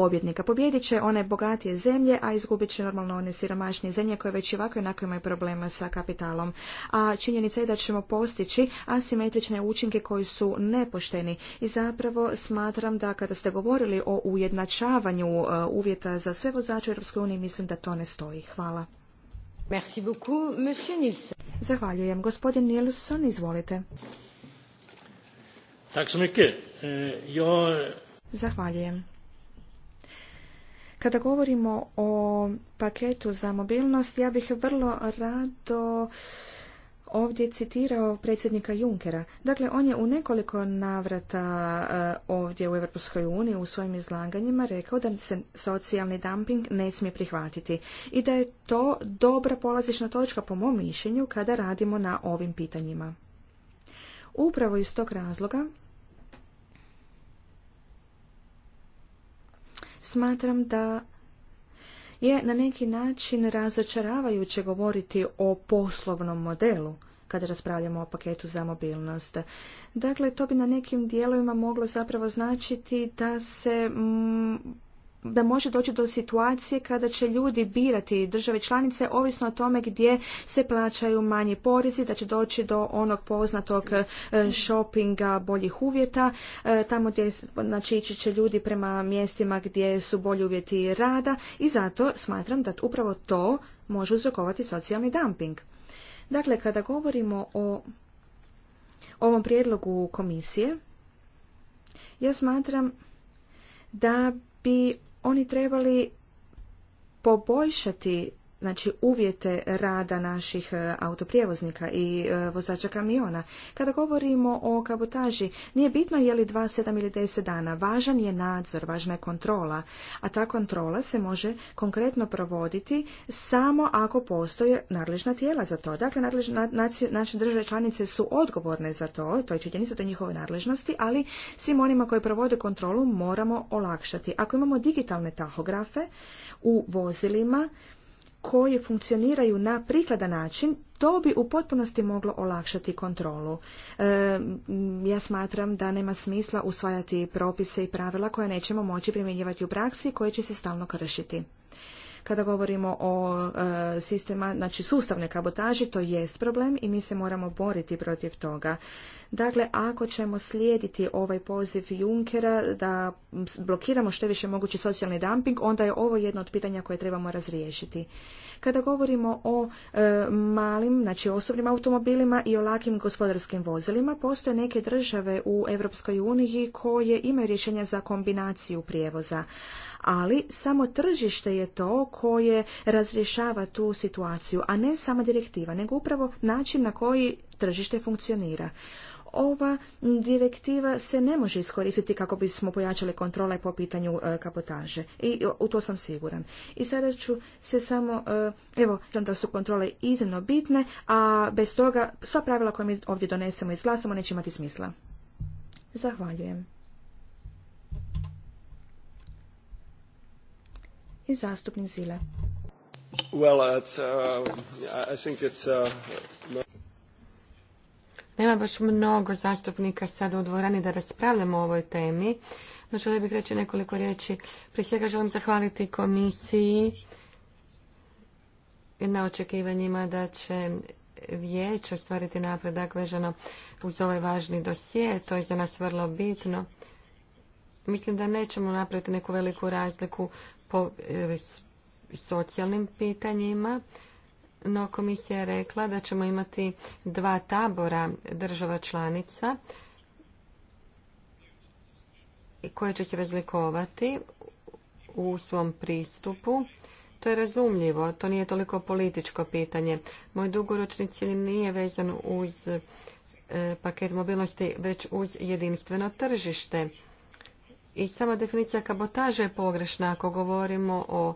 pobjednika. Pobjedit će one bogatije zemlje, a izgubit će normalno one siromašnije zemlje koje već i ovako i onako imaju problema sa kapitalom. A činjenica je da ćemo postići asimetrične učinke koji su nepošteni. I zapravo smatram da kada ste govorili o ujednačavanju uh, uvjeta za sve vozače u EU, mislim da to ne stoji. Hvala. Merci beaucoup, monsieur Nilsson. Zahvaljujem. Gospodin Nilsson, izvolite. Eh, Zahvaljujem. Kada govorimo o paketu za mobilnost, ja bih vrlo rado ovdje citirao predsjednika Junkera. Dakle, on je u nekoliko navrata e, ovdje u Europskoj uniji u svojim izlaganjima rekao da se socijalni dumping ne smije prihvatiti i da je to dobra polazišna točka po mom mišljenju kada radimo na ovim pitanjima. Upravo iz tog razloga Smatram da je na neki način razočaravajuće govoriti o poslovnom modelu kada raspravljamo o paketu za mobilnost. Dakle, to bi na nekim dijelovima moglo zapravo značiti da se mm, da može doći do situacije kada će ljudi birati države članice ovisno o tome gdje se plaćaju manji porezi, da će doći do onog poznatog e, shoppinga boljih uvjeta, e, tamo gdje znači, ići će ljudi prema mjestima gdje su bolji uvjeti rada i zato smatram da upravo to može uzrokovati socijalni dumping. Dakle, kada govorimo o ovom prijedlogu komisije, ja smatram da bi oni trebali poboljšati znači uvjete rada naših e, autoprijevoznika i e, vozača kamiona. Kada govorimo o kabotaži, nije bitno je li 2, 7 ili 10 dana, važan je nadzor, važna je kontrola, a ta kontrola se može konkretno provoditi samo ako postoje nadležna tijela za to. Dakle, naše države članice su odgovorne za to, to je činjenica, to je njihove nadležnosti, ali svim onima koji provode kontrolu moramo olakšati. Ako imamo digitalne tahografe u vozilima, koji funkcioniraju na prikladan način, to bi u potpunosti moglo olakšati kontrolu. E, ja smatram da nema smisla usvajati propise i pravila koje nećemo moći primjenjivati u praksi koje će se stalno kršiti. Kada govorimo o e, sistema, znači sustavne kabotaži, to jest problem i mi se moramo boriti protiv toga. Dakle, ako ćemo slijediti ovaj poziv Junkera da blokiramo što više mogući socijalni dumping, onda je ovo jedno od pitanja koje trebamo razriješiti. Kada govorimo o e, malim, znači osobnim automobilima i o lakim gospodarskim vozilima, postoje neke države u Europskoj uniji koje imaju rješenja za kombinaciju prijevoza ali samo tržište je to koje razrješava tu situaciju, a ne sama direktiva, nego upravo način na koji tržište funkcionira ova direktiva se ne može iskoristiti kako bismo pojačali kontrole po pitanju e, kapotaže. I e, u to sam siguran. I sada ću se samo, e, evo, da su kontrole iznimno bitne, a bez toga sva pravila koja mi ovdje donesemo i izglasamo neće imati smisla. Zahvaljujem. i zastupnik Zile. Uh, uh, Nema baš mnogo zastupnika sada u dvorani da raspravljamo o ovoj temi, no želio bih reći nekoliko riječi. Prije svega želim zahvaliti komisiji na očekivanjima da će vijeće ostvariti napredak vezano uz ovaj važni dosije. To je za nas vrlo bitno. Mislim da nećemo napraviti neku veliku razliku po eh, socijalnim pitanjima, no komisija je rekla da ćemo imati dva tabora država članica koje će se razlikovati u svom pristupu. To je razumljivo, to nije toliko političko pitanje. Moj dugoročni cilj nije vezan uz eh, paket mobilnosti, već uz jedinstveno tržište. I sama definicija kabotaže je pogrešna ako govorimo o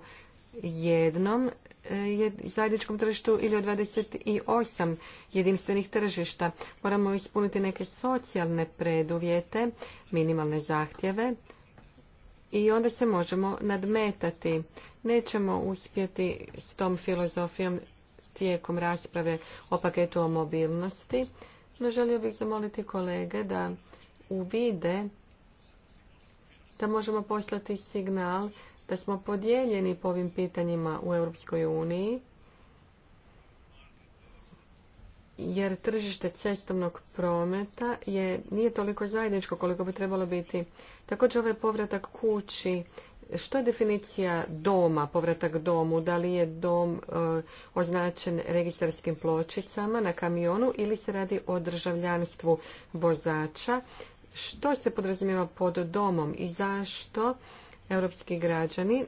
jednom e, zajedničkom tržištu ili o 28 jedinstvenih tržišta. Moramo ispuniti neke socijalne preduvjete, minimalne zahtjeve i onda se možemo nadmetati. Nećemo uspjeti s tom filozofijom tijekom rasprave o paketu o mobilnosti, no želio bih zamoliti kolege da uvide da možemo poslati signal da smo podijeljeni po ovim pitanjima u Europskoj uniji, jer tržište cestovnog prometa je, nije toliko zajedničko koliko bi trebalo biti. Također ovaj povratak kući, što je definicija doma, povratak domu? Da li je dom e, označen registarskim pločicama na kamionu ili se radi o državljanstvu vozača? što se podrazumijeva pod domom i zašto europski građani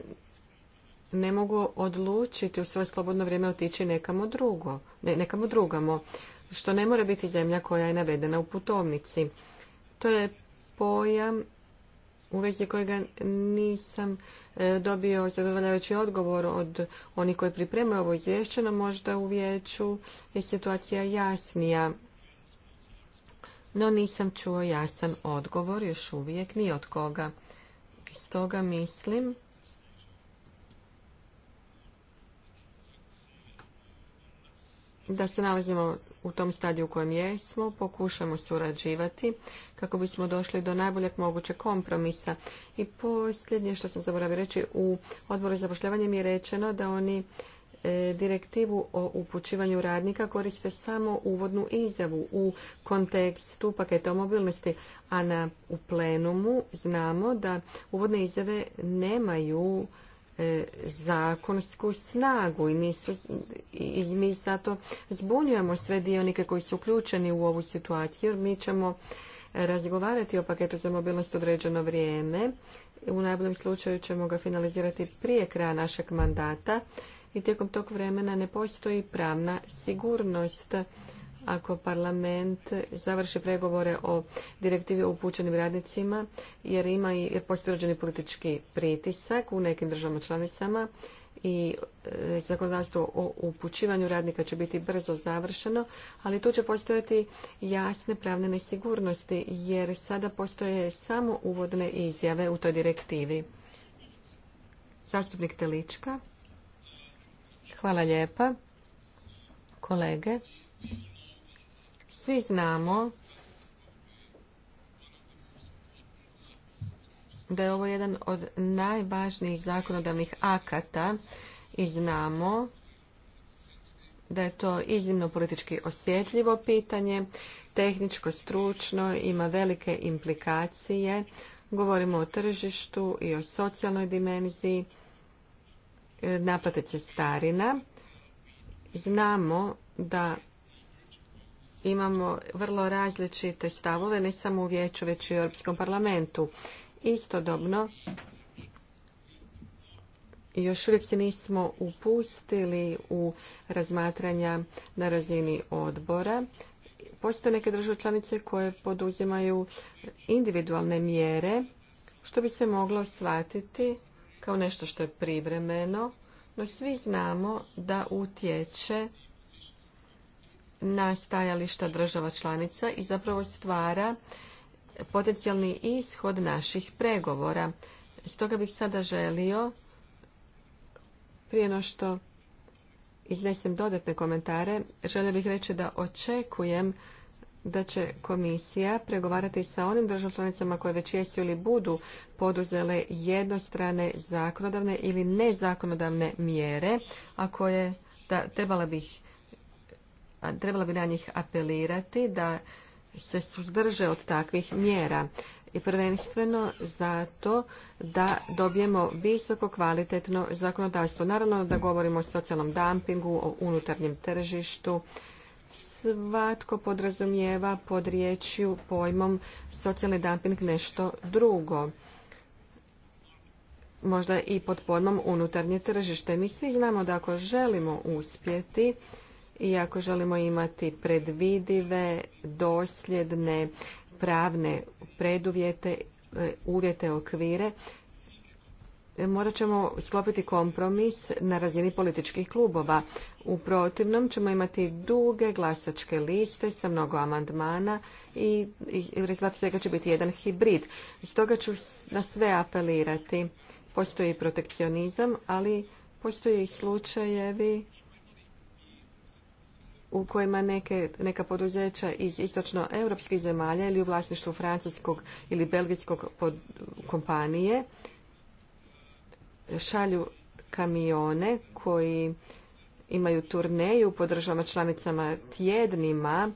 ne mogu odlučiti u svoje slobodno vrijeme otići nekamo drugo, nekamo drugamo, što ne mora biti zemlja koja je navedena u putovnici. To je pojam u vezi kojega nisam e, dobio zadovoljavajući odgovor od onih koji pripremaju ovo izvješće, no možda u vijeću je situacija jasnija no nisam čuo jasan odgovor još uvijek ni od koga. Stoga mislim da se nalazimo u tom stadiju u kojem jesmo, pokušamo surađivati kako bismo došli do najboljeg mogućeg kompromisa. I posljednje što sam zaboravila reći, u odboru za zapošljavanje mi je rečeno da oni E, direktivu o upućivanju radnika koriste samo uvodnu izjavu u kontekstu paketa o mobilnosti, a na, u plenumu znamo da uvodne izjave nemaju e, zakonsku snagu i, nisu, mi zato zbunjujemo sve dionike koji su uključeni u ovu situaciju mi ćemo razgovarati o paketu za mobilnost određeno vrijeme. U najboljem slučaju ćemo ga finalizirati prije kraja našeg mandata i tijekom tog vremena ne postoji pravna sigurnost ako parlament završi pregovore o direktivi o upućenim radnicima jer ima i postoji politički pritisak u nekim državama članicama i e, zakonodavstvo o upućivanju radnika će biti brzo završeno, ali tu će postojati jasne pravne nesigurnosti jer sada postoje samo uvodne izjave u toj direktivi. Zastupnik Telička. Hvala lijepa. Kolege, svi znamo da je ovo jedan od najvažnijih zakonodavnih akata i znamo da je to iznimno politički osjetljivo pitanje, tehničko, stručno, ima velike implikacije. Govorimo o tržištu i o socijalnoj dimenziji naplate cestarina, znamo da imamo vrlo različite stavove, ne samo u vijeću, već i u Europskom parlamentu. Istodobno, još uvijek se nismo upustili u razmatranja na razini odbora. Postoje neke države članice koje poduzimaju individualne mjere, što bi se moglo shvatiti kao nešto što je privremeno, no svi znamo da utječe na stajališta država članica i zapravo stvara potencijalni ishod naših pregovora. Stoga bih sada želio, prije no što iznesem dodatne komentare, želio bih reći da očekujem da će komisija pregovarati sa onim državama koje već jesu ili budu poduzele jednostrane zakonodavne ili nezakonodavne mjere, a koje da, trebala, bih, trebala bi na njih apelirati da se suzdrže od takvih mjera i prvenstveno zato da dobijemo visoko kvalitetno zakonodavstvo. Naravno da govorimo o socijalnom dumpingu, o unutarnjem tržištu, svatko podrazumijeva pod riječju pojmom socijalni dumping nešto drugo. Možda i pod pojmom unutarnje tržište. Mi svi znamo da ako želimo uspjeti i ako želimo imati predvidive, dosljedne, pravne preduvjete, e, uvjete, okvire, morat ćemo sklopiti kompromis na razini političkih klubova. U protivnom ćemo imati duge glasačke liste sa mnogo amandmana i, i rezultat svega će biti jedan hibrid. Stoga ću na sve apelirati. Postoji protekcionizam, ali postoje i slučajevi u kojima neka poduzeća iz istočnoeuropskih zemalja ili u vlasništvu francuskog ili belgijskog kompanije šalju kamione koji imaju turneju po državama članicama tjednima.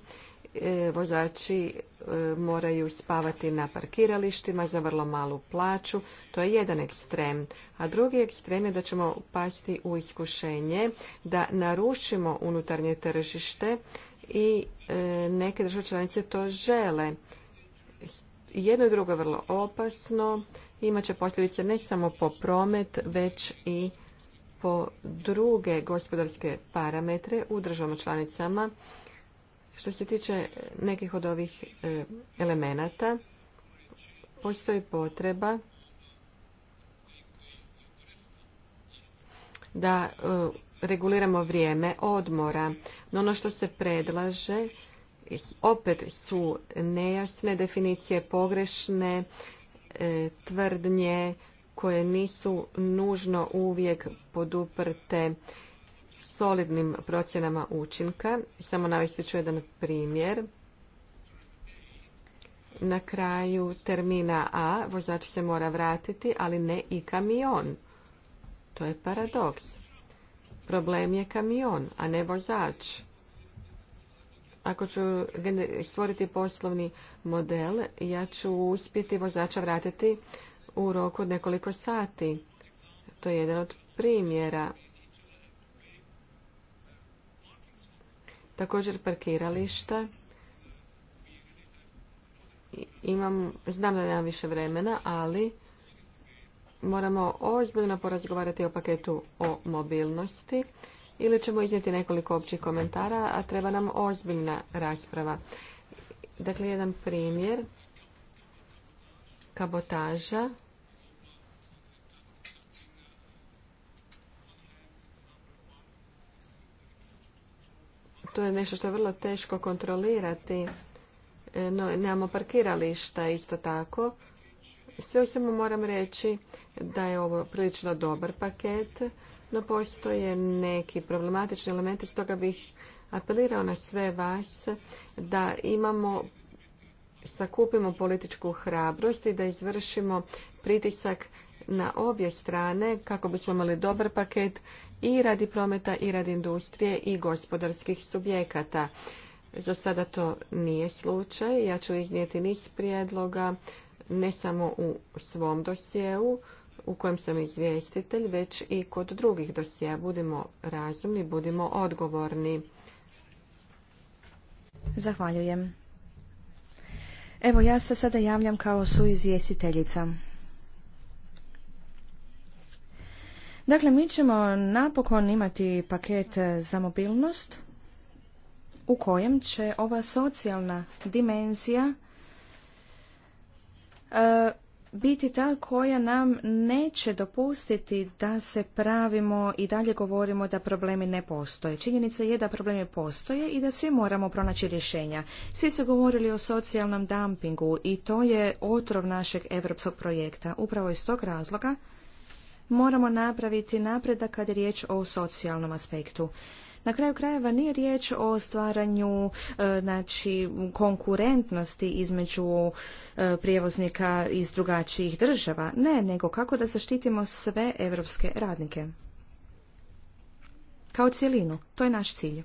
E, vozači e, moraju spavati na parkiralištima za vrlo malu plaću. To je jedan ekstrem. A drugi ekstrem je da ćemo pasti u iskušenje da narušimo unutarnje tržište i e, neke države članice to žele. Jedno i drugo je vrlo opasno imat će posljedice ne samo po promet, već i po druge gospodarske parametre u državama članicama. Što se tiče nekih od ovih e, elemenata, postoji potreba da e, reguliramo vrijeme odmora. No ono što se predlaže opet su nejasne definicije, pogrešne E, tvrdnje koje nisu nužno uvijek poduprte solidnim procjenama učinka. Samo navesti ću jedan primjer. Na kraju termina A vozač se mora vratiti, ali ne i kamion. To je paradoks. Problem je kamion, a ne vozač. Ako ću stvoriti poslovni model, ja ću uspjeti vozača vratiti u roku od nekoliko sati. To je jedan od primjera. Također parkirališta. Imam, znam da nemam više vremena, ali moramo ozbiljno porazgovarati o paketu o mobilnosti ili ćemo iznijeti nekoliko općih komentara, a treba nam ozbiljna rasprava. Dakle, jedan primjer kabotaža. To je nešto što je vrlo teško kontrolirati. E, no, nemamo parkirališta isto tako. Sve u moram reći da je ovo prilično dobar paket no postoje neki problematični elementi, stoga bih apelirao na sve vas da imamo sakupimo političku hrabrost i da izvršimo pritisak na obje strane kako bismo imali dobar paket i radi prometa i radi industrije i gospodarskih subjekata. Za sada to nije slučaj. Ja ću iznijeti niz prijedloga ne samo u svom dosjeu, u kojem sam izvjestitelj, već i kod drugih dosija. Budimo razumni, budimo odgovorni. Zahvaljujem. Evo, ja se sada javljam kao suizvjestiteljica. Dakle, mi ćemo napokon imati paket za mobilnost u kojem će ova socijalna dimenzija e, biti ta koja nam neće dopustiti da se pravimo i dalje govorimo da problemi ne postoje. Činjenica je da problemi postoje i da svi moramo pronaći rješenja. Svi su govorili o socijalnom dumpingu i to je otrov našeg europskog projekta. Upravo iz tog razloga moramo napraviti napredak kad je riječ o socijalnom aspektu. Na kraju krajeva nije riječ o stvaranju e, znači, konkurentnosti između e, prijevoznika iz drugačijih država. Ne, nego kako da zaštitimo sve evropske radnike. Kao cijelinu. To je naš cilj.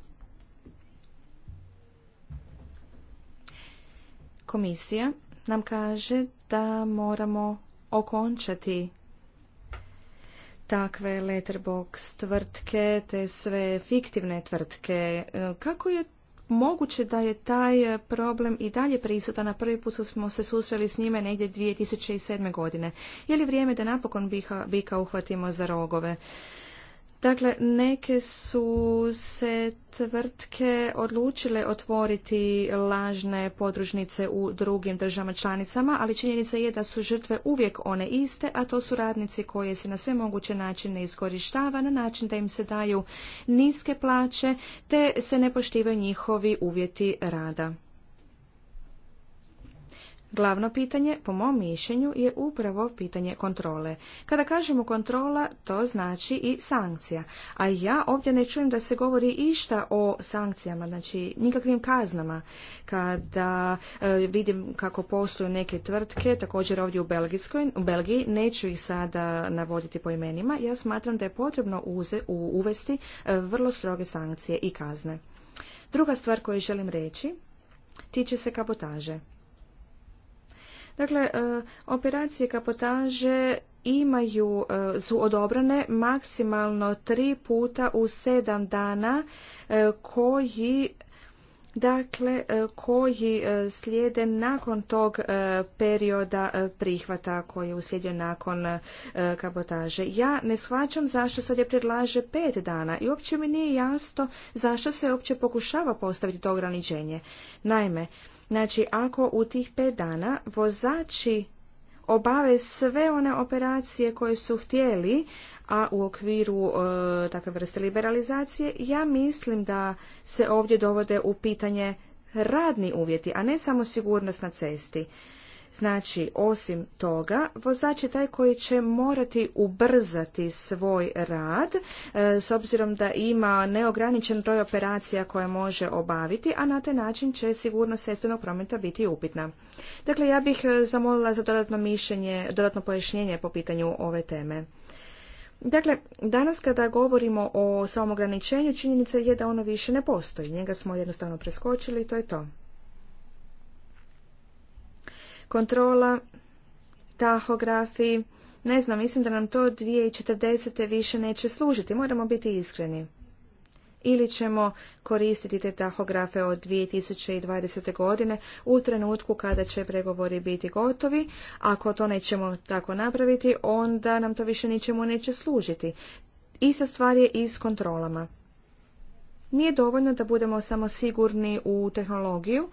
Komisija nam kaže da moramo okončati takve letterbox tvrtke, te sve fiktivne tvrtke. E, kako je moguće da je taj problem i dalje prisutan, Na prvi put smo se susreli s njime negdje 2007. godine. Je li vrijeme da napokon bika uhvatimo za rogove? Dakle, neke su se tvrtke odlučile otvoriti lažne podružnice u drugim državama članicama, ali činjenica je da su žrtve uvijek one iste, a to su radnici koje se na sve moguće načine iskorištava na način da im se daju niske plaće te se ne poštivaju njihovi uvjeti rada. Glavno pitanje, po mom mišljenju, je upravo pitanje kontrole. Kada kažemo kontrola, to znači i sankcija. A ja ovdje ne čujem da se govori išta o sankcijama, znači nikakvim kaznama. Kada e, vidim kako posluju neke tvrtke, također ovdje u, u Belgiji, neću ih sada navoditi po imenima, ja smatram da je potrebno uze, u, uvesti e, vrlo stroge sankcije i kazne. Druga stvar koju želim reći tiče se kabotaže. Dakle, e, operacije kapotaže imaju, e, su odobrane maksimalno tri puta u sedam dana e, koji dakle koji slijede nakon tog perioda prihvata koji je uslijedio nakon kabotaže. Ja ne shvaćam zašto se je predlaže pet dana i uopće mi nije jasno zašto se uopće pokušava postaviti to ograničenje. Naime, Znači, ako u tih pet dana vozači obave sve one operacije koje su htjeli, a u okviru e, takve vrste liberalizacije, ja mislim da se ovdje dovode u pitanje radni uvjeti, a ne samo sigurnost na cesti. Znači, osim toga, vozač je taj koji će morati ubrzati svoj rad e, s obzirom da ima neograničen broj operacija koje može obaviti, a na taj način će sigurnost cestovnog prometa biti upitna. Dakle, ja bih e, zamolila za dodatno mišljenje, dodatno pojašnjenje po pitanju ove teme. Dakle, danas kada govorimo o samom ograničenju, činjenica je da ono više ne postoji. Njega smo jednostavno preskočili i to je to kontrola, tahografi, ne znam, mislim da nam to 2040. više neće služiti, moramo biti iskreni. Ili ćemo koristiti te tahografe od 2020. godine u trenutku kada će pregovori biti gotovi. Ako to nećemo tako napraviti, onda nam to više ničemu neće služiti. Ista stvar je i s kontrolama. Nije dovoljno da budemo samo sigurni u tehnologiju,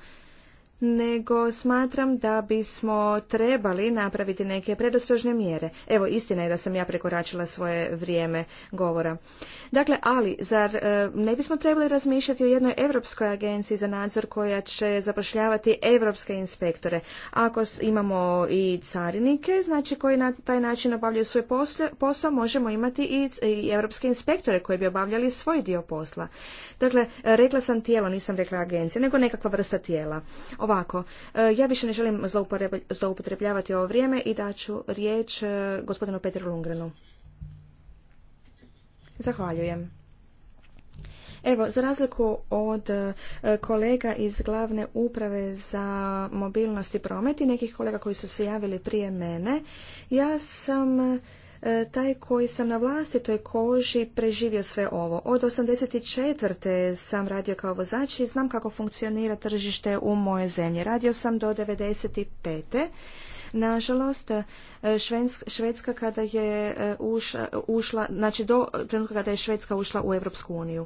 nego smatram da bismo trebali napraviti neke predostrožne mjere. Evo, istina je da sam ja prekoračila svoje vrijeme govora. Dakle, ali, zar e, ne bismo trebali razmišljati o jednoj Europskoj agenciji za nadzor koja će zapošljavati europske inspektore? Ako imamo i carinike, znači koji na taj način obavljaju svoj posao, možemo imati i, evropske europske inspektore koji bi obavljali svoj dio posla. Dakle, rekla sam tijelo, nisam rekla agencija, nego nekakva vrsta tijela. Ovako, e, ja više ne želim zloupotrebljavati ovo vrijeme i daću riječ e, gospodinu Petru Lungrenu. Zahvaljujem. Evo, za razliku od e, kolega iz glavne uprave za mobilnost i promet i nekih kolega koji su se javili prije mene, ja sam E, taj koji sam na vlastitoj koži preživio sve ovo. Od 1984. sam radio kao vozač i znam kako funkcionira tržište u moje zemlji. Radio sam do 1995. Nažalost, e, Švedska kada je e, ušla, znači do trenutka kada je Švedska ušla u Europsku uniju.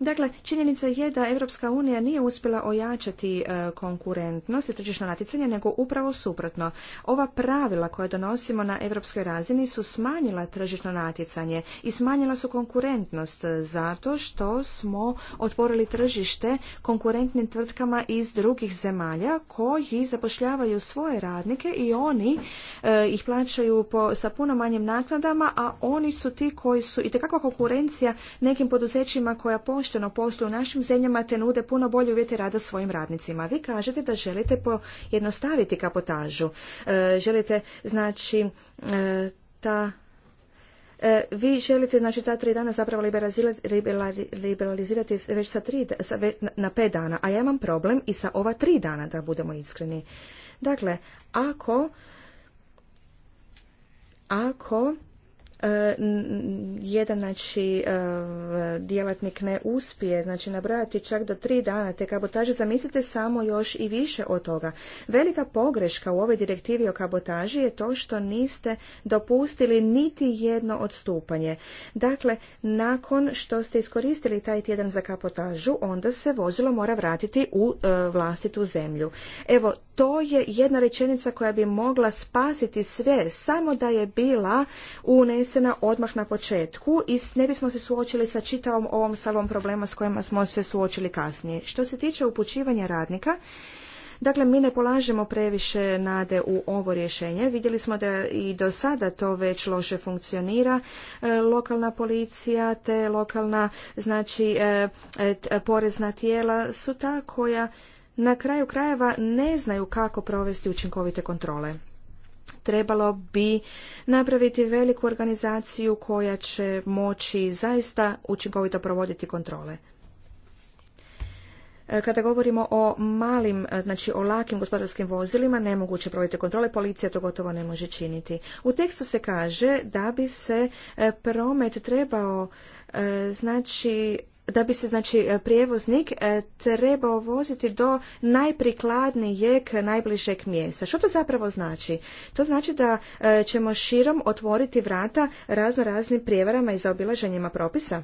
Dakle, činjenica je da Europska unija nije uspjela ojačati e, konkurentnost i tržišno natjecanje, nego upravo suprotno. Ova pravila koja donosimo na europskoj razini su smanjila tržišno natjecanje i smanjila su konkurentnost zato što smo otvorili tržište konkurentnim tvrtkama iz drugih zemalja koji zapošljavaju svoje radnike i oni e, ih plaćaju po, sa puno manjim naknadama, a oni su ti koji su i konkurencija nekim poduzećima koja po pošteno poslu u našim zemljama te nude puno bolje uvjeti rada svojim radnicima. Vi kažete da želite pojednostaviti kapotažu. E, želite, znači, e, ta e, vi želite znači ta tri dana zapravo liberalizirati već sa tri, na pet dana, a ja imam problem i sa ova tri dana da budemo iskreni. Dakle, ako ako E, jedan znači e, djelatnik ne uspije znači nabrojati čak do tri dana te kabotaže zamislite samo još i više od toga velika pogreška u ovoj direktivi o kabotaži je to što niste dopustili niti jedno odstupanje dakle nakon što ste iskoristili taj tjedan za kabotažu onda se vozilo mora vratiti u e, vlastitu zemlju evo to je jedna rečenica koja bi mogla spasiti sve, samo da je bila unesena odmah na početku i ne bismo se suočili sa čitavom ovom salom problema s kojima smo se suočili kasnije. Što se tiče upućivanja radnika, Dakle, mi ne polažemo previše nade u ovo rješenje. Vidjeli smo da i do sada to već loše funkcionira. E, lokalna policija te lokalna znači e, e, porezna tijela su ta koja na kraju krajeva ne znaju kako provesti učinkovite kontrole. Trebalo bi napraviti veliku organizaciju koja će moći zaista učinkovito provoditi kontrole. E, kada govorimo o malim, e, znači o lakim gospodarskim vozilima, nemoguće provoditi kontrole, policija to gotovo ne može činiti. U tekstu se kaže da bi se e, promet trebao znači da bi se znači prijevoznik e, trebao voziti do najprikladnijeg najbližeg mjesta. Što to zapravo znači? To znači da e, ćemo širom otvoriti vrata razno raznim prijevarama i zaobilaženjima propisa.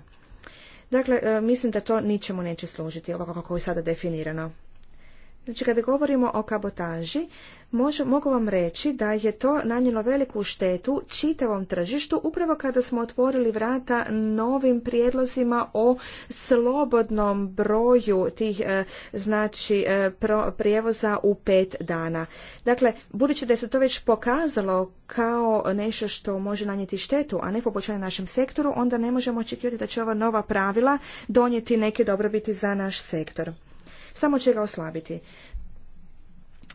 Dakle, e, mislim da to ničemu neće služiti, ovako kako je sada definirano. Znači, kada govorimo o kabotaži, Može, mogu vam reći da je to nanijelo veliku štetu čitavom tržištu upravo kada smo otvorili vrata novim prijedlozima o slobodnom broju tih e, znači e, prijevoza u pet dana. Dakle, budući da se to već pokazalo kao nešto što može nanijeti štetu, a ne poboljšanje našem sektoru, onda ne možemo očekivati da će ova nova pravila donijeti neke dobrobiti za naš sektor. Samo će ga oslabiti.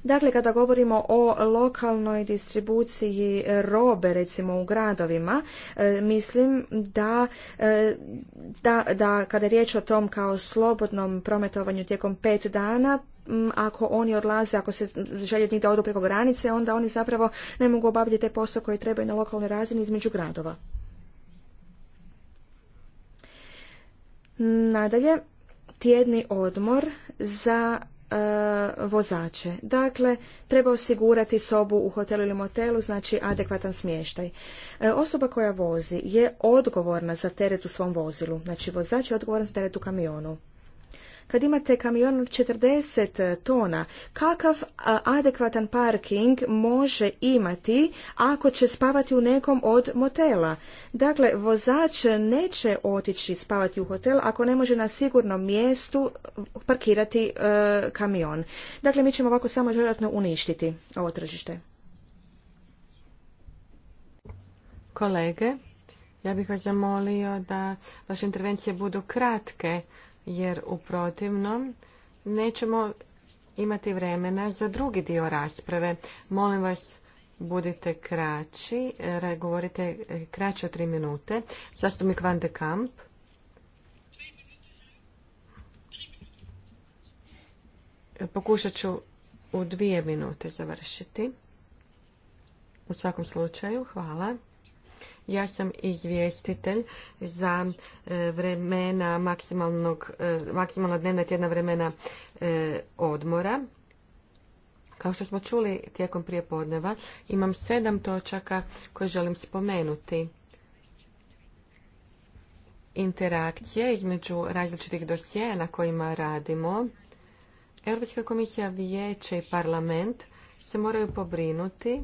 Dakle, kada govorimo o lokalnoj distribuciji robe, recimo u gradovima, e, mislim e, da, da, kada je riječ o tom kao slobodnom prometovanju tijekom pet dana, ako oni odlaze, ako se želje njih da odu preko granice, onda oni zapravo ne mogu obavljati te posao koji trebaju na lokalnoj razini između gradova. Nadalje, tjedni odmor za E, vozače. Dakle, treba osigurati sobu u hotelu ili motelu, znači adekvatan smještaj. E, osoba koja vozi je odgovorna za teret u svom vozilu, znači vozač je odgovoran za teret u kamionu kad imate kamion od 40 eh, tona, kakav eh, adekvatan parking može imati ako će spavati u nekom od motela? Dakle, vozač neće otići spavati u hotel ako ne može na sigurnom mjestu eh, parkirati kamion. Dakle, mi ćemo ovako samo vjerojatno uništiti ovo tržište. Kolege, ja bih vas zamolio da vaše intervencije budu kratke jer u protivnom nećemo imati vremena za drugi dio rasprave. Molim vas, budite kraći, govorite e, kraće tri minute. Zastupnik Van de Kamp. Pokušat ću u dvije minute završiti. U svakom slučaju, hvala. Ja sam izvjestitelj za e, vremena maksimalnog, e, maksimalna dnevna tjedna vremena e, odmora. Kao što smo čuli tijekom podneva, imam sedam točaka koje želim spomenuti. Interakcije između različitih dosjea na kojima radimo. Europska komisija, vijeće i parlament se moraju pobrinuti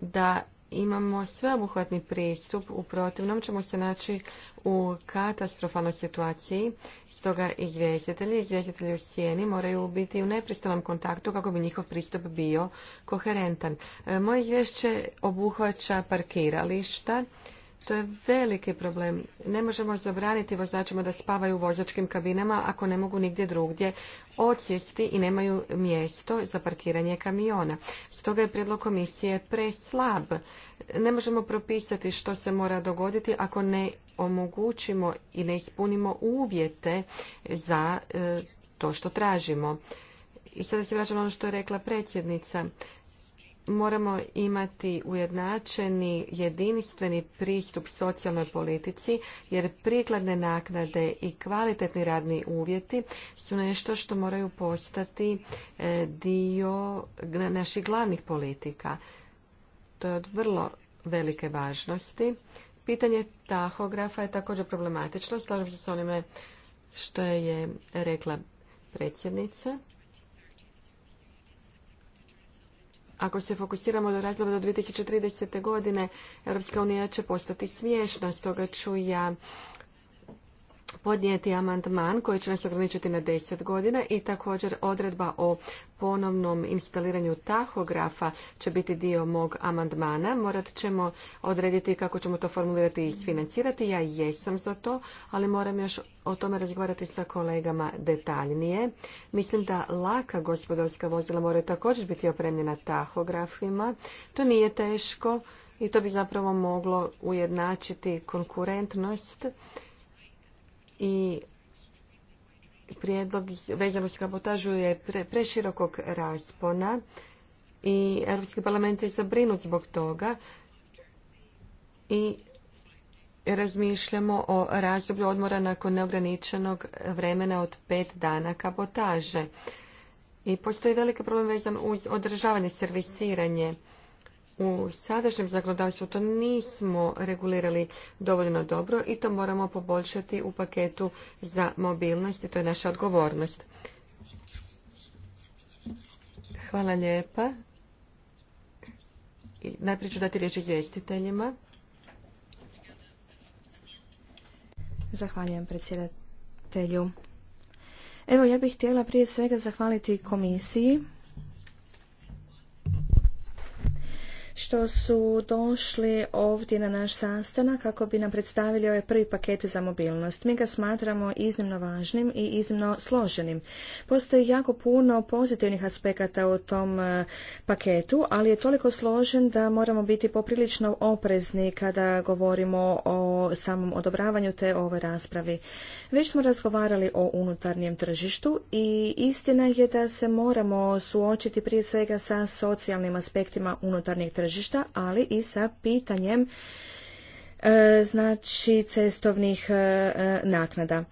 da imamo sveobuhvatni pristup, u protivnom ćemo se naći u katastrofalnoj situaciji. Stoga izvjestitelji, izvjestitelji u sjeni moraju biti u nepristanom kontaktu kako bi njihov pristup bio koherentan. E, moje izvješće obuhvaća parkirališta, to je veliki problem. Ne možemo zabraniti vozačima da spavaju u vozačkim kabinama ako ne mogu nigdje drugdje odsjesti i nemaju mjesto za parkiranje kamiona. Stoga je prijedlog komisije preslab. Ne možemo propisati što se mora dogoditi ako ne omogućimo i ne ispunimo uvjete za e, to što tražimo. I sada se vraćam ono što je rekla predsjednica moramo imati ujednačeni jedinstveni pristup socijalnoj politici jer prikladne naknade i kvalitetni radni uvjeti su nešto što moraju postati e, dio naših glavnih politika. To je od vrlo velike važnosti. Pitanje tahografa je također problematično. Slažem se s onime što je rekla predsjednica. Ako se fokusiramo do razloga do 2030. godine, Europska unija će postati smiješna, stoga ću ja podnijeti amandman koji će nas ograničiti na 10 godina i također odredba o ponovnom instaliranju tahografa će biti dio mog amandmana. Morat ćemo odrediti kako ćemo to formulirati i isfinancirati. Ja jesam za to, ali moram još o tome razgovarati sa kolegama detaljnije. Mislim da laka gospodarska vozila moraju također biti opremljena tahografima. To nije teško i to bi zapravo moglo ujednačiti konkurentnost i prijedlog vezan uz kabotažu je preširokog raspona i Europski parlament je zabrinut zbog toga i razmišljamo o razdoblju odmora nakon neograničenog vremena od pet dana kabotaže. I postoji veliki problem vezan uz održavanje, servisiranje u sadašnjem zakonodavstvu to nismo regulirali dovoljno dobro i to moramo poboljšati u paketu za mobilnost i to je naša odgovornost. Hvala lijepa. Najprije ću dati riječ izvjestiteljima. Zahvaljujem predsjedatelju. Evo ja bih htjela prije svega zahvaliti komisiji što su došli ovdje na naš sastanak kako bi nam predstavili ovaj prvi paket za mobilnost. Mi ga smatramo iznimno važnim i iznimno složenim. Postoji jako puno pozitivnih aspekata u tom e, paketu, ali je toliko složen da moramo biti poprilično oprezni kada govorimo o samom odobravanju te ove raspravi. Već smo razgovarali o unutarnjem tržištu i istina je da se moramo suočiti prije svega sa socijalnim aspektima unutarnjeg tržišta tržišta, ali i sa pitanjem e, znači cestovnih e, naknada.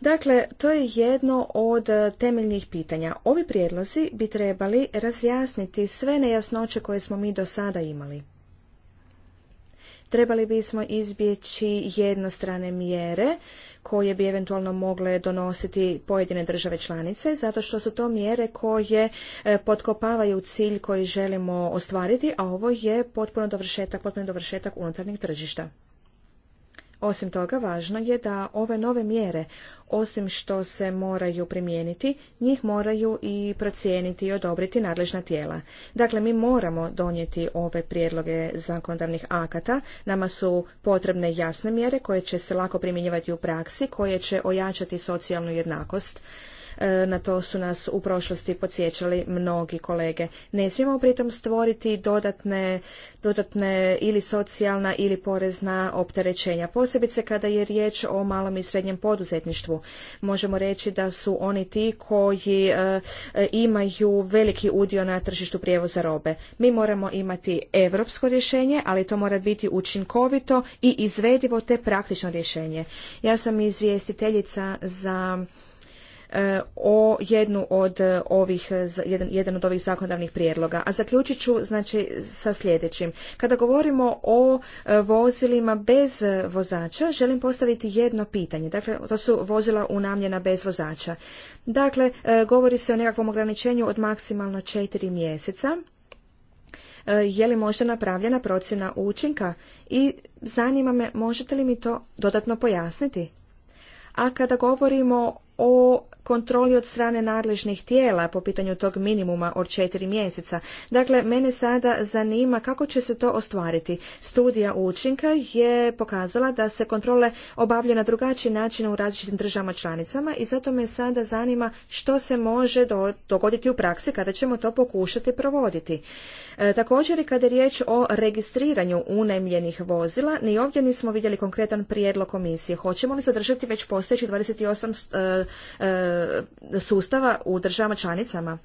Dakle, to je jedno od e, temeljnih pitanja. Ovi prijedlozi bi trebali razjasniti sve nejasnoće koje smo mi do sada imali. Trebali bismo izbjeći jednostrane mjere koje bi eventualno mogle donositi pojedine države članice, zato što su to mjere koje e, potkopavaju cilj koji želimo ostvariti, a ovo je potpuno dovršetak, potpuno dovršetak unutarnjeg tržišta. Osim toga, važno je da ove nove mjere, osim što se moraju primijeniti, njih moraju i procijeniti i odobriti nadležna tijela. Dakle, mi moramo donijeti ove prijedloge zakonodavnih akata. Nama su potrebne jasne mjere koje će se lako primjenjivati u praksi, koje će ojačati socijalnu jednakost E, na to su nas u prošlosti podsjećali mnogi kolege. Ne smijemo pritom stvoriti dodatne, dodatne ili socijalna ili porezna opterećenja, posebice kada je riječ o malom i srednjem poduzetništvu. Možemo reći da su oni ti koji e, e, imaju veliki udio na tržištu prijevoza robe. Mi moramo imati europsko rješenje, ali to mora biti učinkovito i izvedivo te praktično rješenje. Ja sam izvjestiteljica za o jednu od e, ovih, jedan, jedan od ovih zakonodavnih prijedloga. A zaključit ću znači sa sljedećim. Kada govorimo o e, vozilima bez e, vozača, želim postaviti jedno pitanje. Dakle, to su vozila unamljena bez vozača. Dakle, govori se o nekakvom ograničenju od maksimalno četiri mjeseca je li možda napravljena procjena učinka i zanima me možete li mi to dodatno pojasniti? A kada govorimo o kontroli od strane nadležnih tijela po pitanju tog minimuma od četiri mjeseca. Dakle, mene sada zanima kako će se to ostvariti. Studija učinka je pokazala da se kontrole obavljaju na drugačiji način u različitim državama članicama i zato me sada zanima što se može dogoditi u praksi kada ćemo to pokušati provoditi. E, također i kada je riječ o registriranju unajmljenih vozila, ni ovdje nismo vidjeli konkretan prijedlog komisije. Hoćemo li zadržati već postojeći 28 e, e E, sustava u državama članicama.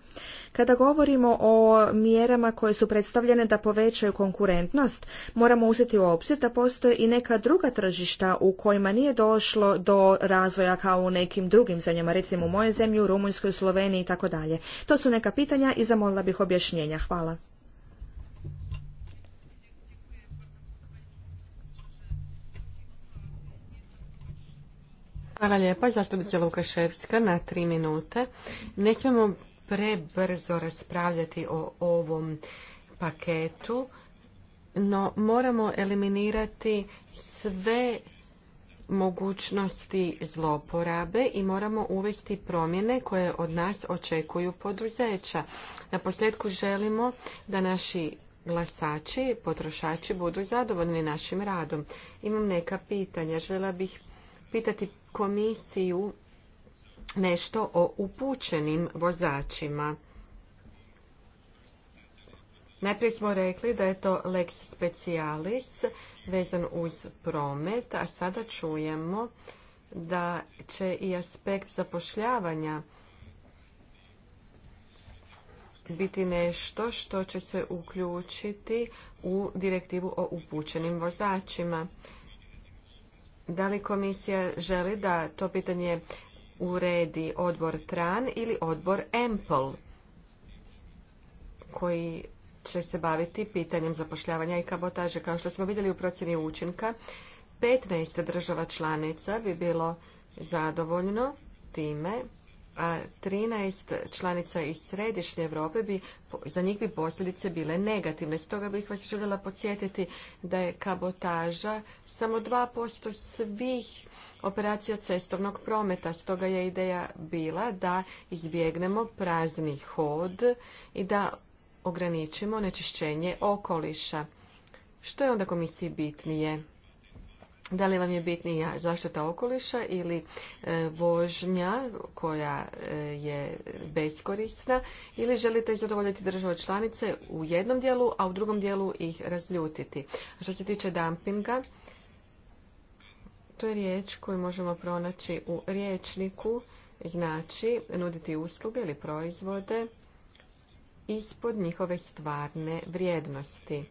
Kada govorimo o mjerama koje su predstavljene da povećaju konkurentnost, moramo uzeti u obzir da postoje i neka druga tržišta u kojima nije došlo do razvoja kao u nekim drugim zemljama, recimo u mojoj zemlji, u Rumunjskoj, Sloveniji i tako dalje. To su neka pitanja i zamolila bih objašnjenja. Hvala. Hvala lijepa. zastupnice Lukaševska na tri minute. Ne smijemo prebrzo raspravljati o ovom paketu, no moramo eliminirati sve mogućnosti zloporabe i moramo uvesti promjene koje od nas očekuju poduzeća. Na posljedku želimo da naši glasači, potrošači budu zadovoljni našim radom. Imam neka pitanja. Žela bih pitati komisiju nešto o upućenim vozačima. Najprije smo rekli da je to lex specialis vezan uz promet, a sada čujemo da će i aspekt zapošljavanja biti nešto što će se uključiti u direktivu o upućenim vozačima. Da li komisija želi da to pitanje uredi odbor TRAN ili odbor EMPL koji će se baviti pitanjem zapošljavanja i kabotaže. Kao što smo vidjeli u procjeni učinka, 15 država članica bi bilo zadovoljno time a 13 članica iz središnje Europe bi, za njih bi posljedice bile negativne. Stoga bih vas željela podsjetiti da je kabotaža samo 2% svih operacija cestovnog prometa. Stoga je ideja bila da izbjegnemo prazni hod i da ograničimo nečišćenje okoliša. Što je onda komisiji bitnije? da li vam je bitnija zaštita okoliša ili e, vožnja koja e, je beskorisna ili želite zadovoljiti države članice u jednom dijelu, a u drugom dijelu ih razljutiti. Što se tiče dumpinga, to je riječ koju možemo pronaći u riječniku, znači nuditi usluge ili proizvode ispod njihove stvarne vrijednosti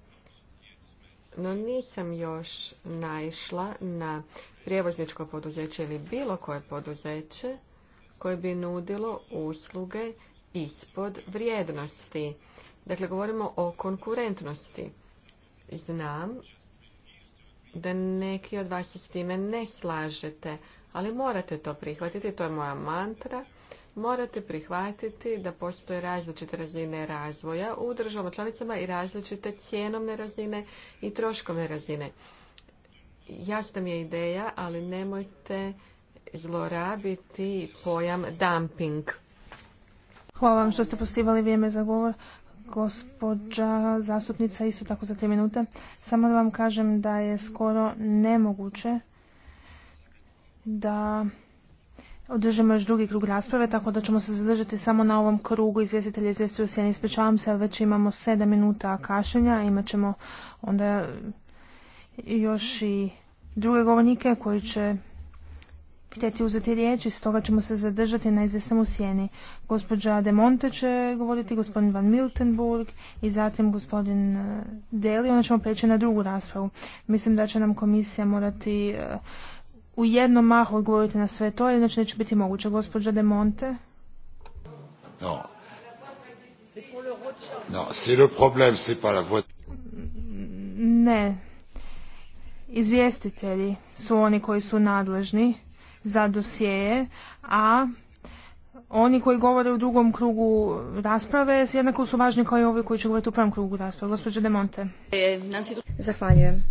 no nisam još naišla na prijevozničko poduzeće ili bilo koje poduzeće koje bi nudilo usluge ispod vrijednosti. Dakle, govorimo o konkurentnosti. Znam da neki od vas se s time ne slažete, ali morate to prihvatiti, to je moja mantra morate prihvatiti da postoje različite razine razvoja u državama članicama i različite cjenovne razine i troškovne razine. Jasna mi je ideja, ali nemojte zlorabiti pojam dumping. Hvala vam što ste postivali vrijeme za govor. Gospođa zastupnica, isto tako za tri minute. Samo da vam kažem da je skoro nemoguće da održimo još drugi krug rasprave, tako da ćemo se zadržati samo na ovom krugu izvjestitelja u sjeni. Ispričavam se, ali već imamo sedam minuta kašenja, imat ćemo onda još i druge govornike koji će htjeti uzeti riječ i stoga ćemo se zadržati na izvjesnom u sjeni. Gospođa De Monte će govoriti, gospodin Van Miltenburg i zatim gospodin eh, Deli, onda ćemo preći na drugu raspravu. Mislim da će nam komisija morati eh, u jednom mahu odgovoriti na sve to, inače neće biti moguće. Gospođa De Monte? No. No, c'est le problème, c'est pas la Ne. Izvjestitelji su oni koji su nadležni za dosjeje, a oni koji govore u drugom krugu rasprave jednako su važni kao i ovi koji će govoriti u prvom krugu rasprave. Gospođa De Monte. Zahvaljujem.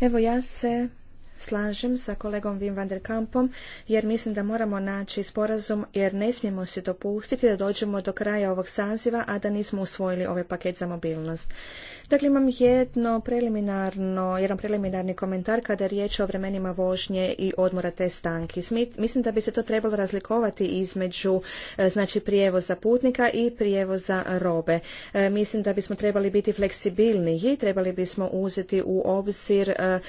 Evo ja se slažem sa kolegom Wim van der Kampom jer mislim da moramo naći sporazum jer ne smijemo se dopustiti da dođemo do kraja ovog saziva, a da nismo usvojili ovaj paket za mobilnost. Dakle, imam jedno preliminarno, jedan preliminarni komentar kada je riječ o vremenima vožnje i odmora te stanki. Mislim da bi se to trebalo razlikovati između e, znači, prijevoza putnika i prijevoza robe. E, mislim da bismo trebali biti fleksibilniji, trebali bismo uzeti u obzir e,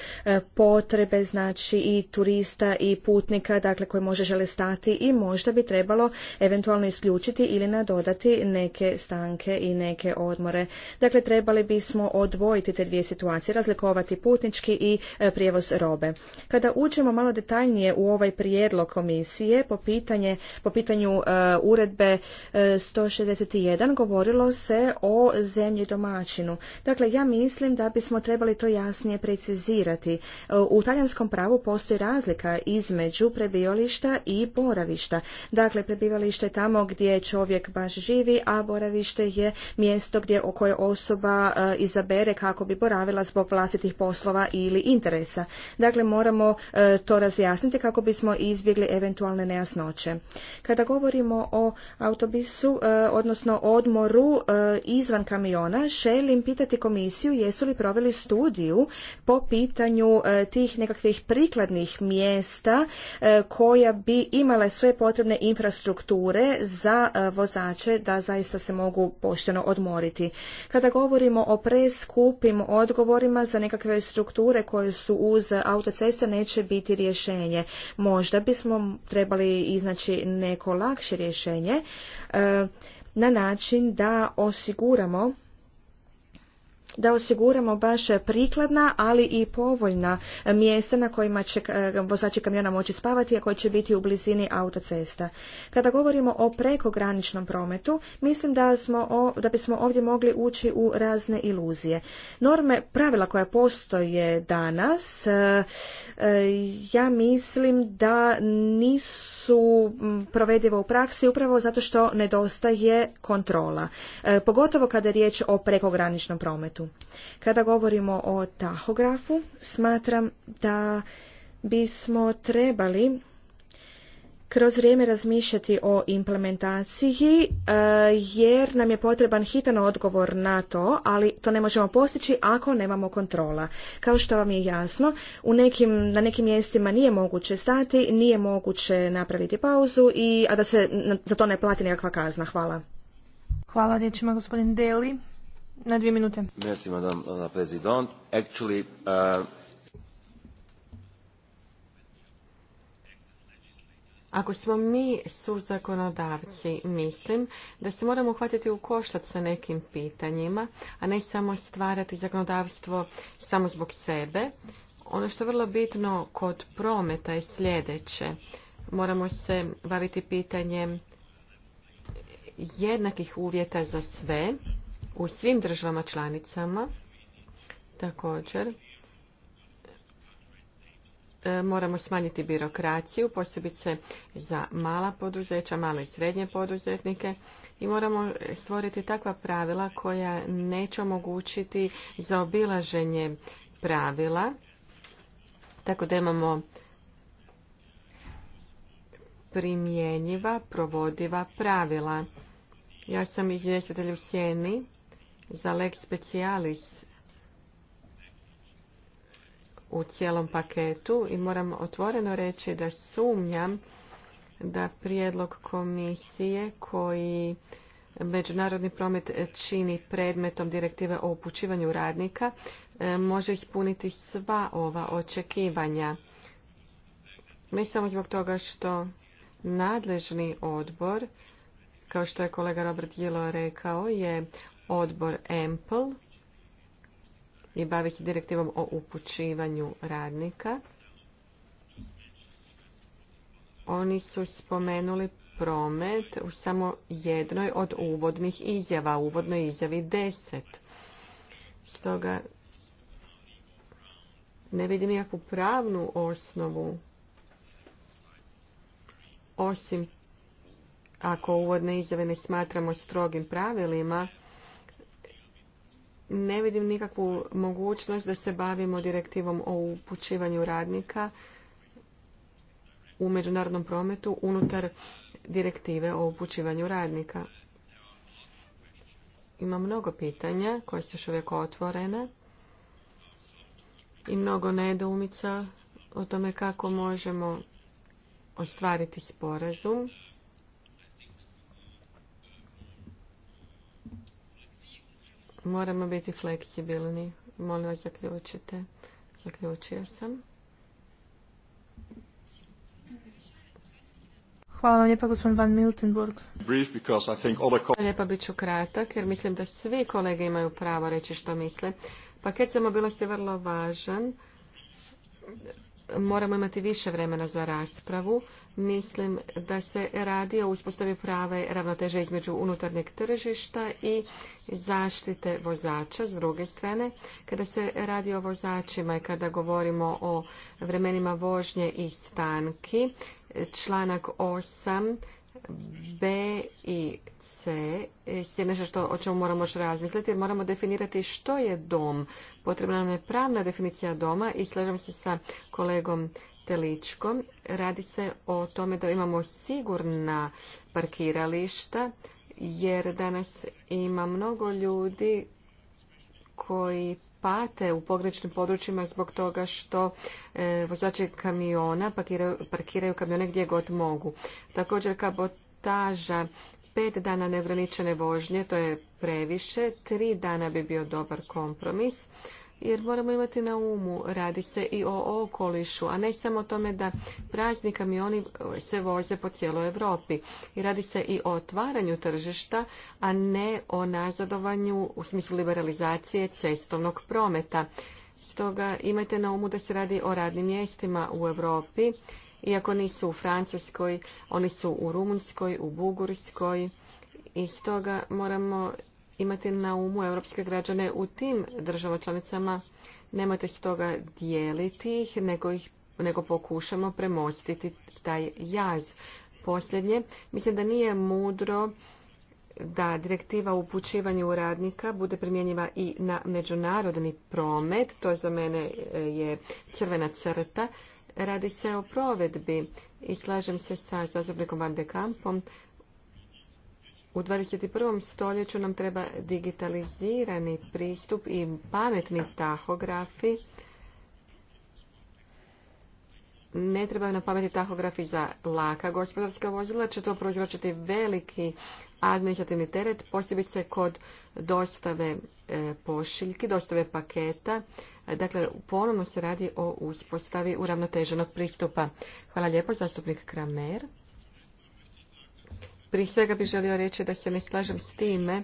potrebe znači i turista i putnika dakle koji može žele stati i možda bi trebalo eventualno isključiti ili nadodati neke stanke i neke odmore. Dakle trebali bismo odvojiti te dvije situacije, razlikovati putnički i e, prijevoz robe. Kada uđemo malo detaljnije u ovaj prijedlog komisije po pitanje po pitanju e, Uredbe uredbe šezdeset 161 govorilo se o zemlji domaćinu. Dakle ja mislim da bismo trebali to jasnije precizirati. E, u u građanskom pravu postoji razlika između prebivališta i boravišta. Dakle, prebivalište je tamo gdje čovjek baš živi, a boravište je mjesto gdje koje osoba e, izabere kako bi boravila zbog vlastitih poslova ili interesa. Dakle, moramo e, to razjasniti kako bismo izbjegli eventualne nejasnoće. Kada govorimo o autobisu, e, odnosno odmoru izvan kamiona, želim pitati komisiju jesu li proveli studiju po pitanju tih nekakvih nekakvih prikladnih mjesta e, koja bi imala sve potrebne infrastrukture za e, vozače da zaista se mogu pošteno odmoriti. Kada govorimo o preskupim odgovorima za nekakve strukture koje su uz autoceste neće biti rješenje. Možda bismo trebali iznaći neko lakše rješenje e, na način da osiguramo da osiguramo baš prikladna, ali i povoljna mjesta na kojima će eh, vozači kamiona moći spavati, a koji će biti u blizini autocesta. Kada govorimo o prekograničnom prometu, mislim da, smo, da bismo ovdje mogli ući u razne iluzije. Norme, pravila koja postoje danas, eh, ja mislim da nisu mm, provedive u praksi upravo zato što nedostaje kontrola. Eh, pogotovo kada je riječ o prekograničnom prometu. Kada govorimo o tahografu, smatram da bismo trebali kroz vrijeme razmišljati o implementaciji e, jer nam je potreban hitan odgovor na to, ali to ne možemo postići ako nemamo kontrola. Kao što vam je jasno, u nekim, na nekim mjestima nije moguće stati, nije moguće napraviti pauzu, i, a da se za to ne plati nekakva kazna. Hvala. Hvala, riječ gospodin Deli na dvije minute. Merci, madame la présidente. Actually, uh, Ako smo mi suzakonodavci, mislim da se moramo uhvatiti u koštac sa nekim pitanjima, a ne samo stvarati zakonodavstvo samo zbog sebe. Ono što je vrlo bitno kod prometa je sljedeće. Moramo se baviti pitanjem jednakih uvjeta za sve u svim državama članicama. Također, e, moramo smanjiti birokraciju, posebice za mala poduzeća, male i srednje poduzetnike i moramo stvoriti takva pravila koja neće omogućiti obilaženje pravila, tako da imamo primjenjiva, provodiva pravila. Ja sam izvjestitelj u Sjeni za leg specialis u cijelom paketu i moram otvoreno reći da sumnjam da prijedlog komisije koji međunarodni promet čini predmetom direktive o upućivanju radnika e, može ispuniti sva ova očekivanja. Ne samo zbog toga što nadležni odbor, kao što je kolega Robert Jilo rekao, je odbor ample i bavi se direktivom o upućivanju radnika. Oni su spomenuli promet u samo jednoj od uvodnih izjava, uvodnoj izjavi 10. Stoga ne vidim nikakvu pravnu osnovu osim ako uvodne izjave ne smatramo strogim pravilima ne vidim nikakvu mogućnost da se bavimo direktivom o upućivanju radnika u međunarodnom prometu unutar direktive o upućivanju radnika. Ima mnogo pitanja koja su još uvijek otvorena i mnogo nedoumica o tome kako možemo ostvariti sporazum Moramo biti fleksibilni. Molim vas zaključite. Zaključio sam. Hvala vam lijepa, gospodin Van Miltenburg. Lijepa bit ću kratak, jer mislim da svi kolege imaju pravo reći što misle. Paket bilo je vrlo važan moramo imati više vremena za raspravu. Mislim da se radi o uspostavi prave ravnoteže između unutarnjeg tržišta i zaštite vozača s druge strane. Kada se radi o vozačima i kada govorimo o vremenima vožnje i stanki, članak 8 B i C je nešto što, o čemu moramo još razmisliti jer moramo definirati što je dom. Potrebna nam je pravna definicija doma i slažem se sa kolegom Teličkom. Radi se o tome da imamo sigurna parkirališta jer danas ima mnogo ljudi koji pate u pograničnim područjima zbog toga što e, vozači kamiona parkiraju, kamione gdje god mogu. Također kabotaža pet dana neograničene vožnje, to je previše, tri dana bi bio dobar kompromis jer moramo imati na umu, radi se i o okolišu, a ne samo o tome da prazni kamioni se voze po cijeloj Europi. I radi se i o otvaranju tržišta, a ne o nazadovanju u smislu liberalizacije cestovnog prometa. Stoga imajte na umu da se radi o radnim mjestima u Europi, iako nisu u Francuskoj, oni su u Rumunjskoj, u Bugurskoj i stoga moramo imati na umu europske građane u tim država članicama. Nemojte stoga toga dijeliti ih, nego, ih, nego pokušamo premostiti taj jaz. Posljednje, mislim da nije mudro da direktiva o upućivanju radnika bude primjenjiva i na međunarodni promet. To za mene e, je crvena crta. Radi se o provedbi i slažem se sa zastupnikom Van de Kampom u 21. stoljeću nam treba digitalizirani pristup i pametni tahografi. Ne trebaju nam pametni tahografi za laka gospodarska vozila, će to prouzročiti veliki administrativni teret, posebice kod dostave e, pošiljki, dostave paketa. Dakle, ponovno se radi o uspostavi uravnoteženog pristupa. Hvala lijepo, zastupnik Kramer. Prije svega bih želio reći da se ne slažem s time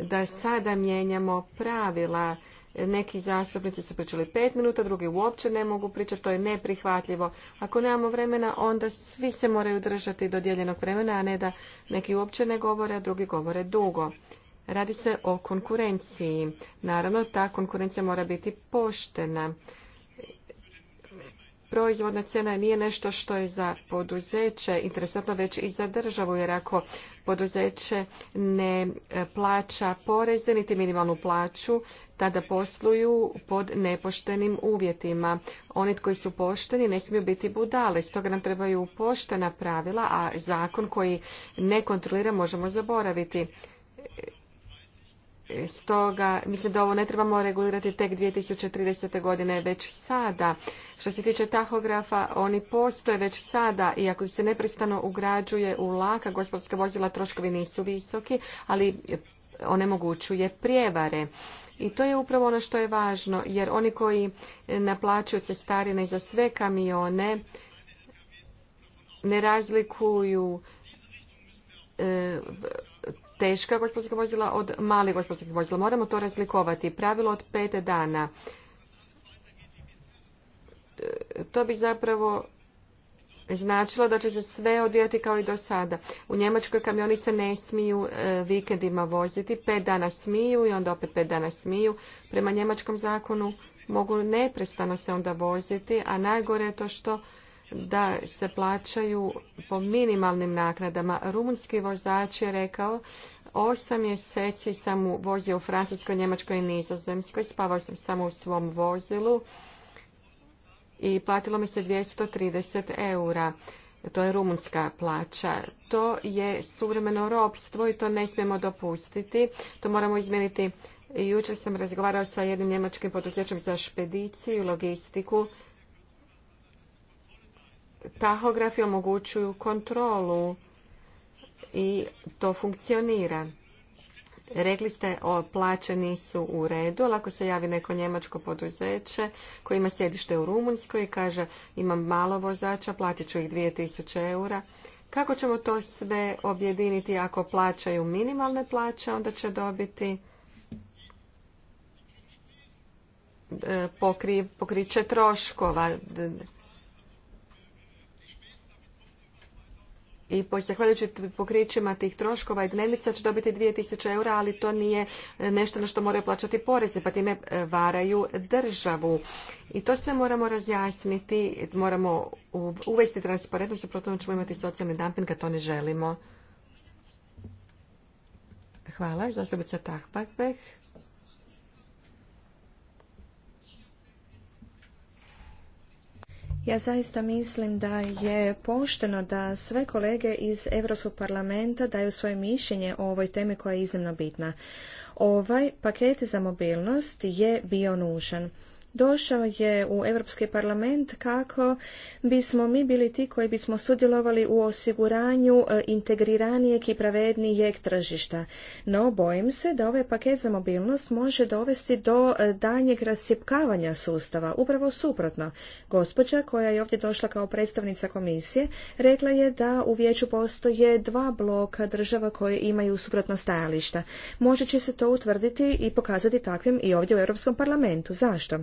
da sada mijenjamo pravila. Neki zastupnici su pričali pet minuta, drugi uopće ne mogu pričati, to je neprihvatljivo. Ako nemamo vremena, onda svi se moraju držati dodijeljenog vremena, a ne da neki uopće ne govore, a drugi govore dugo. Radi se o konkurenciji. Naravno, ta konkurencija mora biti poštena proizvodna cijena nije nešto što je za poduzeće interesantno već i za državu jer ako poduzeće ne e, plaća poreze niti minimalnu plaću tada posluju pod nepoštenim uvjetima. Oni koji su pošteni ne smiju biti budale, stoga nam trebaju poštena pravila, a zakon koji ne kontrolira možemo zaboraviti E, stoga, mislim da ovo ne trebamo regulirati tek 2030. godine, već sada. Što se tiče tahografa, oni postoje već sada i ako se neprestano ugrađuje u laka gospodarska vozila, troškovi nisu visoki, ali onemogućuje prijevare. I to je upravo ono što je važno, jer oni koji naplaćuju cestarine za sve kamione ne razlikuju e, teška gospodarska vozila od malih gospodarskih vozila. Moramo to razlikovati. Pravilo od pet dana. To bi zapravo značilo da će se sve odvijati kao i do sada. U Njemačkoj kamioni se ne smiju e, vikendima voziti. Pet dana smiju i onda opet pet dana smiju. Prema njemačkom zakonu mogu neprestano se onda voziti, a najgore je to što da se plaćaju po minimalnim naknadama. Rumunski vozač je rekao osam mjeseci sam vozio u Francuskoj, Njemačkoj i Nizozemskoj. Spavao sam samo u svom vozilu i platilo mi se 230 eura. To je rumunska plaća. To je suvremeno ropstvo i to ne smijemo dopustiti. To moramo izmijeniti. Jučer sam razgovarao sa jednim njemačkim poduzećem za špediciju logistiku tahografi omogućuju kontrolu i to funkcionira. Rekli ste plaće nisu u redu, ali ako se javi neko njemačko poduzeće koje ima sjedište u Rumunjskoj i kaže imam malo vozača, platit ću ih 2000 eura. Kako ćemo to sve objediniti ako plaćaju minimalne plaće, onda će dobiti e, pokriće troškova, i zahvaljujući pokrićima tih troškova i dnevnica će dobiti 2000 eura, ali to nije e, nešto na što moraju plaćati poreze, pa time e, varaju državu. I to sve moramo razjasniti, moramo uvesti transparentnost, protivno ćemo imati socijalni dumping, a to ne želimo. Hvala, zastupica Tahpakbeh. Ja zaista mislim da je pošteno da sve kolege iz Europskog parlamenta daju svoje mišljenje o ovoj temi koja je iznimno bitna. Ovaj paket za mobilnost je bio nužan došao je u Europski parlament kako bismo mi bili ti koji bismo sudjelovali u osiguranju e, integriranijeg i pravednijeg tržišta. No, bojim se da ovaj paket za mobilnost može dovesti do e, danjeg rasjepkavanja sustava. Upravo suprotno. Gospođa koja je ovdje došla kao predstavnica komisije rekla je da u vijeću postoje dva bloka država koje imaju suprotna stajališta. Može će se to utvrditi i pokazati takvim i ovdje u Europskom parlamentu. Zašto?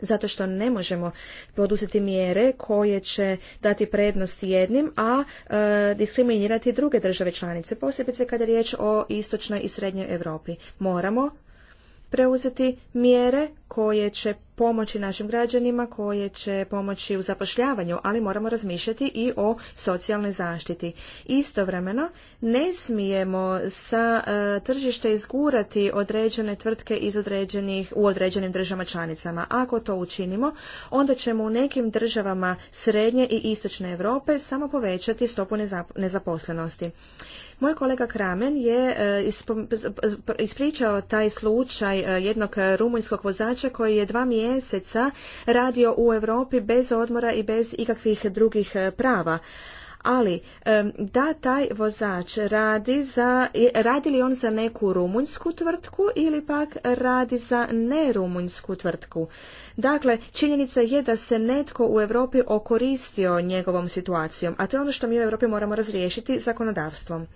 zato što ne možemo poduzeti mjere koje će dati prednost jednim, a e, diskriminirati druge države članice, posebice kada je riječ o istočnoj i srednjoj Europi. Moramo preuzeti mjere koje će pomoći našim građanima, koje će pomoći u zapošljavanju, ali moramo razmišljati i o socijalnoj zaštiti. Istovremeno, ne smijemo sa e, tržišta izgurati određene tvrtke iz određenih, u određenim državama članicama. Ako to učinimo, onda ćemo u nekim državama srednje i istočne Europe samo povećati stopu nezaposlenosti. Moj kolega Kramen je e, ispričao taj slučaj e, jednog e, rumunjskog vozača koji je dva mjeseca radio u Europi bez odmora i bez ikakvih drugih prava ali da taj vozač radi za, radi li on za neku rumunjsku tvrtku ili pak radi za nerumunjsku tvrtku. Dakle, činjenica je da se netko u Europi okoristio njegovom situacijom, a to je ono što mi u Europi moramo razriješiti zakonodavstvom.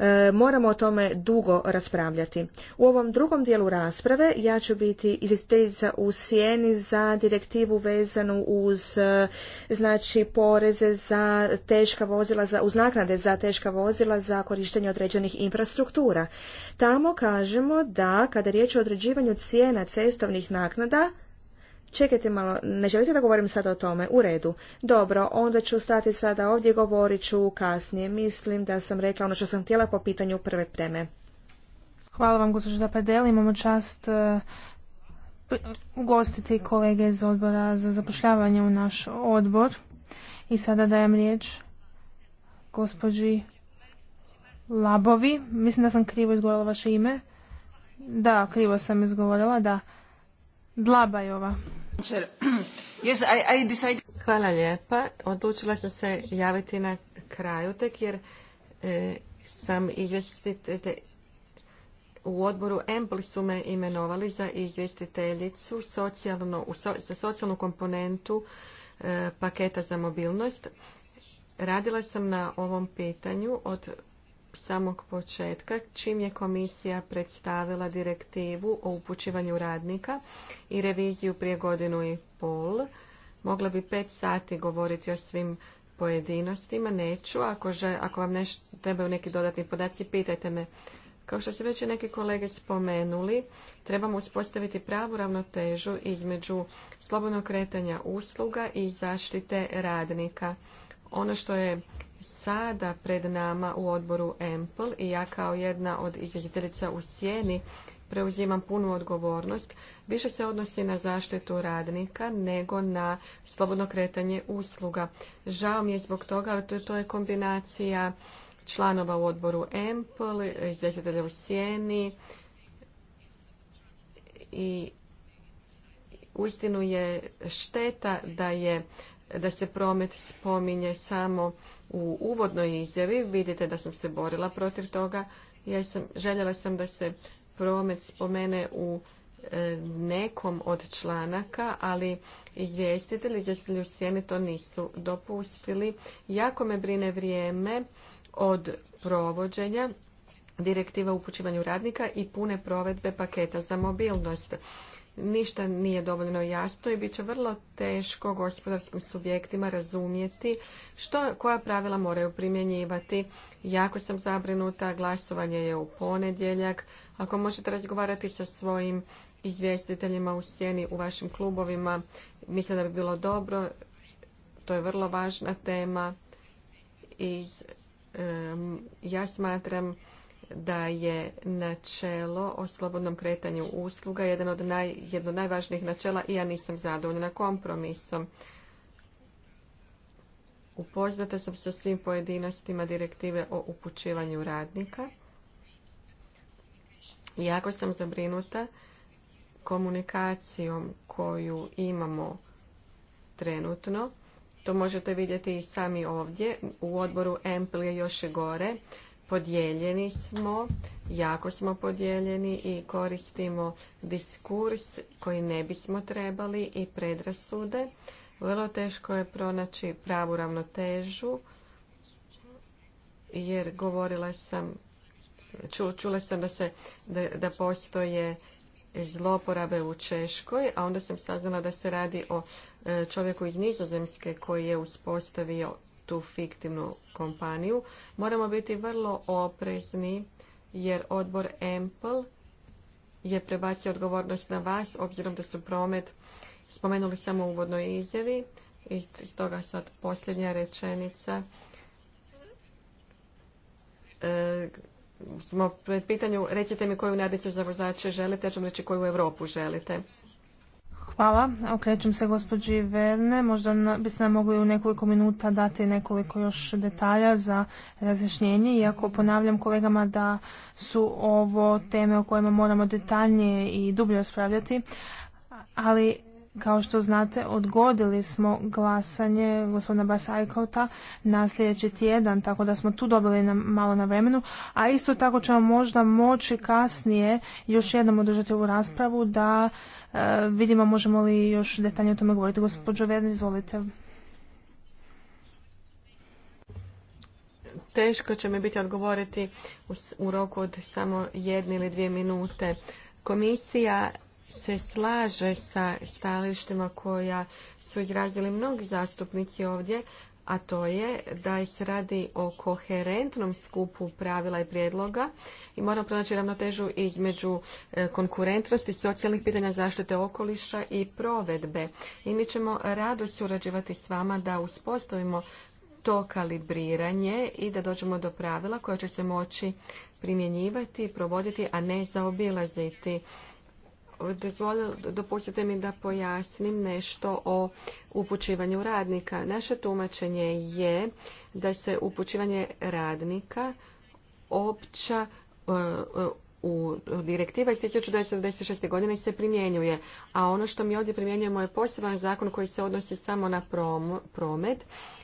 E, moramo o tome dugo raspravljati. U ovom drugom dijelu rasprave ja ću biti izvjestiteljica u sjeni za direktivu vezanu uz e, znači poreze za teška vozila, za, uz naknade za teška vozila za korištenje određenih infrastruktura. Tamo kažemo da kada je riječ o određivanju cijena cestovnih naknada, Čekajte malo, ne želite da govorim sada o tome? U redu. Dobro, onda ću stati sada ovdje i govorit ću kasnije. Mislim da sam rekla ono što sam htjela po pitanju prve preme. Hvala vam, gospođo Zapadel. Imamo čast e, ugostiti kolege iz odbora za zapošljavanje u naš odbor. I sada dajem riječ gospođi Labovi. Mislim da sam krivo izgovorila vaše ime. Da, krivo sam izgovorila, da. Dlabajova. Hvala lijepa. Odlučila sam se javiti na kraju tek jer e, sam izvjestitelj u odboru empli su me imenovali za izvjestiteljicu socijalno, za socijalnu komponentu e, paketa za mobilnost. Radila sam na ovom pitanju od samog početka, čim je komisija predstavila direktivu o upućivanju radnika i reviziju prije godinu i pol. Mogla bi pet sati govoriti o svim pojedinostima, neću. Ako, ako vam trebaju neki dodatni podaci, pitajte me. Kao što su već neki kolege spomenuli, trebamo uspostaviti pravu ravnotežu između slobodnog kretanja usluga i zaštite radnika. Ono što je sada pred nama u odboru EMPL i ja kao jedna od izvjestiteljica u sjeni preuzimam punu odgovornost, više se odnosi na zaštitu radnika nego na slobodno kretanje usluga. Žao mi je zbog toga, ali to je kombinacija članova u odboru EMPL, izvjestitelja u sjeni i uistinu je šteta da je da se promet spominje samo u uvodnoj izjavi. Vidite da sam se borila protiv toga. Ja sam, željela sam da se promet spomene u e, nekom od članaka, ali izvjestitelji, za u sjeni to nisu dopustili. Jako me brine vrijeme od provođenja direktiva o upućivanju radnika i pune provedbe paketa za mobilnost ništa nije dovoljno jasno i bit će vrlo teško gospodarskim subjektima razumjeti što, koja pravila moraju primjenjivati. Jako sam zabrinuta, glasovanje je u ponedjeljak. Ako možete razgovarati sa svojim izvjestiteljima u sjeni u vašim klubovima, mislim da bi bilo dobro. To je vrlo važna tema. i ja smatram da je načelo o slobodnom kretanju usluga jedan od naj, najvažnijih načela i ja nisam zadovoljna kompromisom. Upoznata sam sa svim pojedinostima direktive o upućivanju radnika. Jako sam zabrinuta komunikacijom koju imamo trenutno. To možete vidjeti i sami ovdje. U odboru MPL je još i gore podijeljeni smo, jako smo podijeljeni i koristimo diskurs koji ne bismo trebali i predrasude. Vrlo teško je pronaći pravu ravnotežu jer govorila sam, čula sam da, se, da, da postoje zloporabe u Češkoj, a onda sam saznala da se radi o e, čovjeku iz Nizozemske koji je uspostavio tu fiktivnu kompaniju. Moramo biti vrlo oprezni jer odbor ample je prebacio odgovornost na vas obzirom da su promet spomenuli samo u uvodnoj izjavi. I stoga sad posljednja rečenica. E, smo pred pitanju, recite mi koju nadnicu za vozače želite, ja ću reći koju Europu želite. Hvala. Okrećem se gospođi Verne. Možda biste nam mogli u nekoliko minuta dati nekoliko još detalja za razjašnjenje. Iako ponavljam kolegama da su ovo teme o kojima moramo detaljnije i dublje raspravljati. Ali kao što znate, odgodili smo glasanje gospodina Basajkota na sljedeći tjedan, tako da smo tu dobili na, malo na vremenu, a isto tako ćemo možda moći kasnije još jednom održati ovu raspravu da e, vidimo možemo li još detaljnije o tome govoriti. Gospođo Verni, izvolite. Teško će mi biti odgovoriti u, u roku od samo jedne ili dvije minute. Komisija se slaže sa stajalištima koja su izrazili mnogi zastupnici ovdje, a to je da se radi o koherentnom skupu pravila i prijedloga i moramo pronaći ravnotežu između e, konkurentnosti, socijalnih pitanja zaštite okoliša i provedbe. I mi ćemo rado surađivati s vama da uspostavimo to kalibriranje i da dođemo do pravila koja će se moći primjenjivati i provoditi, a ne zaobilaziti dopustite mi da pojasnim nešto o upućivanju radnika. Naše tumačenje je da se upućivanje radnika opća e, e, u direktiva iz 1996. godine se primjenjuje. A ono što mi ovdje primjenjujemo je poseban zakon koji se odnosi samo na promet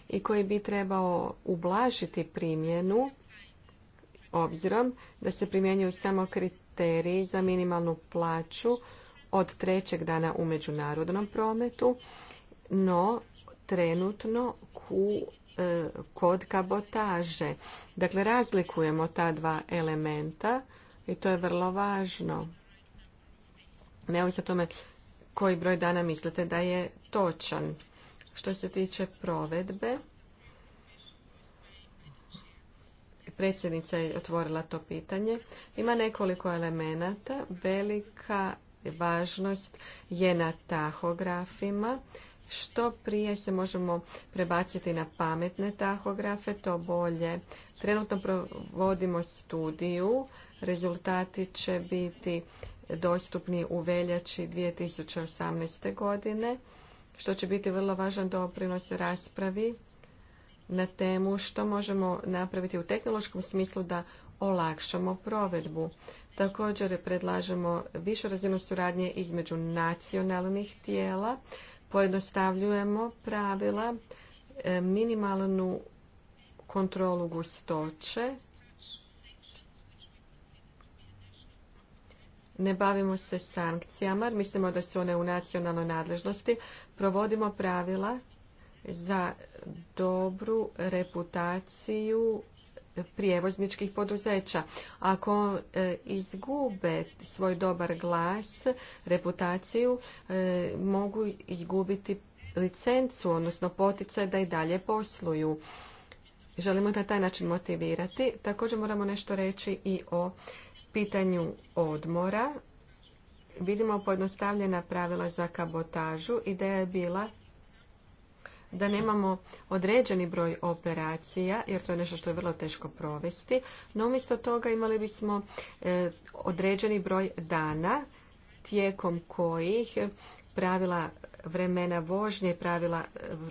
i koji bi trebao ublažiti primjenu obzirom da se primjenjuju samo kriterije kriterij za minimalnu plaću od trećeg dana u međunarodnom prometu, no trenutno e, kod kabotaže. Dakle, razlikujemo ta dva elementa i to je vrlo važno. Neovisno o tome koji broj dana mislite da je točan. Što se tiče provedbe, predsjednica je otvorila to pitanje. Ima nekoliko elemenata. Velika važnost je na tahografima. Što prije se možemo prebaciti na pametne tahografe, to bolje. Trenutno provodimo studiju. Rezultati će biti dostupni u veljači 2018. godine, što će biti vrlo važan doprinos raspravi na temu što možemo napraviti u tehnološkom smislu da olakšamo provedbu. Također predlažemo višu razinu suradnje između nacionalnih tijela, pojednostavljujemo pravila, e, minimalnu kontrolu gustoće, ne bavimo se sankcijama, mislimo da su one u nacionalnoj nadležnosti, provodimo pravila za dobru reputaciju prijevozničkih poduzeća. Ako e, izgube svoj dobar glas, reputaciju, e, mogu izgubiti licencu, odnosno poticaj da i dalje posluju. Želimo na taj način motivirati. Također moramo nešto reći i o pitanju odmora. Vidimo pojednostavljena pravila za kabotažu. Ideja je bila da nemamo određeni broj operacija, jer to je nešto što je vrlo teško provesti, no umjesto toga imali bismo e, određeni broj dana tijekom kojih pravila vremena vožnje i pravila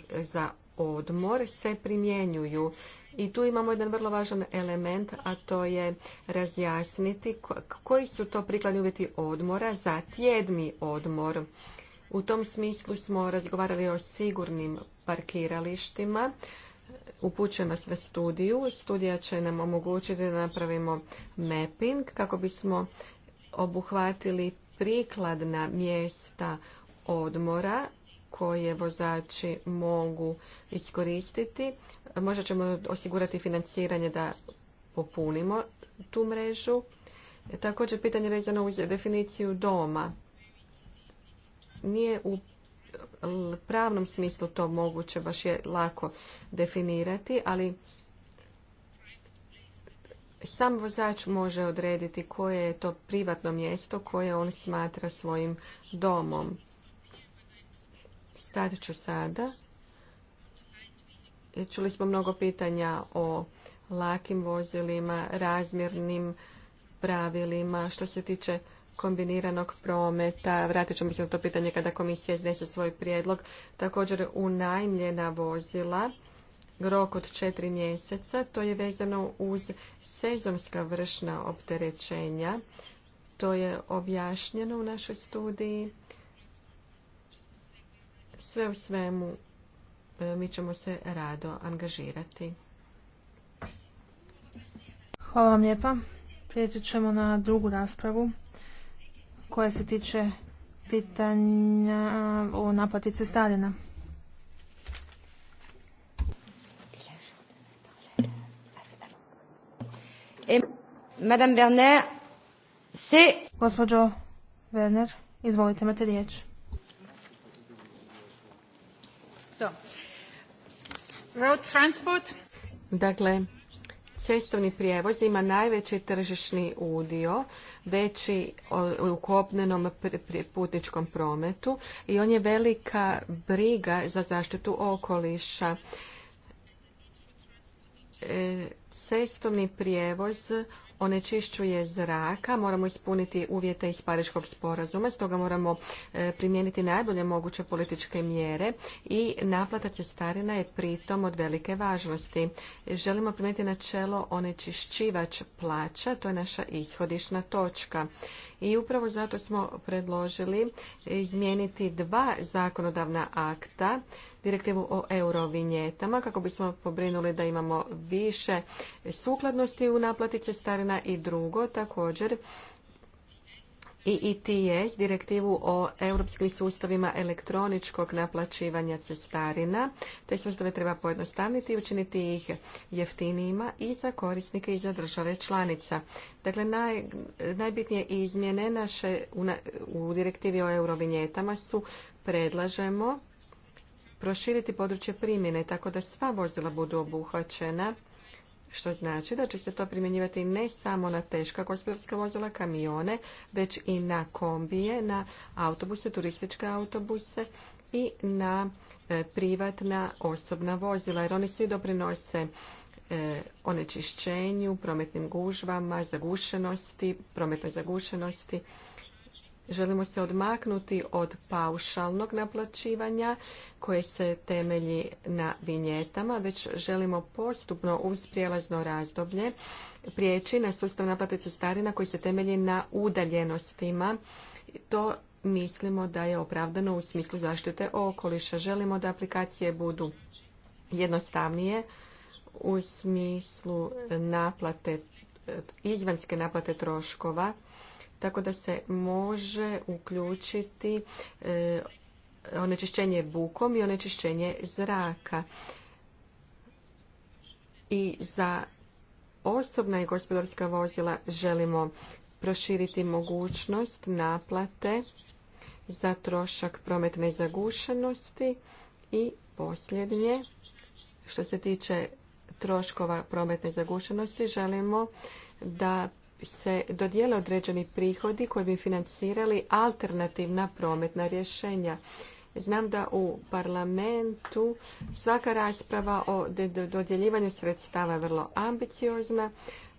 e, za odmor se primjenjuju. I tu imamo jedan vrlo važan element, a to je razjasniti koji su to prikladni uvjeti odmora za tjedni odmor. U tom smislu smo razgovarali o sigurnim parkiralištima. Upućujem sve studiju. Studija će nam omogućiti da napravimo mapping kako bismo obuhvatili prikladna mjesta odmora koje vozači mogu iskoristiti. Možda ćemo osigurati financiranje da popunimo tu mrežu. Također pitanje vezano uz definiciju doma. Nije u pravnom smislu to moguće baš je lako definirati, ali sam vozač može odrediti koje je to privatno mjesto koje on smatra svojim domom. Stati ću sada. E, čuli smo mnogo pitanja o lakim vozilima, razmjernim pravilima, što se tiče kombiniranog prometa. Vratit ćemo se na to pitanje kada komisija iznese svoj prijedlog. Također unajmljena vozila rok od četiri mjeseca. To je vezano uz sezonska vršna opterećenja. To je objašnjeno u našoj studiji. Sve u svemu e, mi ćemo se rado angažirati. Hvala vam lijepa. Prijeći ćemo na drugu raspravu koja se tiče pitanja o naplati cestarina. Madame Werner, c'est... Gospođo Werner, izvolite, imate riječ. So. Road transport. Dakle, Cestovni prijevoz ima najveći tržišni udio, veći u kopnenom putničkom prometu i on je velika briga za zaštitu okoliša. E, cestovni prijevoz onečišćuje zraka, moramo ispuniti uvjete iz Pariškog sporazuma, stoga moramo e, primijeniti najbolje moguće političke mjere i naplata cestarina je pritom od velike važnosti. Želimo primijeniti načelo onečišćivač plaća, to je naša ishodišna točka. I upravo zato smo predložili izmijeniti dva zakonodavna akta direktivu o eurovinjetama kako bismo pobrinuli da imamo više sukladnosti u naplati cestarina i drugo također i ITS, e direktivu o europskim sustavima elektroničkog naplaćivanja cestarina. Te sustave treba pojednostavniti i učiniti ih jeftinijima i za korisnike i za države članica. Dakle, naj, najbitnije izmjene naše u, u direktivi o eurovinjetama su predlažemo proširiti područje primjene tako da sva vozila budu obuhvaćena, što znači da će se to primjenjivati ne samo na teška gospodarska vozila, kamione, već i na kombije, na autobuse, turističke autobuse i na e, privatna osobna vozila, jer oni svi doprinose e, onečišćenju, prometnim gužvama, zagušenosti, prometnoj zagušenosti Želimo se odmaknuti od paušalnog naplaćivanja koje se temelji na vinjetama, već želimo postupno uz prijelazno razdoblje prijeći na sustav naplate cestarina koji se temelji na udaljenostima. To mislimo da je opravdano u smislu zaštite okoliša. Želimo da aplikacije budu jednostavnije u smislu naplate, izvanjske naplate troškova tako da se može uključiti e, onečišćenje bukom i onečišćenje zraka. I za osobna i gospodarska vozila želimo proširiti mogućnost naplate za trošak prometne zagušenosti i posljednje što se tiče troškova prometne zagušenosti želimo da se dodijele određeni prihodi koji bi financirali alternativna prometna rješenja. Znam da u parlamentu svaka rasprava o dodjeljivanju sredstava je vrlo ambiciozna,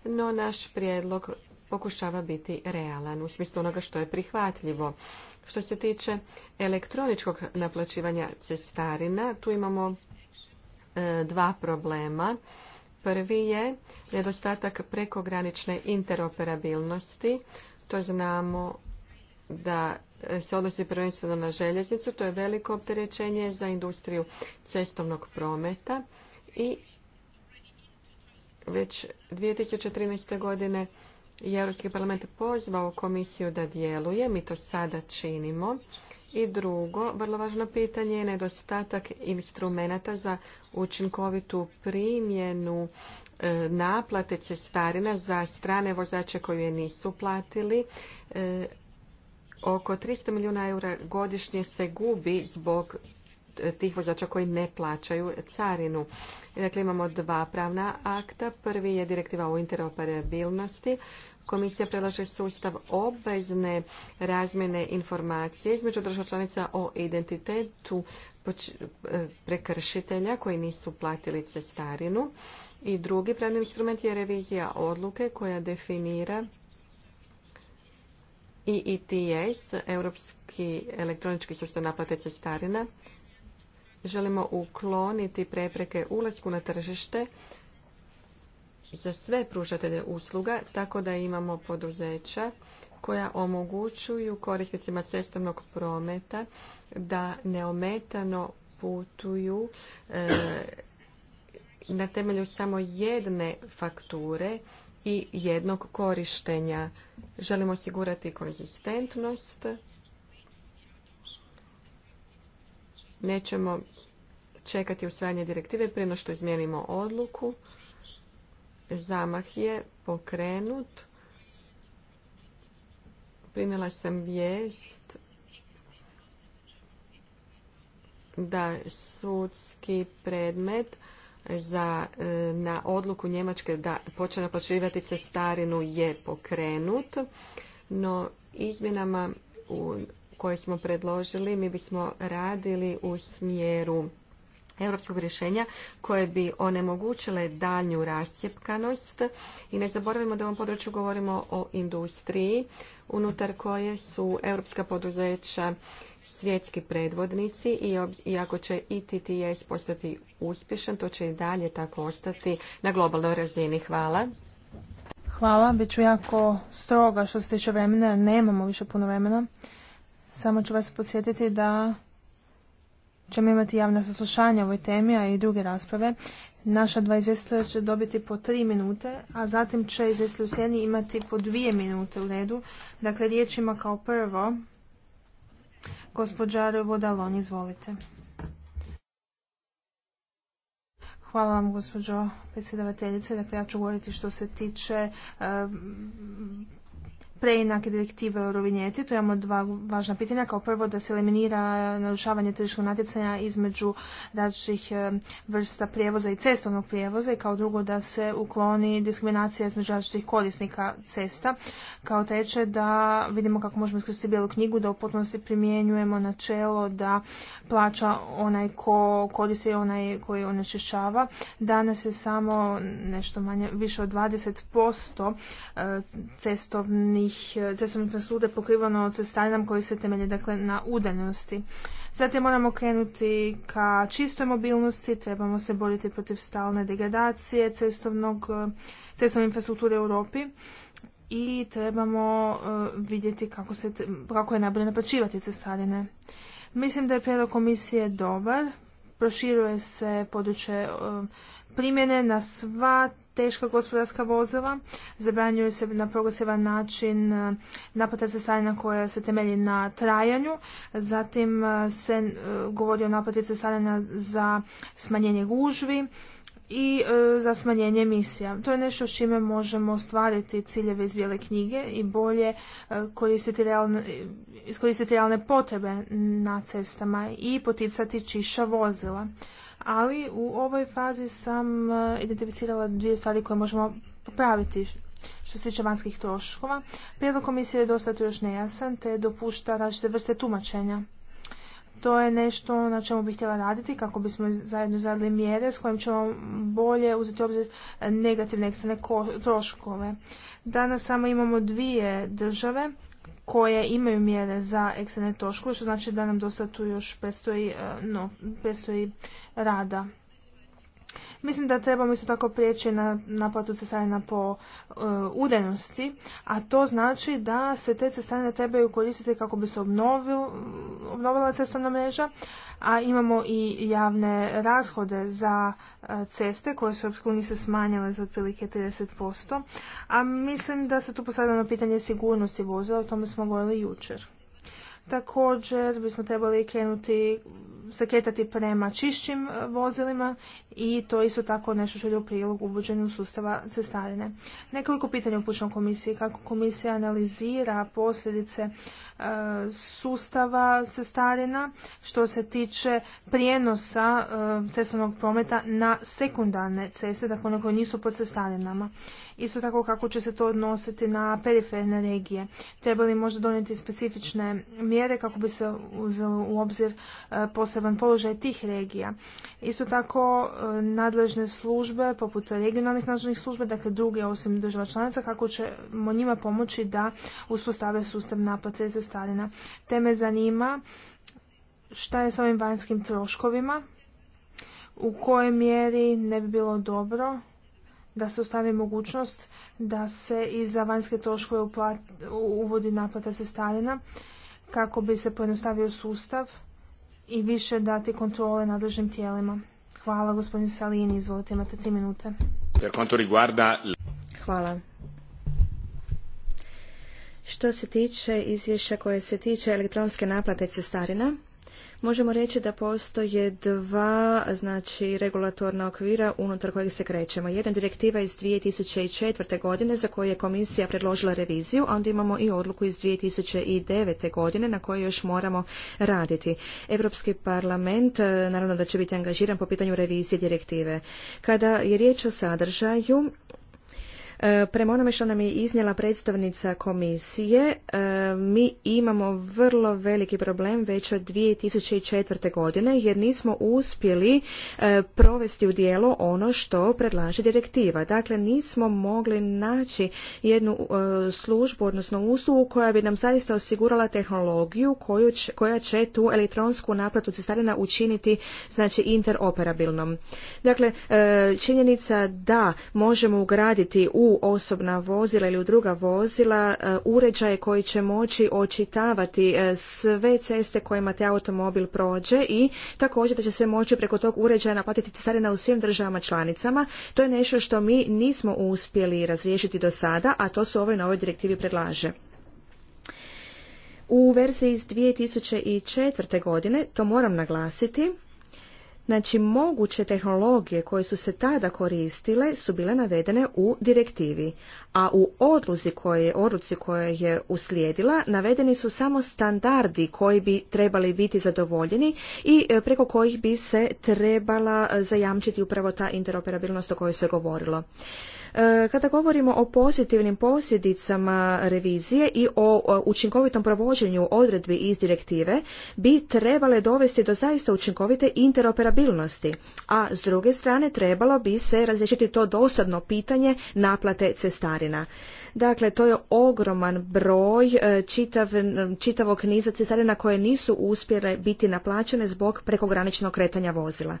no naš prijedlog pokušava biti realan u smislu onoga što je prihvatljivo. Što se tiče elektroničkog naplaćivanja cestarina, tu imamo e, dva problema. Prvi je nedostatak prekogranične interoperabilnosti. To znamo da se odnosi prvenstveno na željeznicu. To je veliko opterećenje za industriju cestovnog prometa. I već 2013. godine je Europski parlament pozvao komisiju da djeluje. Mi to sada činimo. I drugo, vrlo važno pitanje je nedostatak instrumenata za učinkovitu primjenu e, naplate cestarina za strane vozače koji je nisu platili. E, oko 300 milijuna eura godišnje se gubi zbog e, tih vozača koji ne plaćaju carinu. Dakle, imamo dva pravna akta. Prvi je direktiva o interoperabilnosti Komisija predlaže sustav obvezne razmjene informacije između država članica o identitetu e, prekršitelja koji nisu platili cestarinu. I drugi pravni instrument je revizija odluke koja definira EETS, Europski elektronički sustav naplate cestarina. Želimo ukloniti prepreke ulasku na tržište za sve pružatelje usluga, tako da imamo poduzeća koja omogućuju korisnicima cestovnog prometa da neometano putuju e, na temelju samo jedne fakture i jednog korištenja. Želimo osigurati konzistentnost. Nećemo čekati usvajanje direktive prije no što izmijenimo odluku zamah je pokrenut. Primjela sam vijest da sudski predmet za, e, na odluku Njemačke da počne naplaćivati se starinu je pokrenut, no izmjenama u koje smo predložili mi bismo radili u smjeru europskog rješenja koje bi onemogućile daljnju rascjepkanost i ne zaboravimo da u ovom području govorimo o industriji unutar koje su europska poduzeća svjetski predvodnici i ako će ITTS postati uspješan, to će i dalje tako ostati na globalnoj razini. Hvala. Hvala, bit jako stroga što se tiče vremena, nemamo više puno vremena. Samo ću vas podsjetiti da ćemo imati javna saslušanja o ovoj temi, a i druge rasprave. Naša dva izvjestitelja će dobiti po tri minute, a zatim će izvjestitelj u imati po dvije minute u redu. Dakle, riječ ima kao prvo gospođa Vodalon, izvolite. Hvala vam gospođo predsjedavateljice. Dakle, ja ću govoriti što se tiče preinake direktive o rovinjeti. Tu imamo dva važna pitanja. Kao prvo da se eliminira narušavanje tržišnog natjecanja između različitih e, vrsta prijevoza i cestovnog prijevoza i kao drugo da se ukloni diskriminacija između različitih korisnika cesta. Kao treće da vidimo kako možemo iskoristiti bijelu knjigu, da u potpunosti primjenjujemo načelo da plaća onaj ko koristi onaj koji onečišćava. Danas je samo nešto manje, više od 20% e, cestovnih tih e, cestovnih infrastruktura pokrivano koji se temelje dakle, na udaljenosti. Zatim moramo krenuti ka čistoj mobilnosti, trebamo se boriti protiv stalne degradacije cestovnog, e, cestovne infrastrukture u Europi i trebamo e, vidjeti kako, se, kako je najbolje naplaćivati cestarine. Mislim da je prijedlog komisije dobar, proširuje se područje primjene na sva teška gospodarska vozila, zabranjuje se na progresivan način e, naplata cestarina koja se temelji na trajanju, zatim e, se e, govori o naplati cestarina za smanjenje gužvi i za smanjenje emisija. To je nešto s čime možemo ostvariti ciljeve iz bijele knjige i bolje iskoristiti realne potrebe na cestama i poticati čiša vozila ali u ovoj fazi sam e, identificirala dvije stvari koje možemo popraviti što se tiče vanjskih troškova. Prijedlog komisije je dosta tu još nejasan te dopušta različite vrste tumačenja. To je nešto na čemu bih htjela raditi kako bismo zajedno zadali mjere s kojim ćemo bolje uzeti obzir negativne eksterne troškove. Danas samo imamo dvije države koje imaju mjere za ekstremne troškove, što znači da nam dosta tu još predstoji e, rada. Mislim da trebamo isto tako prijeći na naplatu cestarina po e, a to znači da se te cestarine trebaju koristiti kako bi se obnovila cestovna mreža, a imamo i javne rashode za eh, ceste koje su u se smanjile za otprilike 30%, a mislim da se tu posadano pitanje sigurnosti vozila, o tome smo govorili jučer. Također bismo trebali krenuti se kretati prema čišćim e, vozilima i to isto tako nešto što je u prilog uvođenju sustava cestarine. Nekoliko pitanja upućeno komisiji. Kako komisija analizira posljedice e, sustava cestarina što se tiče prijenosa e, cestovnog prometa na sekundarne ceste, dakle one koje nisu pod cestarinama. Isto tako kako će se to odnositi na periferne regije. Treba li možda donijeti specifične mjere kako bi se uzelo u obzir posljedice poseban položaj tih regija. Isto tako e, nadležne službe, poput regionalnih nadležnih službe, dakle druge osim država članica, kako ćemo njima pomoći da uspostave sustav naplate za starina. Te me zanima šta je sa ovim vanjskim troškovima, u kojoj mjeri ne bi bilo dobro da se ostavi mogućnost da se i za vanjske troškove uvodi naplata cestarina kako bi se pojednostavio sustav i više dati kontrole nadležnim tijelima. Hvala gospodin Salini, izvolite, imate tri minute. Hvala. Što se tiče izvješća koje se tiče elektronske naplate cestarina, možemo reći da postoje dva znači regulatorna okvira unutar kojeg se krećemo. Jedna direktiva iz 2004. godine za koju je komisija predložila reviziju, a onda imamo i odluku iz 2009. godine na kojoj još moramo raditi. Europski parlament e, naravno da će biti angažiran po pitanju revizije direktive. Kada je riječ o sadržaju, E, prema onome što nam je iznijela predstavnica komisije, e, mi imamo vrlo veliki problem već od 2004. godine jer nismo uspjeli e, provesti u dijelo ono što predlaže direktiva. Dakle, nismo mogli naći jednu službu, odnosno uslugu koja bi nam zaista osigurala tehnologiju koju koja će tu elektronsku naplatu cestarina učiniti znači interoperabilnom. Dakle, činjenica da možemo ugraditi u u osobna vozila ili u druga vozila e, uređaje koji će moći očitavati e, sve ceste kojima te automobil prođe i također da će se moći preko tog uređaja naplatiti carina u svim državama članicama. To je nešto što mi nismo uspjeli razriješiti do sada, a to se u ovoj novoj direktivi predlaže. U verziji iz 2004. godine, to moram naglasiti, Znači, moguće tehnologije koje su se tada koristile su bile navedene u direktivi, a u odluzi koje, odluci koje je uslijedila navedeni su samo standardi koji bi trebali biti zadovoljeni i e, preko kojih bi se trebala e, zajamčiti upravo ta interoperabilnost o kojoj se govorilo. E, kada govorimo o pozitivnim posljedicama revizije i o učinkovitom provođenju odredbi iz direktive, bi trebale dovesti do zaista učinkovite interoperabilnosti, a s druge strane trebalo bi se razriješiti to dosadno pitanje naplate cestarina. Dakle, to je ogroman broj e, čitav, čitavog niza cestarina koje nisu uspjele biti naplaćene zbog prekograničnog kretanja vozila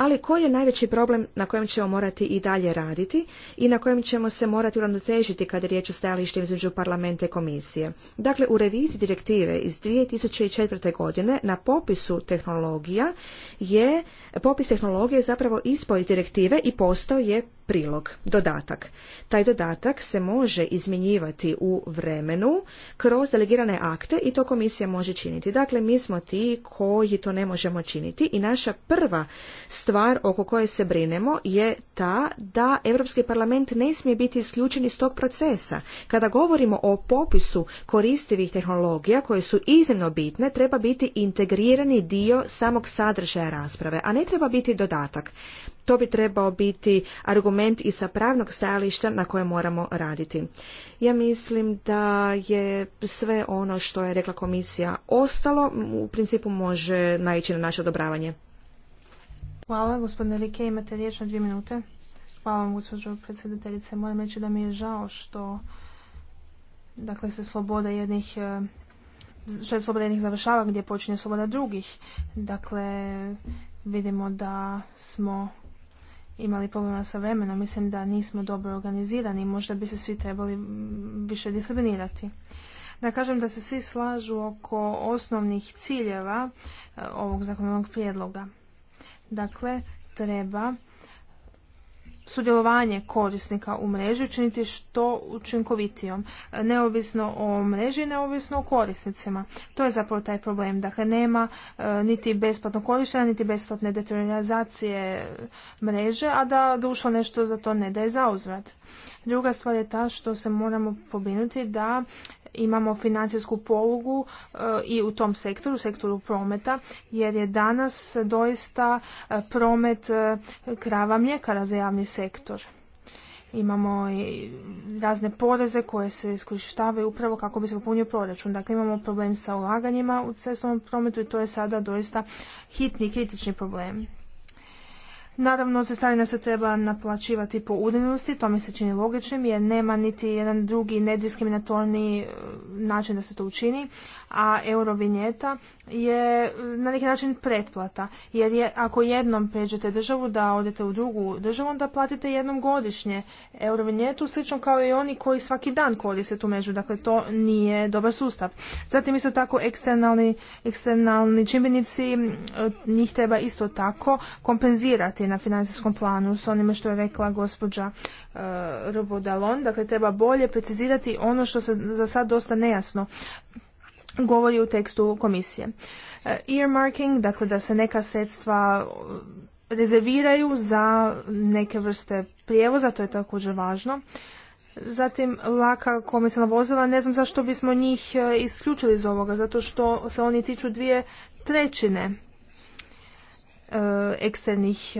ali koji je najveći problem na kojem ćemo morati i dalje raditi i na kojem ćemo se morati uravnotežiti kada je riječ o stajalištima između parlamenta i komisije. Dakle, u reviziji direktive iz 2004. godine na popisu tehnologija je popis tehnologije zapravo iz direktive i postao je prilog, dodatak. Taj dodatak se može izmjenjivati u vremenu kroz delegirane akte i to komisija može činiti. Dakle, mi smo ti koji to ne možemo činiti i naša prva stvar oko koje se brinemo je ta da Europski parlament ne smije biti isključen iz tog procesa. Kada govorimo o popisu koristivih tehnologija koje su iznimno bitne, treba biti integrirani dio samog sadržaja rasprave, a ne treba biti dodatak. To bi trebao biti argument i sa pravnog stajališta na koje moramo raditi. Ja mislim da je sve ono što je rekla komisija ostalo, u principu može naići na naše odobravanje. Hvala, gospodine Rike, imate riječ na dvije minute. Hvala vam, gospođo predsjedateljice. Moram reći da mi je žao što dakle, se sloboda jednih eh, što je sloboda jednih završava gdje počinje sloboda drugih. Dakle, vidimo da smo imali problema sa vremenom. Mislim da nismo dobro organizirani. Možda bi se svi trebali više disciplinirati. Da kažem da se svi slažu oko osnovnih ciljeva eh, ovog zakonodavnog prijedloga. Dakle, treba sudjelovanje korisnika u mreži učiniti što učinkovitijom, neovisno o mreži, neovisno o korisnicima. To je zapravo taj problem. Dakle, nema e, niti besplatno korištenja, niti besplatne deterioralizacije mreže, a da društvo nešto za to ne daje zauzvrat. Druga stvar je ta što se moramo pobinuti da imamo financijsku polugu e, i u tom sektoru, sektoru prometa, jer je danas doista e, promet e, krava mljekara za javni sektor. Imamo i razne poreze koje se iskorištavaju upravo kako bi se popunio proračun. Dakle, imamo problem sa ulaganjima u cestovnom prometu i to je sada doista hitni, kritični problem. Naravno, da se treba naplaćivati po udaljenosti, to mi se čini logičnim jer nema niti jedan drugi nediskriminatorni eh, način da se to učini, a eurovinjeta je eh, na neki način pretplata. Jer je, ako jednom pređete državu da odete u drugu državu, onda platite jednom godišnje eurovinjetu, slično kao i oni koji svaki dan koriste tu među. Dakle, to nije dobar sustav. Zatim isto tako eksternalni, eksternalni čimbenici, eh, njih treba isto tako kompenzirati na financijskom planu s onime što je rekla gospođa eh, robodalon Dakle, treba bolje precizirati ono što se za sad dosta nejasno govori u tekstu komisije. E, earmarking, dakle da se neka sredstva e, rezerviraju za neke vrste prijevoza, to je također važno. Zatim laka komercijalna vozila, ne znam zašto bismo njih e, isključili iz ovoga, zato što se oni tiču dvije trećine eksternih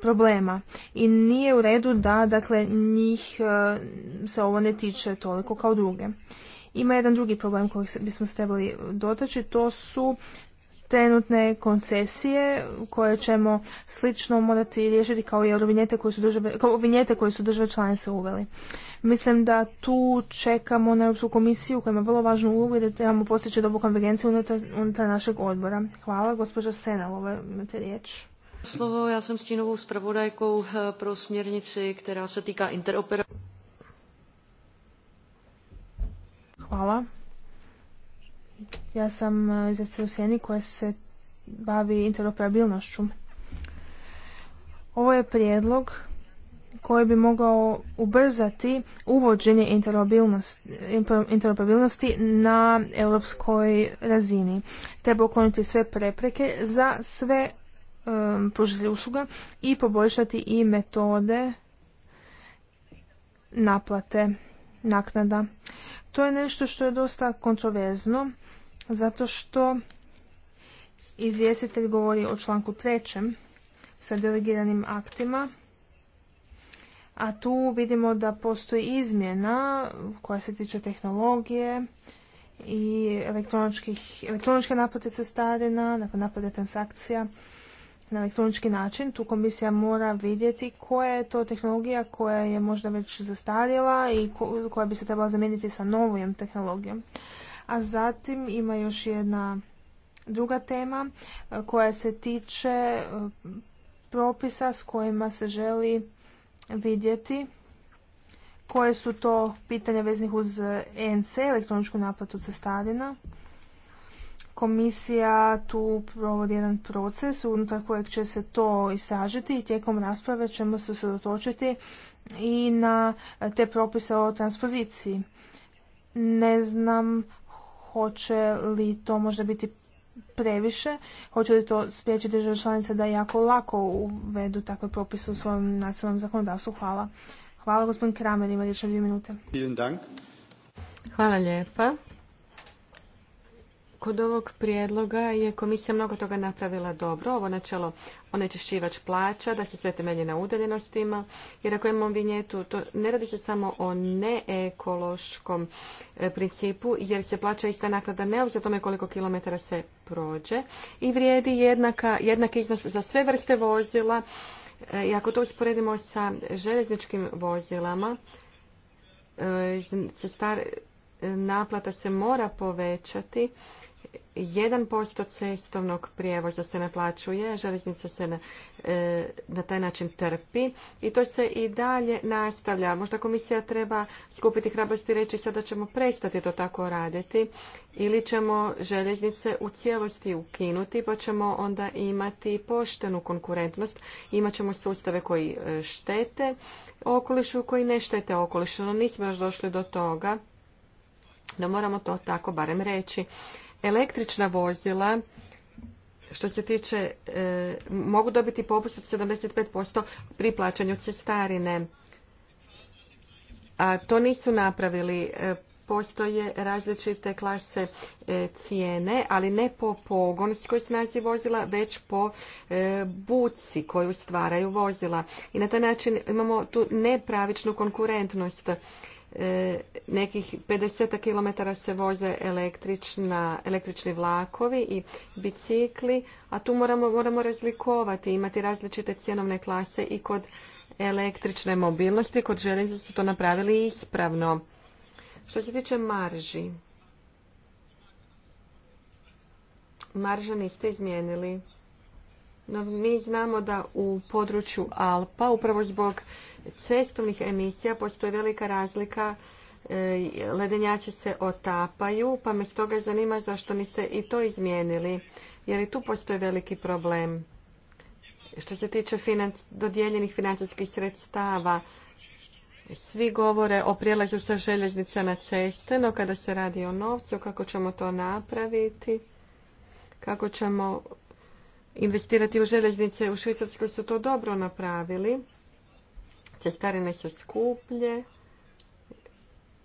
problema i nije u redu da dakle njih se ovo ne tiče toliko kao druge. Ima jedan drugi problem koji bismo se trebali dotaći, to su trenutne koncesije koje ćemo slično morati riješiti kao i eurovinjete koje su države, kao vinjete koje su države članice uveli. Mislim da tu čekamo na Europsku komisiju koja ima vrlo važnu ulogu i da trebamo postići dobu konvergenciju unutar, našeg odbora. Hvala, gospođo Senalova, imate riječ. Slovo, ja sam stinovou spravodajkou eh, pro smjernici, která se týká Hvala. Ja sam e, iz u Sjeni koja se bavi interoperabilnošću. Ovo je prijedlog koji bi mogao ubrzati uvođenje interoperabilnosti na europskoj razini. Treba ukloniti sve prepreke za sve um, e, pružitelje usluga i poboljšati i metode naplate naknada. To je nešto što je dosta kontroverzno, zato što izvjestitelj govori o članku trećem sa delegiranim aktima, a tu vidimo da postoji izmjena koja se tiče tehnologije i elektroničke naplate cestarina, nakon naplate transakcija na elektronički način. Tu komisija mora vidjeti koja je to tehnologija koja je možda već zastarjela i koja bi se trebala zamijeniti sa novim tehnologijom. A zatim ima još jedna druga tema e, koja se tiče e, propisa s kojima se želi vidjeti koje su to pitanja veznih uz ENC, elektroničku naplatu cestarina komisija tu provodi jedan proces unutar kojeg će se to isražiti i tijekom rasprave ćemo se usredotočiti i na te propise o transpoziciji. Ne znam hoće li to možda biti previše, hoće li to spriječiti države članice da jako lako uvedu takve propise u svojom nacionalnom zakonodavstvu. Hvala. Hvala gospodin Kramer, ima riječ dvije minute. Hvala lijepa. Kod ovog prijedloga je komisija mnogo toga napravila dobro. Ovo načelo onečišćivač plaća, da se sve temelji na udaljenostima. Jer ako imamo vinjetu, to ne radi se samo o neekološkom e, principu, jer se plaća ista naknada neovisno tome koliko kilometara se prođe. I vrijedi jednaka, jednak iznos za sve vrste vozila. E, I ako to usporedimo sa željezničkim vozilama, se e, naplata se mora povećati 1% cestovnog prijevoza se naplaćuje, željeznica se na, e, na taj način trpi i to se i dalje nastavlja. Možda komisija treba skupiti hrabrosti i reći sada ćemo prestati to tako raditi ili ćemo željeznice u cijelosti ukinuti pa ćemo onda imati poštenu konkurentnost. Imat ćemo sustave koji e, štete okolišu, koji ne štete okolišu. No nismo još došli do toga da moramo to tako barem reći električna vozila što se tiče, e, mogu dobiti popust od 75% pri plaćanju cestarine. A to nisu napravili. E, postoje različite klase e, cijene, ali ne po pogonskoj snazi vozila, već po buci koju stvaraju vozila. I na taj način imamo tu nepravičnu konkurentnost. E, nekih 50 km se voze električni vlakovi i bicikli, a tu moramo, moramo razlikovati, imati različite cjenovne klase i kod električne mobilnosti, kod željenja su to napravili ispravno. Što se tiče marži, marža niste izmijenili. No, mi znamo da u području Alpa, upravo zbog cestovnih emisija postoji velika razlika e, ledenjaci se otapaju, pa me stoga zanima zašto niste i to izmijenili, jer i tu postoji veliki problem. Što se tiče dodijeljenih financijskih sredstava, svi govore o prijelazu sa željeznica na ceste, no kada se radi o novcu, kako ćemo to napraviti, kako ćemo investirati u željeznice, u Švicarskoj su to dobro napravili. Cestarine su skuplje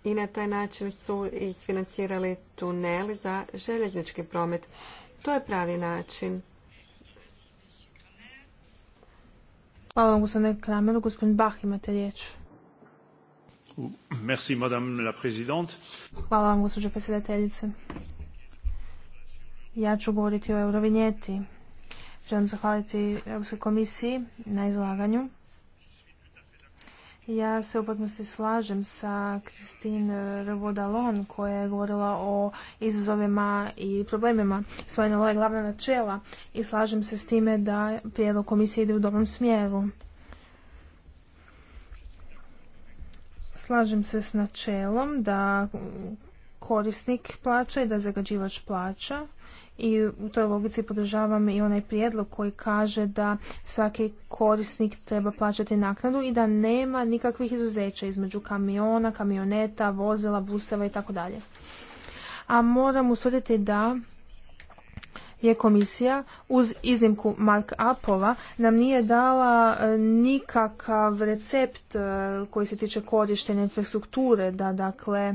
i na taj način su isfinancirali tuneli za željeznički promet. To je pravi način. Hvala vam, gospodine Kramer. Gospodin Bach, imate riječ. Merci, madame la présidente. Hvala vam, gospođo predsjedateljice. Ja ću govoriti o eurovinjeti. Želim zahvaliti Europskoj komisiji na izlaganju. Ja se u potpunosti slažem sa Christine Revodalon koja je govorila o izazovima i problemima. Svoje je glavna načela i slažem se s time da prijedlog komisije ide u dobrom smjeru. Slažem se s načelom da korisnik plaća i da zagađivač plaća i u toj logici podržavam i onaj prijedlog koji kaže da svaki korisnik treba plaćati naknadu i da nema nikakvih izuzeća između kamiona, kamioneta, vozila, buseva i tako dalje. A moram usvrditi da je komisija uz iznimku Mark Apova nam nije dala e, nikakav recept e, koji se tiče korištenja infrastrukture da dakle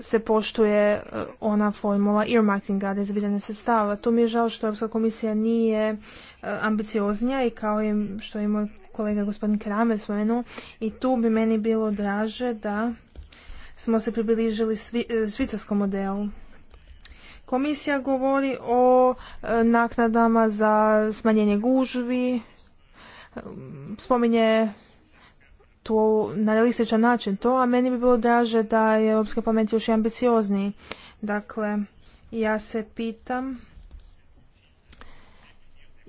se poštuje e, ona formula earmarkinga, rezerviranja sredstava. To mi je žao što Europska komisija nije e, ambicioznija i kao je, što je moj kolega gospodin Kramer spomenuo i tu bi meni bilo draže da smo se približili švicarskom e, modelu. Komisija govori o naknadama za smanjenje gužvi, spominje to na realističan način to, a meni bi bilo draže da je Europski parlament još i ambiciozniji. Dakle, ja se pitam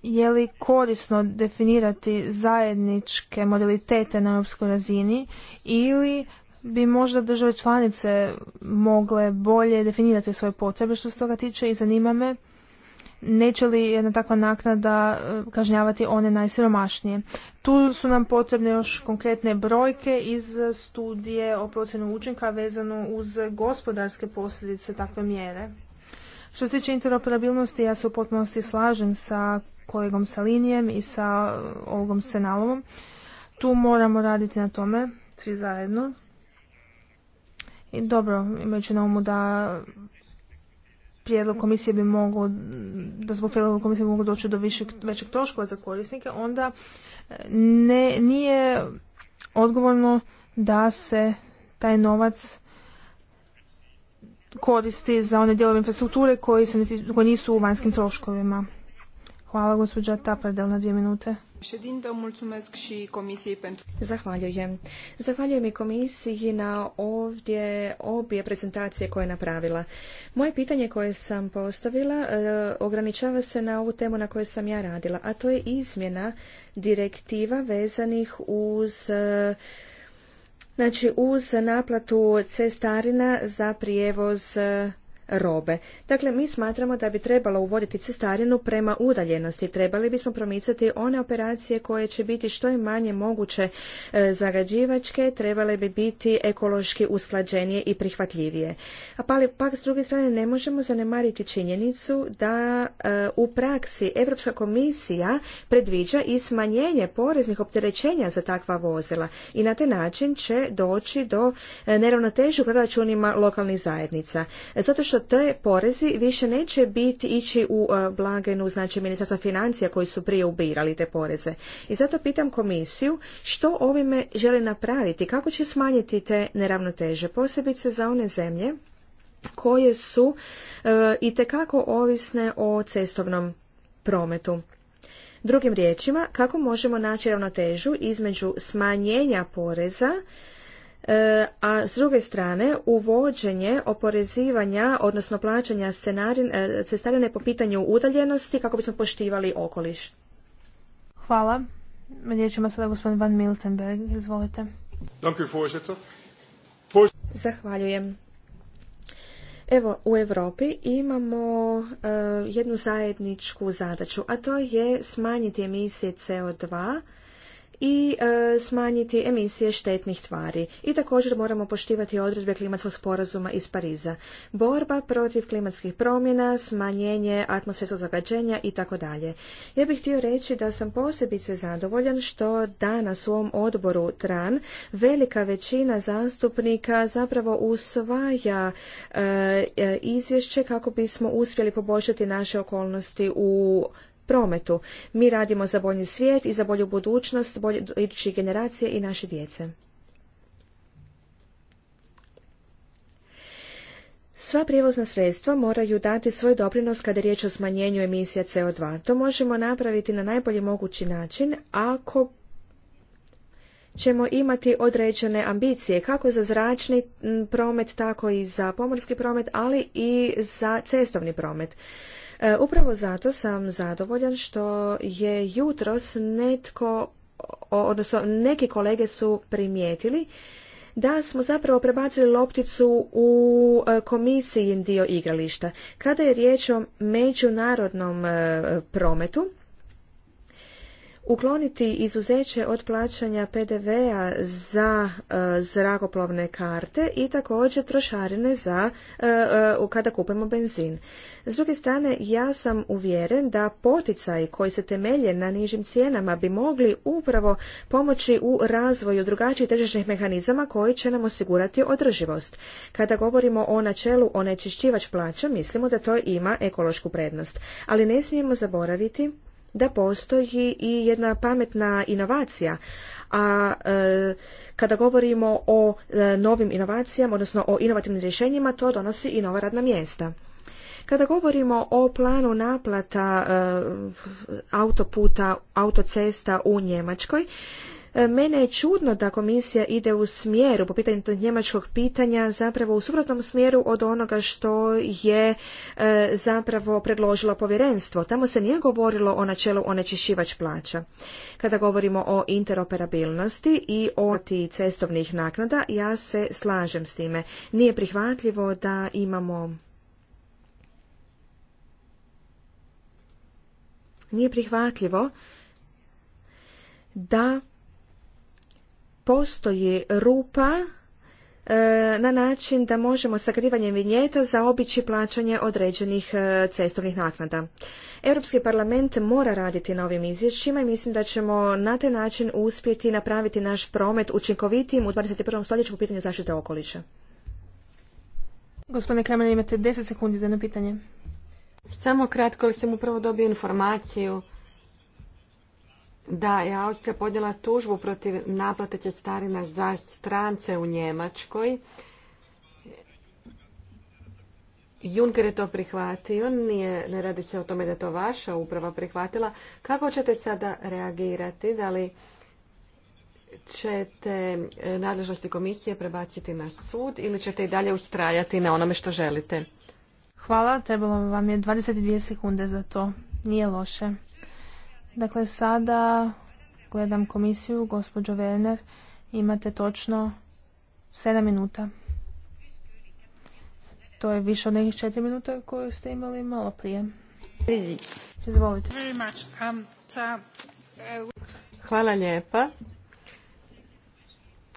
je li korisno definirati zajedničke modalitete na europskoj razini ili bi možda države članice mogle bolje definirati svoje potrebe što se toga tiče i zanima me neće li jedna takva naknada e, kažnjavati one najsiromašnije. Tu su nam potrebne još konkretne brojke iz studije o procjenu učinka vezano uz gospodarske posljedice takve mjere. Što se tiče interoperabilnosti, ja se u potpunosti slažem sa kolegom Salinijem i sa e, Olgom Senalovom. Tu moramo raditi na tome, svi zajedno. I dobro, imajući na umu da prijedlog komisije bi moglo, da zbog prijedloga komisije bi moglo doći do višeg, većeg troškova za korisnike, onda e, ne, nije odgovorno da se taj novac koristi za one dijelove infrastrukture koji, se, koji nisu u vanjskim troškovima. Hvala gospođa Tapardel na dvije minute. Zahvaljujem. Zahvaljujem i komisiji na ovdje obje prezentacije koje je napravila. Moje pitanje koje sam postavila e, ograničava se na ovu temu na kojoj sam ja radila, a to je izmjena direktiva vezanih uz e, znači uz naplatu cestarina za prijevoz e, robe. Dakle, mi smatramo da bi trebalo uvoditi cestarinu prema udaljenosti. Trebali bismo promicati one operacije koje će biti što je manje moguće e, zagađivačke, trebale bi biti ekološki usklađenije i prihvatljivije. A pali, pak s druge strane ne možemo zanemariti činjenicu da e, u praksi Europska komisija predviđa i smanjenje poreznih opterećenja za takva vozila i na taj način će doći do e, neravnoteže u proračunima lokalnih zajednica. Zato što te porezi više neće biti ići u e, blagenu, znači ministarstva financija koji su prije ubirali te poreze. I zato pitam komisiju što ovime želi napraviti, kako će smanjiti te neravnoteže, posebice za one zemlje koje su e, itekako ovisne o cestovnom prometu. Drugim riječima, kako možemo naći ravnotežu između smanjenja poreza E, a s druge strane uvođenje oporezivanja, odnosno plaćanja e, cestarine po pitanju udaljenosti kako bismo poštivali okoliš. Hvala. Riječ ima sada gospodin Van Miltenberg. Izvolite. Zahvaljujem. Evo, u Europi imamo e, jednu zajedničku zadaću, a to je smanjiti emisije CO2 i e, smanjiti emisije štetnih tvari. I također moramo poštivati odredbe klimatskog sporazuma iz Pariza. Borba protiv klimatskih promjena, smanjenje atmosferskog zagađenja i tako dalje. Ja bih htio reći da sam posebice zadovoljan što danas u ovom odboru TRAN velika većina zastupnika zapravo usvaja e, e, izvješće kako bismo uspjeli poboljšati naše okolnosti u prometu. Mi radimo za bolji svijet i za bolju budućnost bolje, idućih generacije i naše djece. Sva prijevozna sredstva moraju dati svoj doprinos kada je riječ o smanjenju emisija CO2. To možemo napraviti na najbolji mogući način ako ćemo imati određene ambicije kako za zračni promet, tako i za pomorski promet, ali i za cestovni promet. E, upravo zato sam zadovoljan što je jutros netko, odnosno neki kolege su primijetili da smo zapravo prebacili lopticu u e, komisijin dio igrališta. Kada je riječ o međunarodnom e, prometu, ukloniti izuzeće od plaćanja PDV-a za e, zrakoplovne karte i također trošarine za e, e, kada kupimo benzin. S druge strane, ja sam uvjeren da poticaj koji se temelje na nižim cijenama bi mogli upravo pomoći u razvoju drugačijih tržišnih mehanizama koji će nam osigurati održivost. Kada govorimo o načelu onečišćivač plaća, mislimo da to ima ekološku prednost. Ali ne smijemo zaboraviti da postoji i jedna pametna inovacija a e, kada govorimo o e, novim inovacijama odnosno o inovativnim rješenjima to donosi i nova radna mjesta kada govorimo o planu naplata e, autoputa, autocesta u Njemačkoj, E, mene je čudno da komisija ide u smjeru, po pitanju njemačkog pitanja, zapravo u suprotnom smjeru od onoga što je e, zapravo predložilo povjerenstvo. Tamo se nije govorilo o načelu onečišivač plaća. Kada govorimo o interoperabilnosti i o ti cestovnih naknada, ja se slažem s time. Nije prihvatljivo da imamo nije prihvatljivo da postoji rupa e, na način da možemo sakrivanjem vinjeta zaobići plaćanje određenih e, cestovnih naknada. Europski parlament mora raditi na ovim izvješćima i mislim da ćemo na taj način uspjeti napraviti naš promet učinkovitijim u 21. stoljeću u pitanju zaštite okoliša. Gospodine Kremlje, imate 10 sekundi za jedno pitanje. Samo kratko, ali sam upravo dobio informaciju da, je Austrija podnijela tužbu protiv naplate cestarina za strance u Njemačkoj. Juncker je to prihvatio, nije, ne radi se o tome da je to vaša uprava prihvatila. Kako ćete sada reagirati? Da li ćete e, nadležnosti komisije prebaciti na sud ili ćete i dalje ustrajati na onome što želite? Hvala, trebalo vam je 22 sekunde za to. Nije loše. Dakle, sada gledam komisiju, gospođo Werner, imate točno sedam minuta. To je više od nekih četiri minuta koju ste imali malo prije. Izvolite. Um, uh, Hvala lijepa.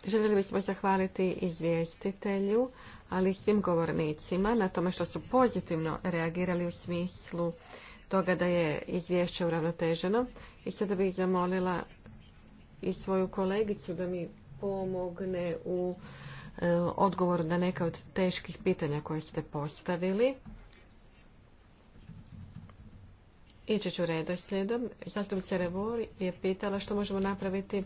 Željeli bismo zahvaliti izvjestitelju, ali i svim govornicima na tome što su pozitivno reagirali u smislu toga da je izvješće uravnoteženo. I sada bih zamolila i svoju kolegicu da mi pomogne u e, odgovoru na neka od teških pitanja koje ste postavili. Ići ću redoslijedom. Zastupnica Revor je pitala što možemo napraviti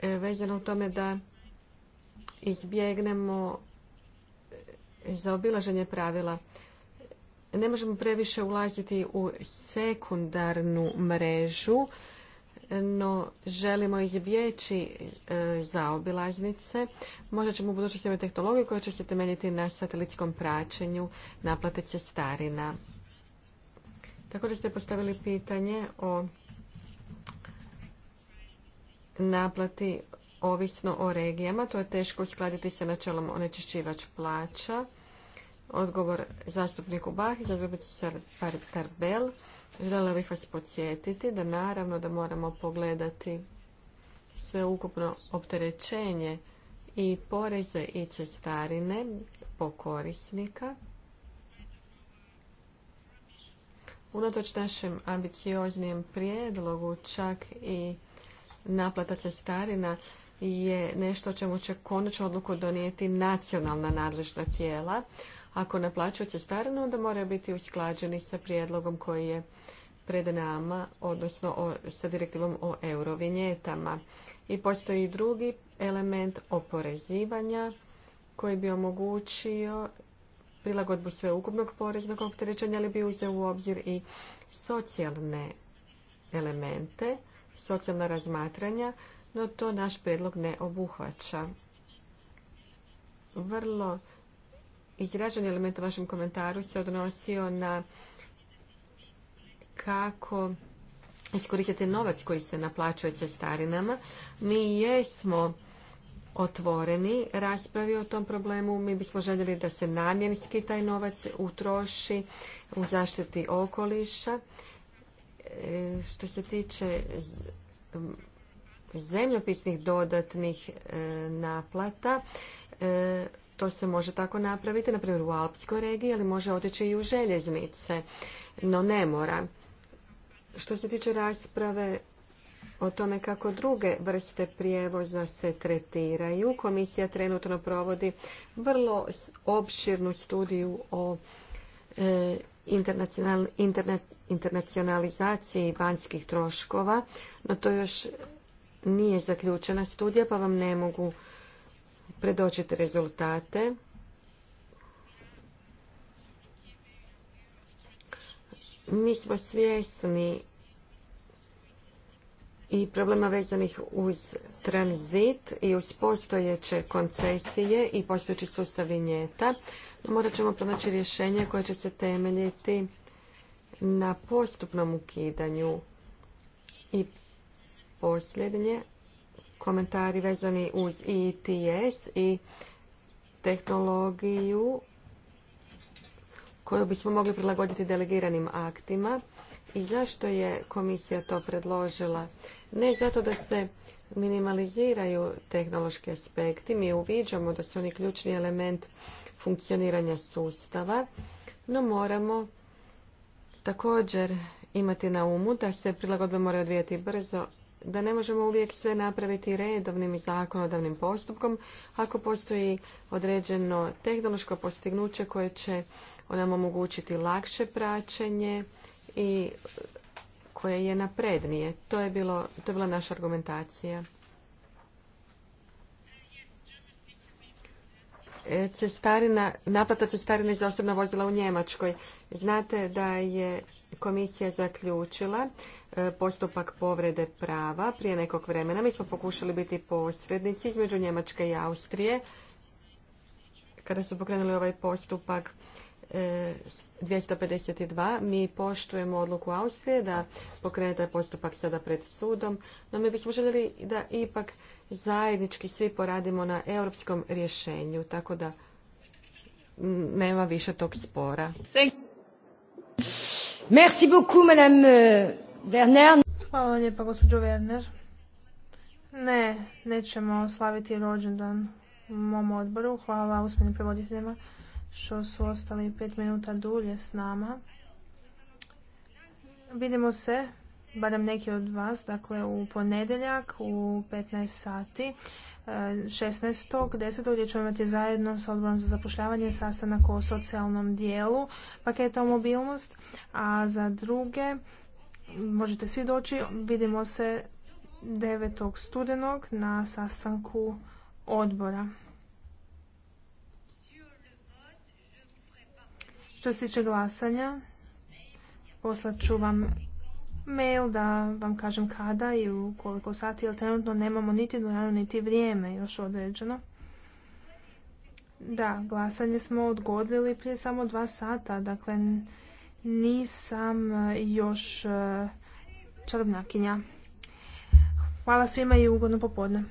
e, vezano u tome da izbjegnemo e, zaobilaženje pravila ne možemo previše ulaziti u sekundarnu mrežu, no želimo izbjeći e, zaobilaznice. Možda ćemo u budućnosti imati tehnologiju koja će se temeljiti na satelitskom praćenju naplate cestarina. Također ste postavili pitanje o naplati ovisno o regijama. To je teško uskladiti sa načelom onečišćivač plaća. Odgovor zastupniku Bahi, zastupnici Tarbel. Žele bih vas podsjetiti da naravno da moramo pogledati sve ukupno opterećenje i poreze i cestarine po korisnika. Unatoč našem ambicioznijem prijedlogu čak i naplata cestarina je nešto o čemu će konačno odluku donijeti nacionalna nadležna tijela. Ako naplaćuju cestarinu, onda moraju biti usklađeni sa prijedlogom koji je pred nama, odnosno sa direktivom o eurovinjetama. I postoji drugi element oporezivanja koji bi omogućio prilagodbu sveukupnog poreznog opterećenja, ali bi uzeo u obzir i socijalne elemente, socijalna razmatranja, no to naš prijedlog ne obuhvaća. Vrlo izražen element u vašem komentaru se odnosio na kako iskoristiti novac koji se naplaćuje starinama. Mi jesmo otvoreni raspravi o tom problemu. Mi bismo željeli da se namjenski taj novac utroši u zaštiti okoliša. E, što se tiče zemljopisnih dodatnih e, naplata, e, to se može tako napraviti, na primjer u Alpskoj regiji, ali može otići i u željeznice, no ne mora. Što se tiče rasprave o tome kako druge vrste prijevoza se tretiraju, komisija trenutno provodi vrlo opširnu studiju o e, internacional, internet, internacionalizaciji vanjskih troškova, no to još nije zaključena studija, pa vam ne mogu predočiti rezultate. Mi smo svjesni i problema vezanih uz tranzit i uz postojeće koncesije i postojeći sustav vinjeta. Morat ćemo pronaći rješenje koje će se temeljiti na postupnom ukidanju i posljednje, komentari vezani uz ITS i tehnologiju koju bismo mogli prilagoditi delegiranim aktima i zašto je komisija to predložila. Ne zato da se minimaliziraju tehnološki aspekti, mi uviđamo da su oni ključni element funkcioniranja sustava, no moramo također imati na umu da se prilagodbe moraju odvijati brzo da ne možemo uvijek sve napraviti redovnim i zakonodavnim postupkom ako postoji određeno tehnološko postignuće koje će nam omogućiti lakše praćenje i koje je naprednije. To je, bilo, to je bila naša argumentacija. E, cestarina, naplata cestarine za osobna vozila u Njemačkoj. Znate da je komisija zaključila E, postupak povrede prava prije nekog vremena. Mi smo pokušali biti posrednici između Njemačke i Austrije. Kada su pokrenuli ovaj postupak 252, e, mi poštujemo odluku Austrije da pokrene taj postupak sada pred sudom, no mi bismo željeli da ipak zajednički svi poradimo na europskom rješenju, tako da nema više tog spora. Merci beaucoup, madame euh, Werner. Hvala vam lijepa, gospođo Werner. Ne, nećemo slaviti rođendan u mom odboru. Hvala uspjenim prevoditeljima što su ostali pet minuta dulje s nama. Vidimo se, barem neki od vas, dakle u ponedjeljak u 15 sati. 16.10. E, gdje ćemo imati zajedno sa odborom za zapošljavanje sastanak o socijalnom dijelu paketa o mobilnost, a za druge možete svi doći. Vidimo se 9. studenog na sastanku odbora. Što se tiče glasanja, poslat ću vam mail da vam kažem kada i u koliko sati, jer trenutno nemamo niti dojanu, niti vrijeme još određeno. Da, glasanje smo odgodili prije samo dva sata, dakle nisam e, još e, čarobnjakinja. Hvala svima i ugodno popodne.